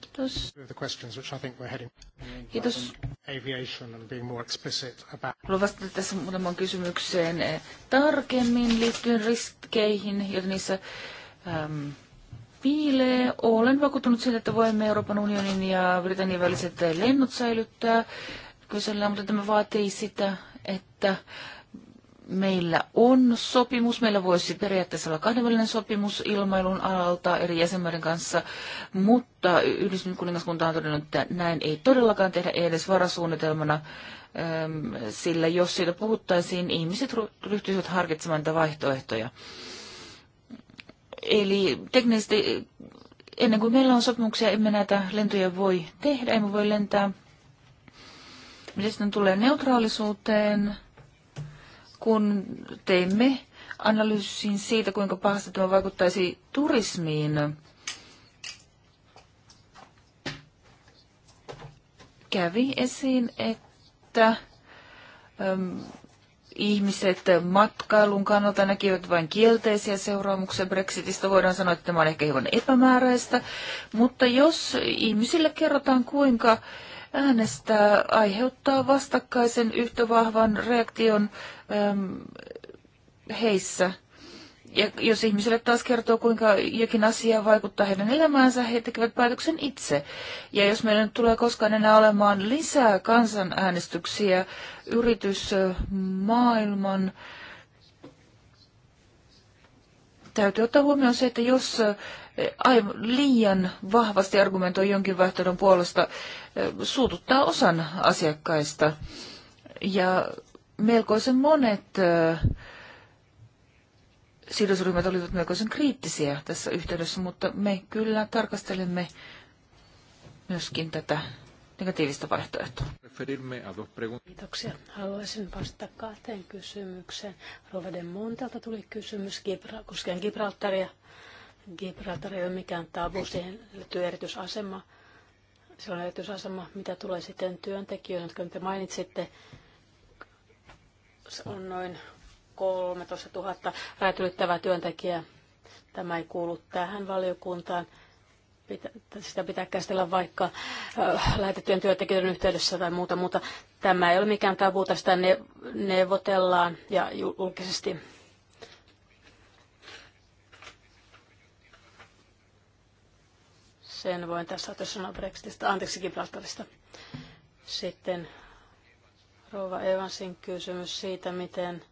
Kiitos. Um, Haluan vastata tässä muutamaan kysymykseen eh, tarkemmin liittyen riskeihin, joita niissä äm, piilee. Olen vakuuttunut siitä, että voimme Euroopan unionin ja Britannian väliset lennot säilyttää kysellään, mutta tämä vaatii sitä, että meillä on sopimus, meillä voisi periaatteessa olla kahdenvälinen sopimus ilmailun alalta eri jäsenmaiden kanssa, mutta Yhdistynyt kuningaskunta on todennut, että näin ei todellakaan tehdä edes varasuunnitelmana, sillä jos siitä puhuttaisiin, ihmiset ryhtyisivät harkitsemaan niitä vaihtoehtoja. Eli teknisesti ennen kuin meillä on sopimuksia, emme näitä lentoja voi tehdä, emme voi lentää. Mitä sitten tulee neutraalisuuteen? kun teimme analyysin siitä, kuinka pahasti tämä vaikuttaisi turismiin, kävi esiin, että äm, ihmiset matkailun kannalta näkivät vain kielteisiä seuraamuksia Brexitistä. Voidaan sanoa, että tämä on ehkä hieman epämääräistä, mutta jos ihmisille kerrotaan, kuinka äänestää aiheuttaa vastakkaisen yhtä vahvan reaktion äm, heissä. Ja jos ihmiselle taas kertoo, kuinka jokin asia vaikuttaa heidän elämäänsä, he tekevät päätöksen itse. Ja jos meillä nyt tulee koskaan enää olemaan lisää kansanäänestyksiä yritysmaailman, täytyy ottaa huomioon se, että jos aivan liian vahvasti argumentoi jonkin vaihtoehdon puolesta, suututtaa osan asiakkaista. Ja melkoisen monet sidosryhmät olivat melkoisen kriittisiä tässä yhteydessä, mutta me kyllä tarkastelemme myöskin tätä negatiivista vaihtoehtoa. Kiitoksia. Haluaisin vastata kahteen kysymykseen. Roveden Montelta tuli kysymys Kipra, koskien Gibraltaria. Gibraltar ei ole mikään tabu, siihen liittyy erityisasema. Se on erityisasema, mitä tulee sitten työntekijöihin, jotka te mainitsitte. Se on noin 13 000 räätylyttävää työntekijää. Tämä ei kuulu tähän valiokuntaan. Pitä, sitä pitää käsitellä vaikka äh, lähetettyjen työntekijöiden yhteydessä tai muuta, mutta tämä ei ole mikään tabu, tästä ne, neuvotellaan ja julkisesti Sen voin tässä sanoa Brexitistä, anteeksi Gibraltarista. Sitten Rova Evansin kysymys siitä, miten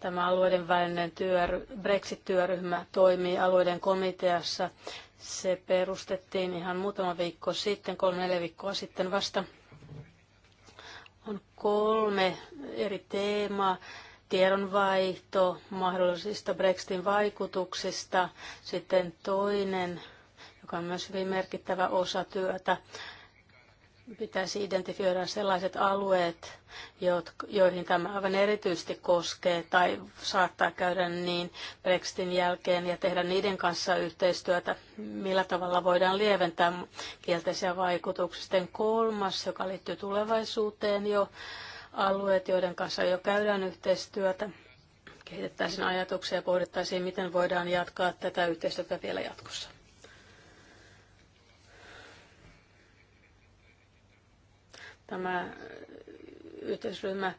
tämä alueiden välinen työry, Brexit-työryhmä toimii alueiden komiteassa. Se perustettiin ihan muutama viikko sitten, kolme-neljä viikkoa sitten vasta. On kolme eri teemaa. Tiedonvaihto mahdollisista Brexitin vaikutuksista. Sitten toinen joka on myös hyvin merkittävä osa työtä. Pitäisi identifioida sellaiset alueet, joihin tämä aivan erityisesti koskee tai saattaa käydä niin Brexitin jälkeen ja tehdä niiden kanssa yhteistyötä, millä tavalla voidaan lieventää kielteisiä vaikutuksia. kolmas, joka liittyy tulevaisuuteen jo, alueet, joiden kanssa jo käydään yhteistyötä kehitettäisiin ajatuksia ja pohdittaisiin, miten voidaan jatkaa tätä yhteistyötä vielä jatkossa. Tämä äh, yhteisryhmä äh,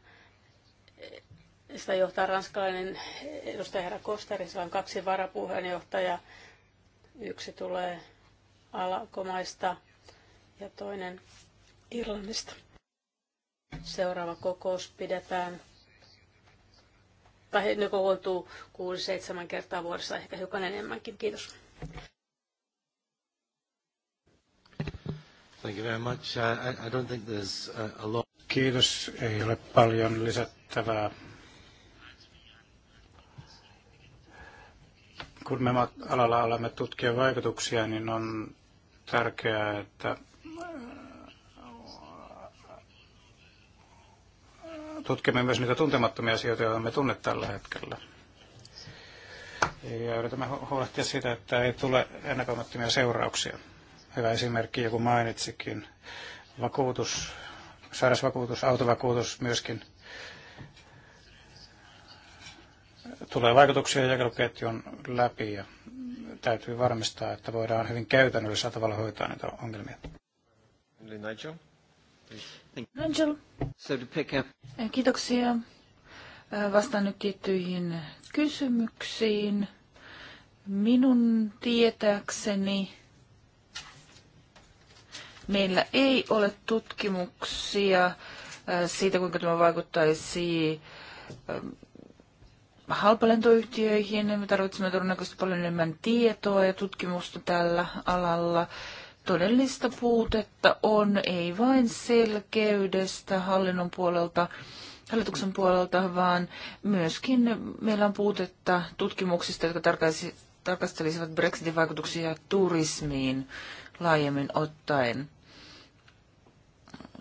sitä johtaa ranskalainen edustaja herra Kosteri, on kaksi varapuheenjohtajaa. Yksi tulee Alakomaista ja toinen Irlannista. Seuraava kokous pidetään, tai ne kokoontuu 6-7 kertaa vuodessa, ehkä hiukan enemmänkin. Kiitos. Thank you very much. I, I don't think there's a, a lot. Kiitos. Ei ole paljon lisättävää. Kun me alalla alamme tutkia vaikutuksia, niin on tärkeää, että äh, tutkimme myös niitä tuntemattomia asioita, joita me tunne tällä hetkellä. Ja yritämme huolehtia siitä, että ei tule ennakoimattomia seurauksia hyvä esimerkki, joku mainitsikin. Vakuutus, sairausvakuutus, autovakuutus myöskin tulee vaikutuksia jakeluketjun läpi ja täytyy varmistaa, että voidaan hyvin käytännöllisellä tavalla hoitaa niitä ongelmia. Nigel? Nigel. So to pick up. Kiitoksia. Vastaan nyt tiettyihin kysymyksiin. Minun tietääkseni Meillä ei ole tutkimuksia äh, siitä, kuinka tämä vaikuttaisi ähm, halpalentoyhtiöihin. Me tarvitsemme todennäköisesti paljon enemmän tietoa ja tutkimusta tällä alalla. Todellista puutetta on ei vain selkeydestä hallinnon puolelta, hallituksen puolelta, vaan myöskin meillä on puutetta tutkimuksista, jotka tarkastelisivat Brexitin vaikutuksia turismiin laajemmin ottaen.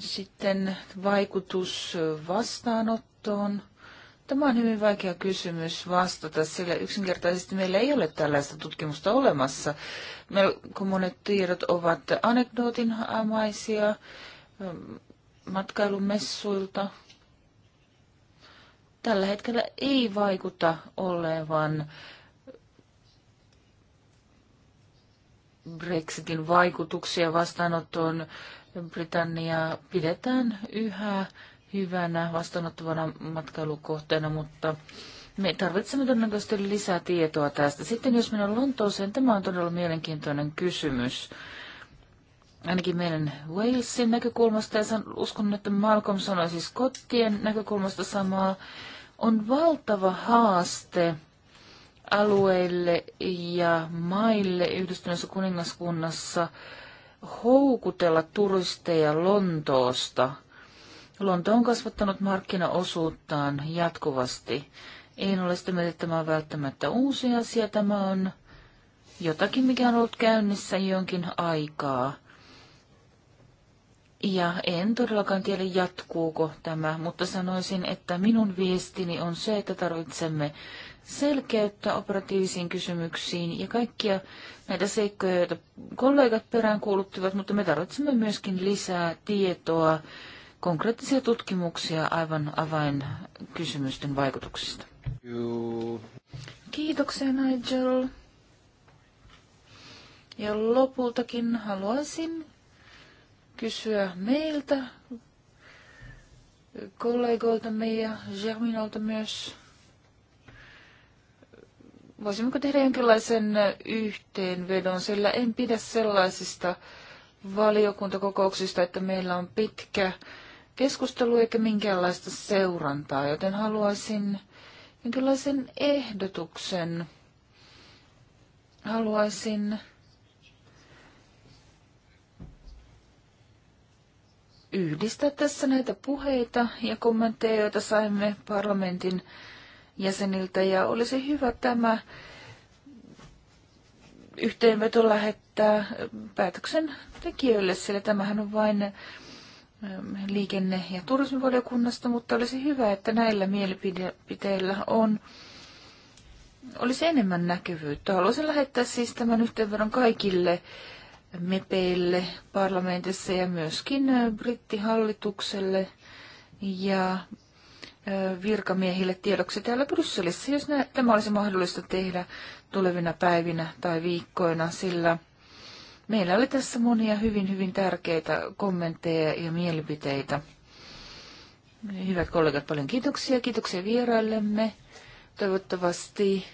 Sitten vaikutus vastaanottoon. Tämä on hyvin vaikea kysymys vastata, sillä yksinkertaisesti meillä ei ole tällaista tutkimusta olemassa. Melko monet tiedot ovat anekdootinamaisia ähm, matkailumessuilta. Tällä hetkellä ei vaikuta olevan Brexitin vaikutuksia vastaanottoon Britannia pidetään yhä hyvänä vastaanottavana matkailukohteena, mutta me tarvitsemme todennäköisesti lisää tietoa tästä. Sitten jos mennään Lontooseen, tämä on todella mielenkiintoinen kysymys. Ainakin meidän Walesin näkökulmasta, ja uskon, että Malcolm sanoi siis kottien näkökulmasta samaa, on valtava haaste alueille ja maille yhdistyneessä kuningaskunnassa – houkutella turisteja Lontoosta. Lonto on kasvattanut markkinaosuuttaan jatkuvasti. En ole sitä mieltä, että tämä on välttämättä uusi asia. Tämä on jotakin, mikä on ollut käynnissä jonkin aikaa. Ja en todellakaan tiedä, jatkuuko tämä, mutta sanoisin, että minun viestini on se, että tarvitsemme selkeyttä operatiivisiin kysymyksiin ja kaikkia näitä seikkoja, joita kollegat perään kuuluttivat, mutta me tarvitsemme myöskin lisää tietoa, konkreettisia tutkimuksia aivan avainkysymysten vaikutuksista. Juu. Kiitoksia Nigel. Ja lopultakin haluaisin kysyä meiltä, kollegoiltamme ja Germinalta myös, Voisimmeko tehdä jonkinlaisen yhteenvedon, sillä en pidä sellaisista valiokuntakokouksista, että meillä on pitkä keskustelu eikä minkäänlaista seurantaa, joten haluaisin jonkinlaisen ehdotuksen. Haluaisin yhdistää tässä näitä puheita ja kommentteja, joita saimme parlamentin jäseniltä ja olisi hyvä tämä yhteenveto lähettää päätöksen tekijöille, sillä tämähän on vain ähm, liikenne- ja turismivaliokunnasta, mutta olisi hyvä, että näillä mielipiteillä on, olisi enemmän näkyvyyttä. Haluaisin lähettää siis tämän yhteenvedon kaikille mepeille parlamentissa ja myöskin äh, brittihallitukselle ja virkamiehille tiedoksi täällä Brysselissä, jos nä- tämä olisi mahdollista tehdä tulevina päivinä tai viikkoina, sillä meillä oli tässä monia hyvin, hyvin tärkeitä kommentteja ja mielipiteitä. Hyvät kollegat, paljon kiitoksia. Kiitoksia vieraillemme. Toivottavasti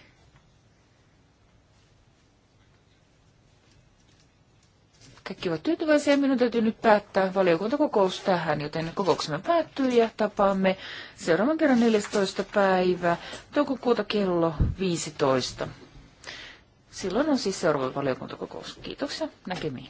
Kaikki ovat tyytyväisiä. Minun täytyy nyt päättää valiokuntakokous tähän, joten kokouksemme päättyy ja tapaamme seuraavan kerran 14. päivä toukokuuta kello 15. Silloin on siis seuraava valiokuntakokous. Kiitoksia. Näkemiin.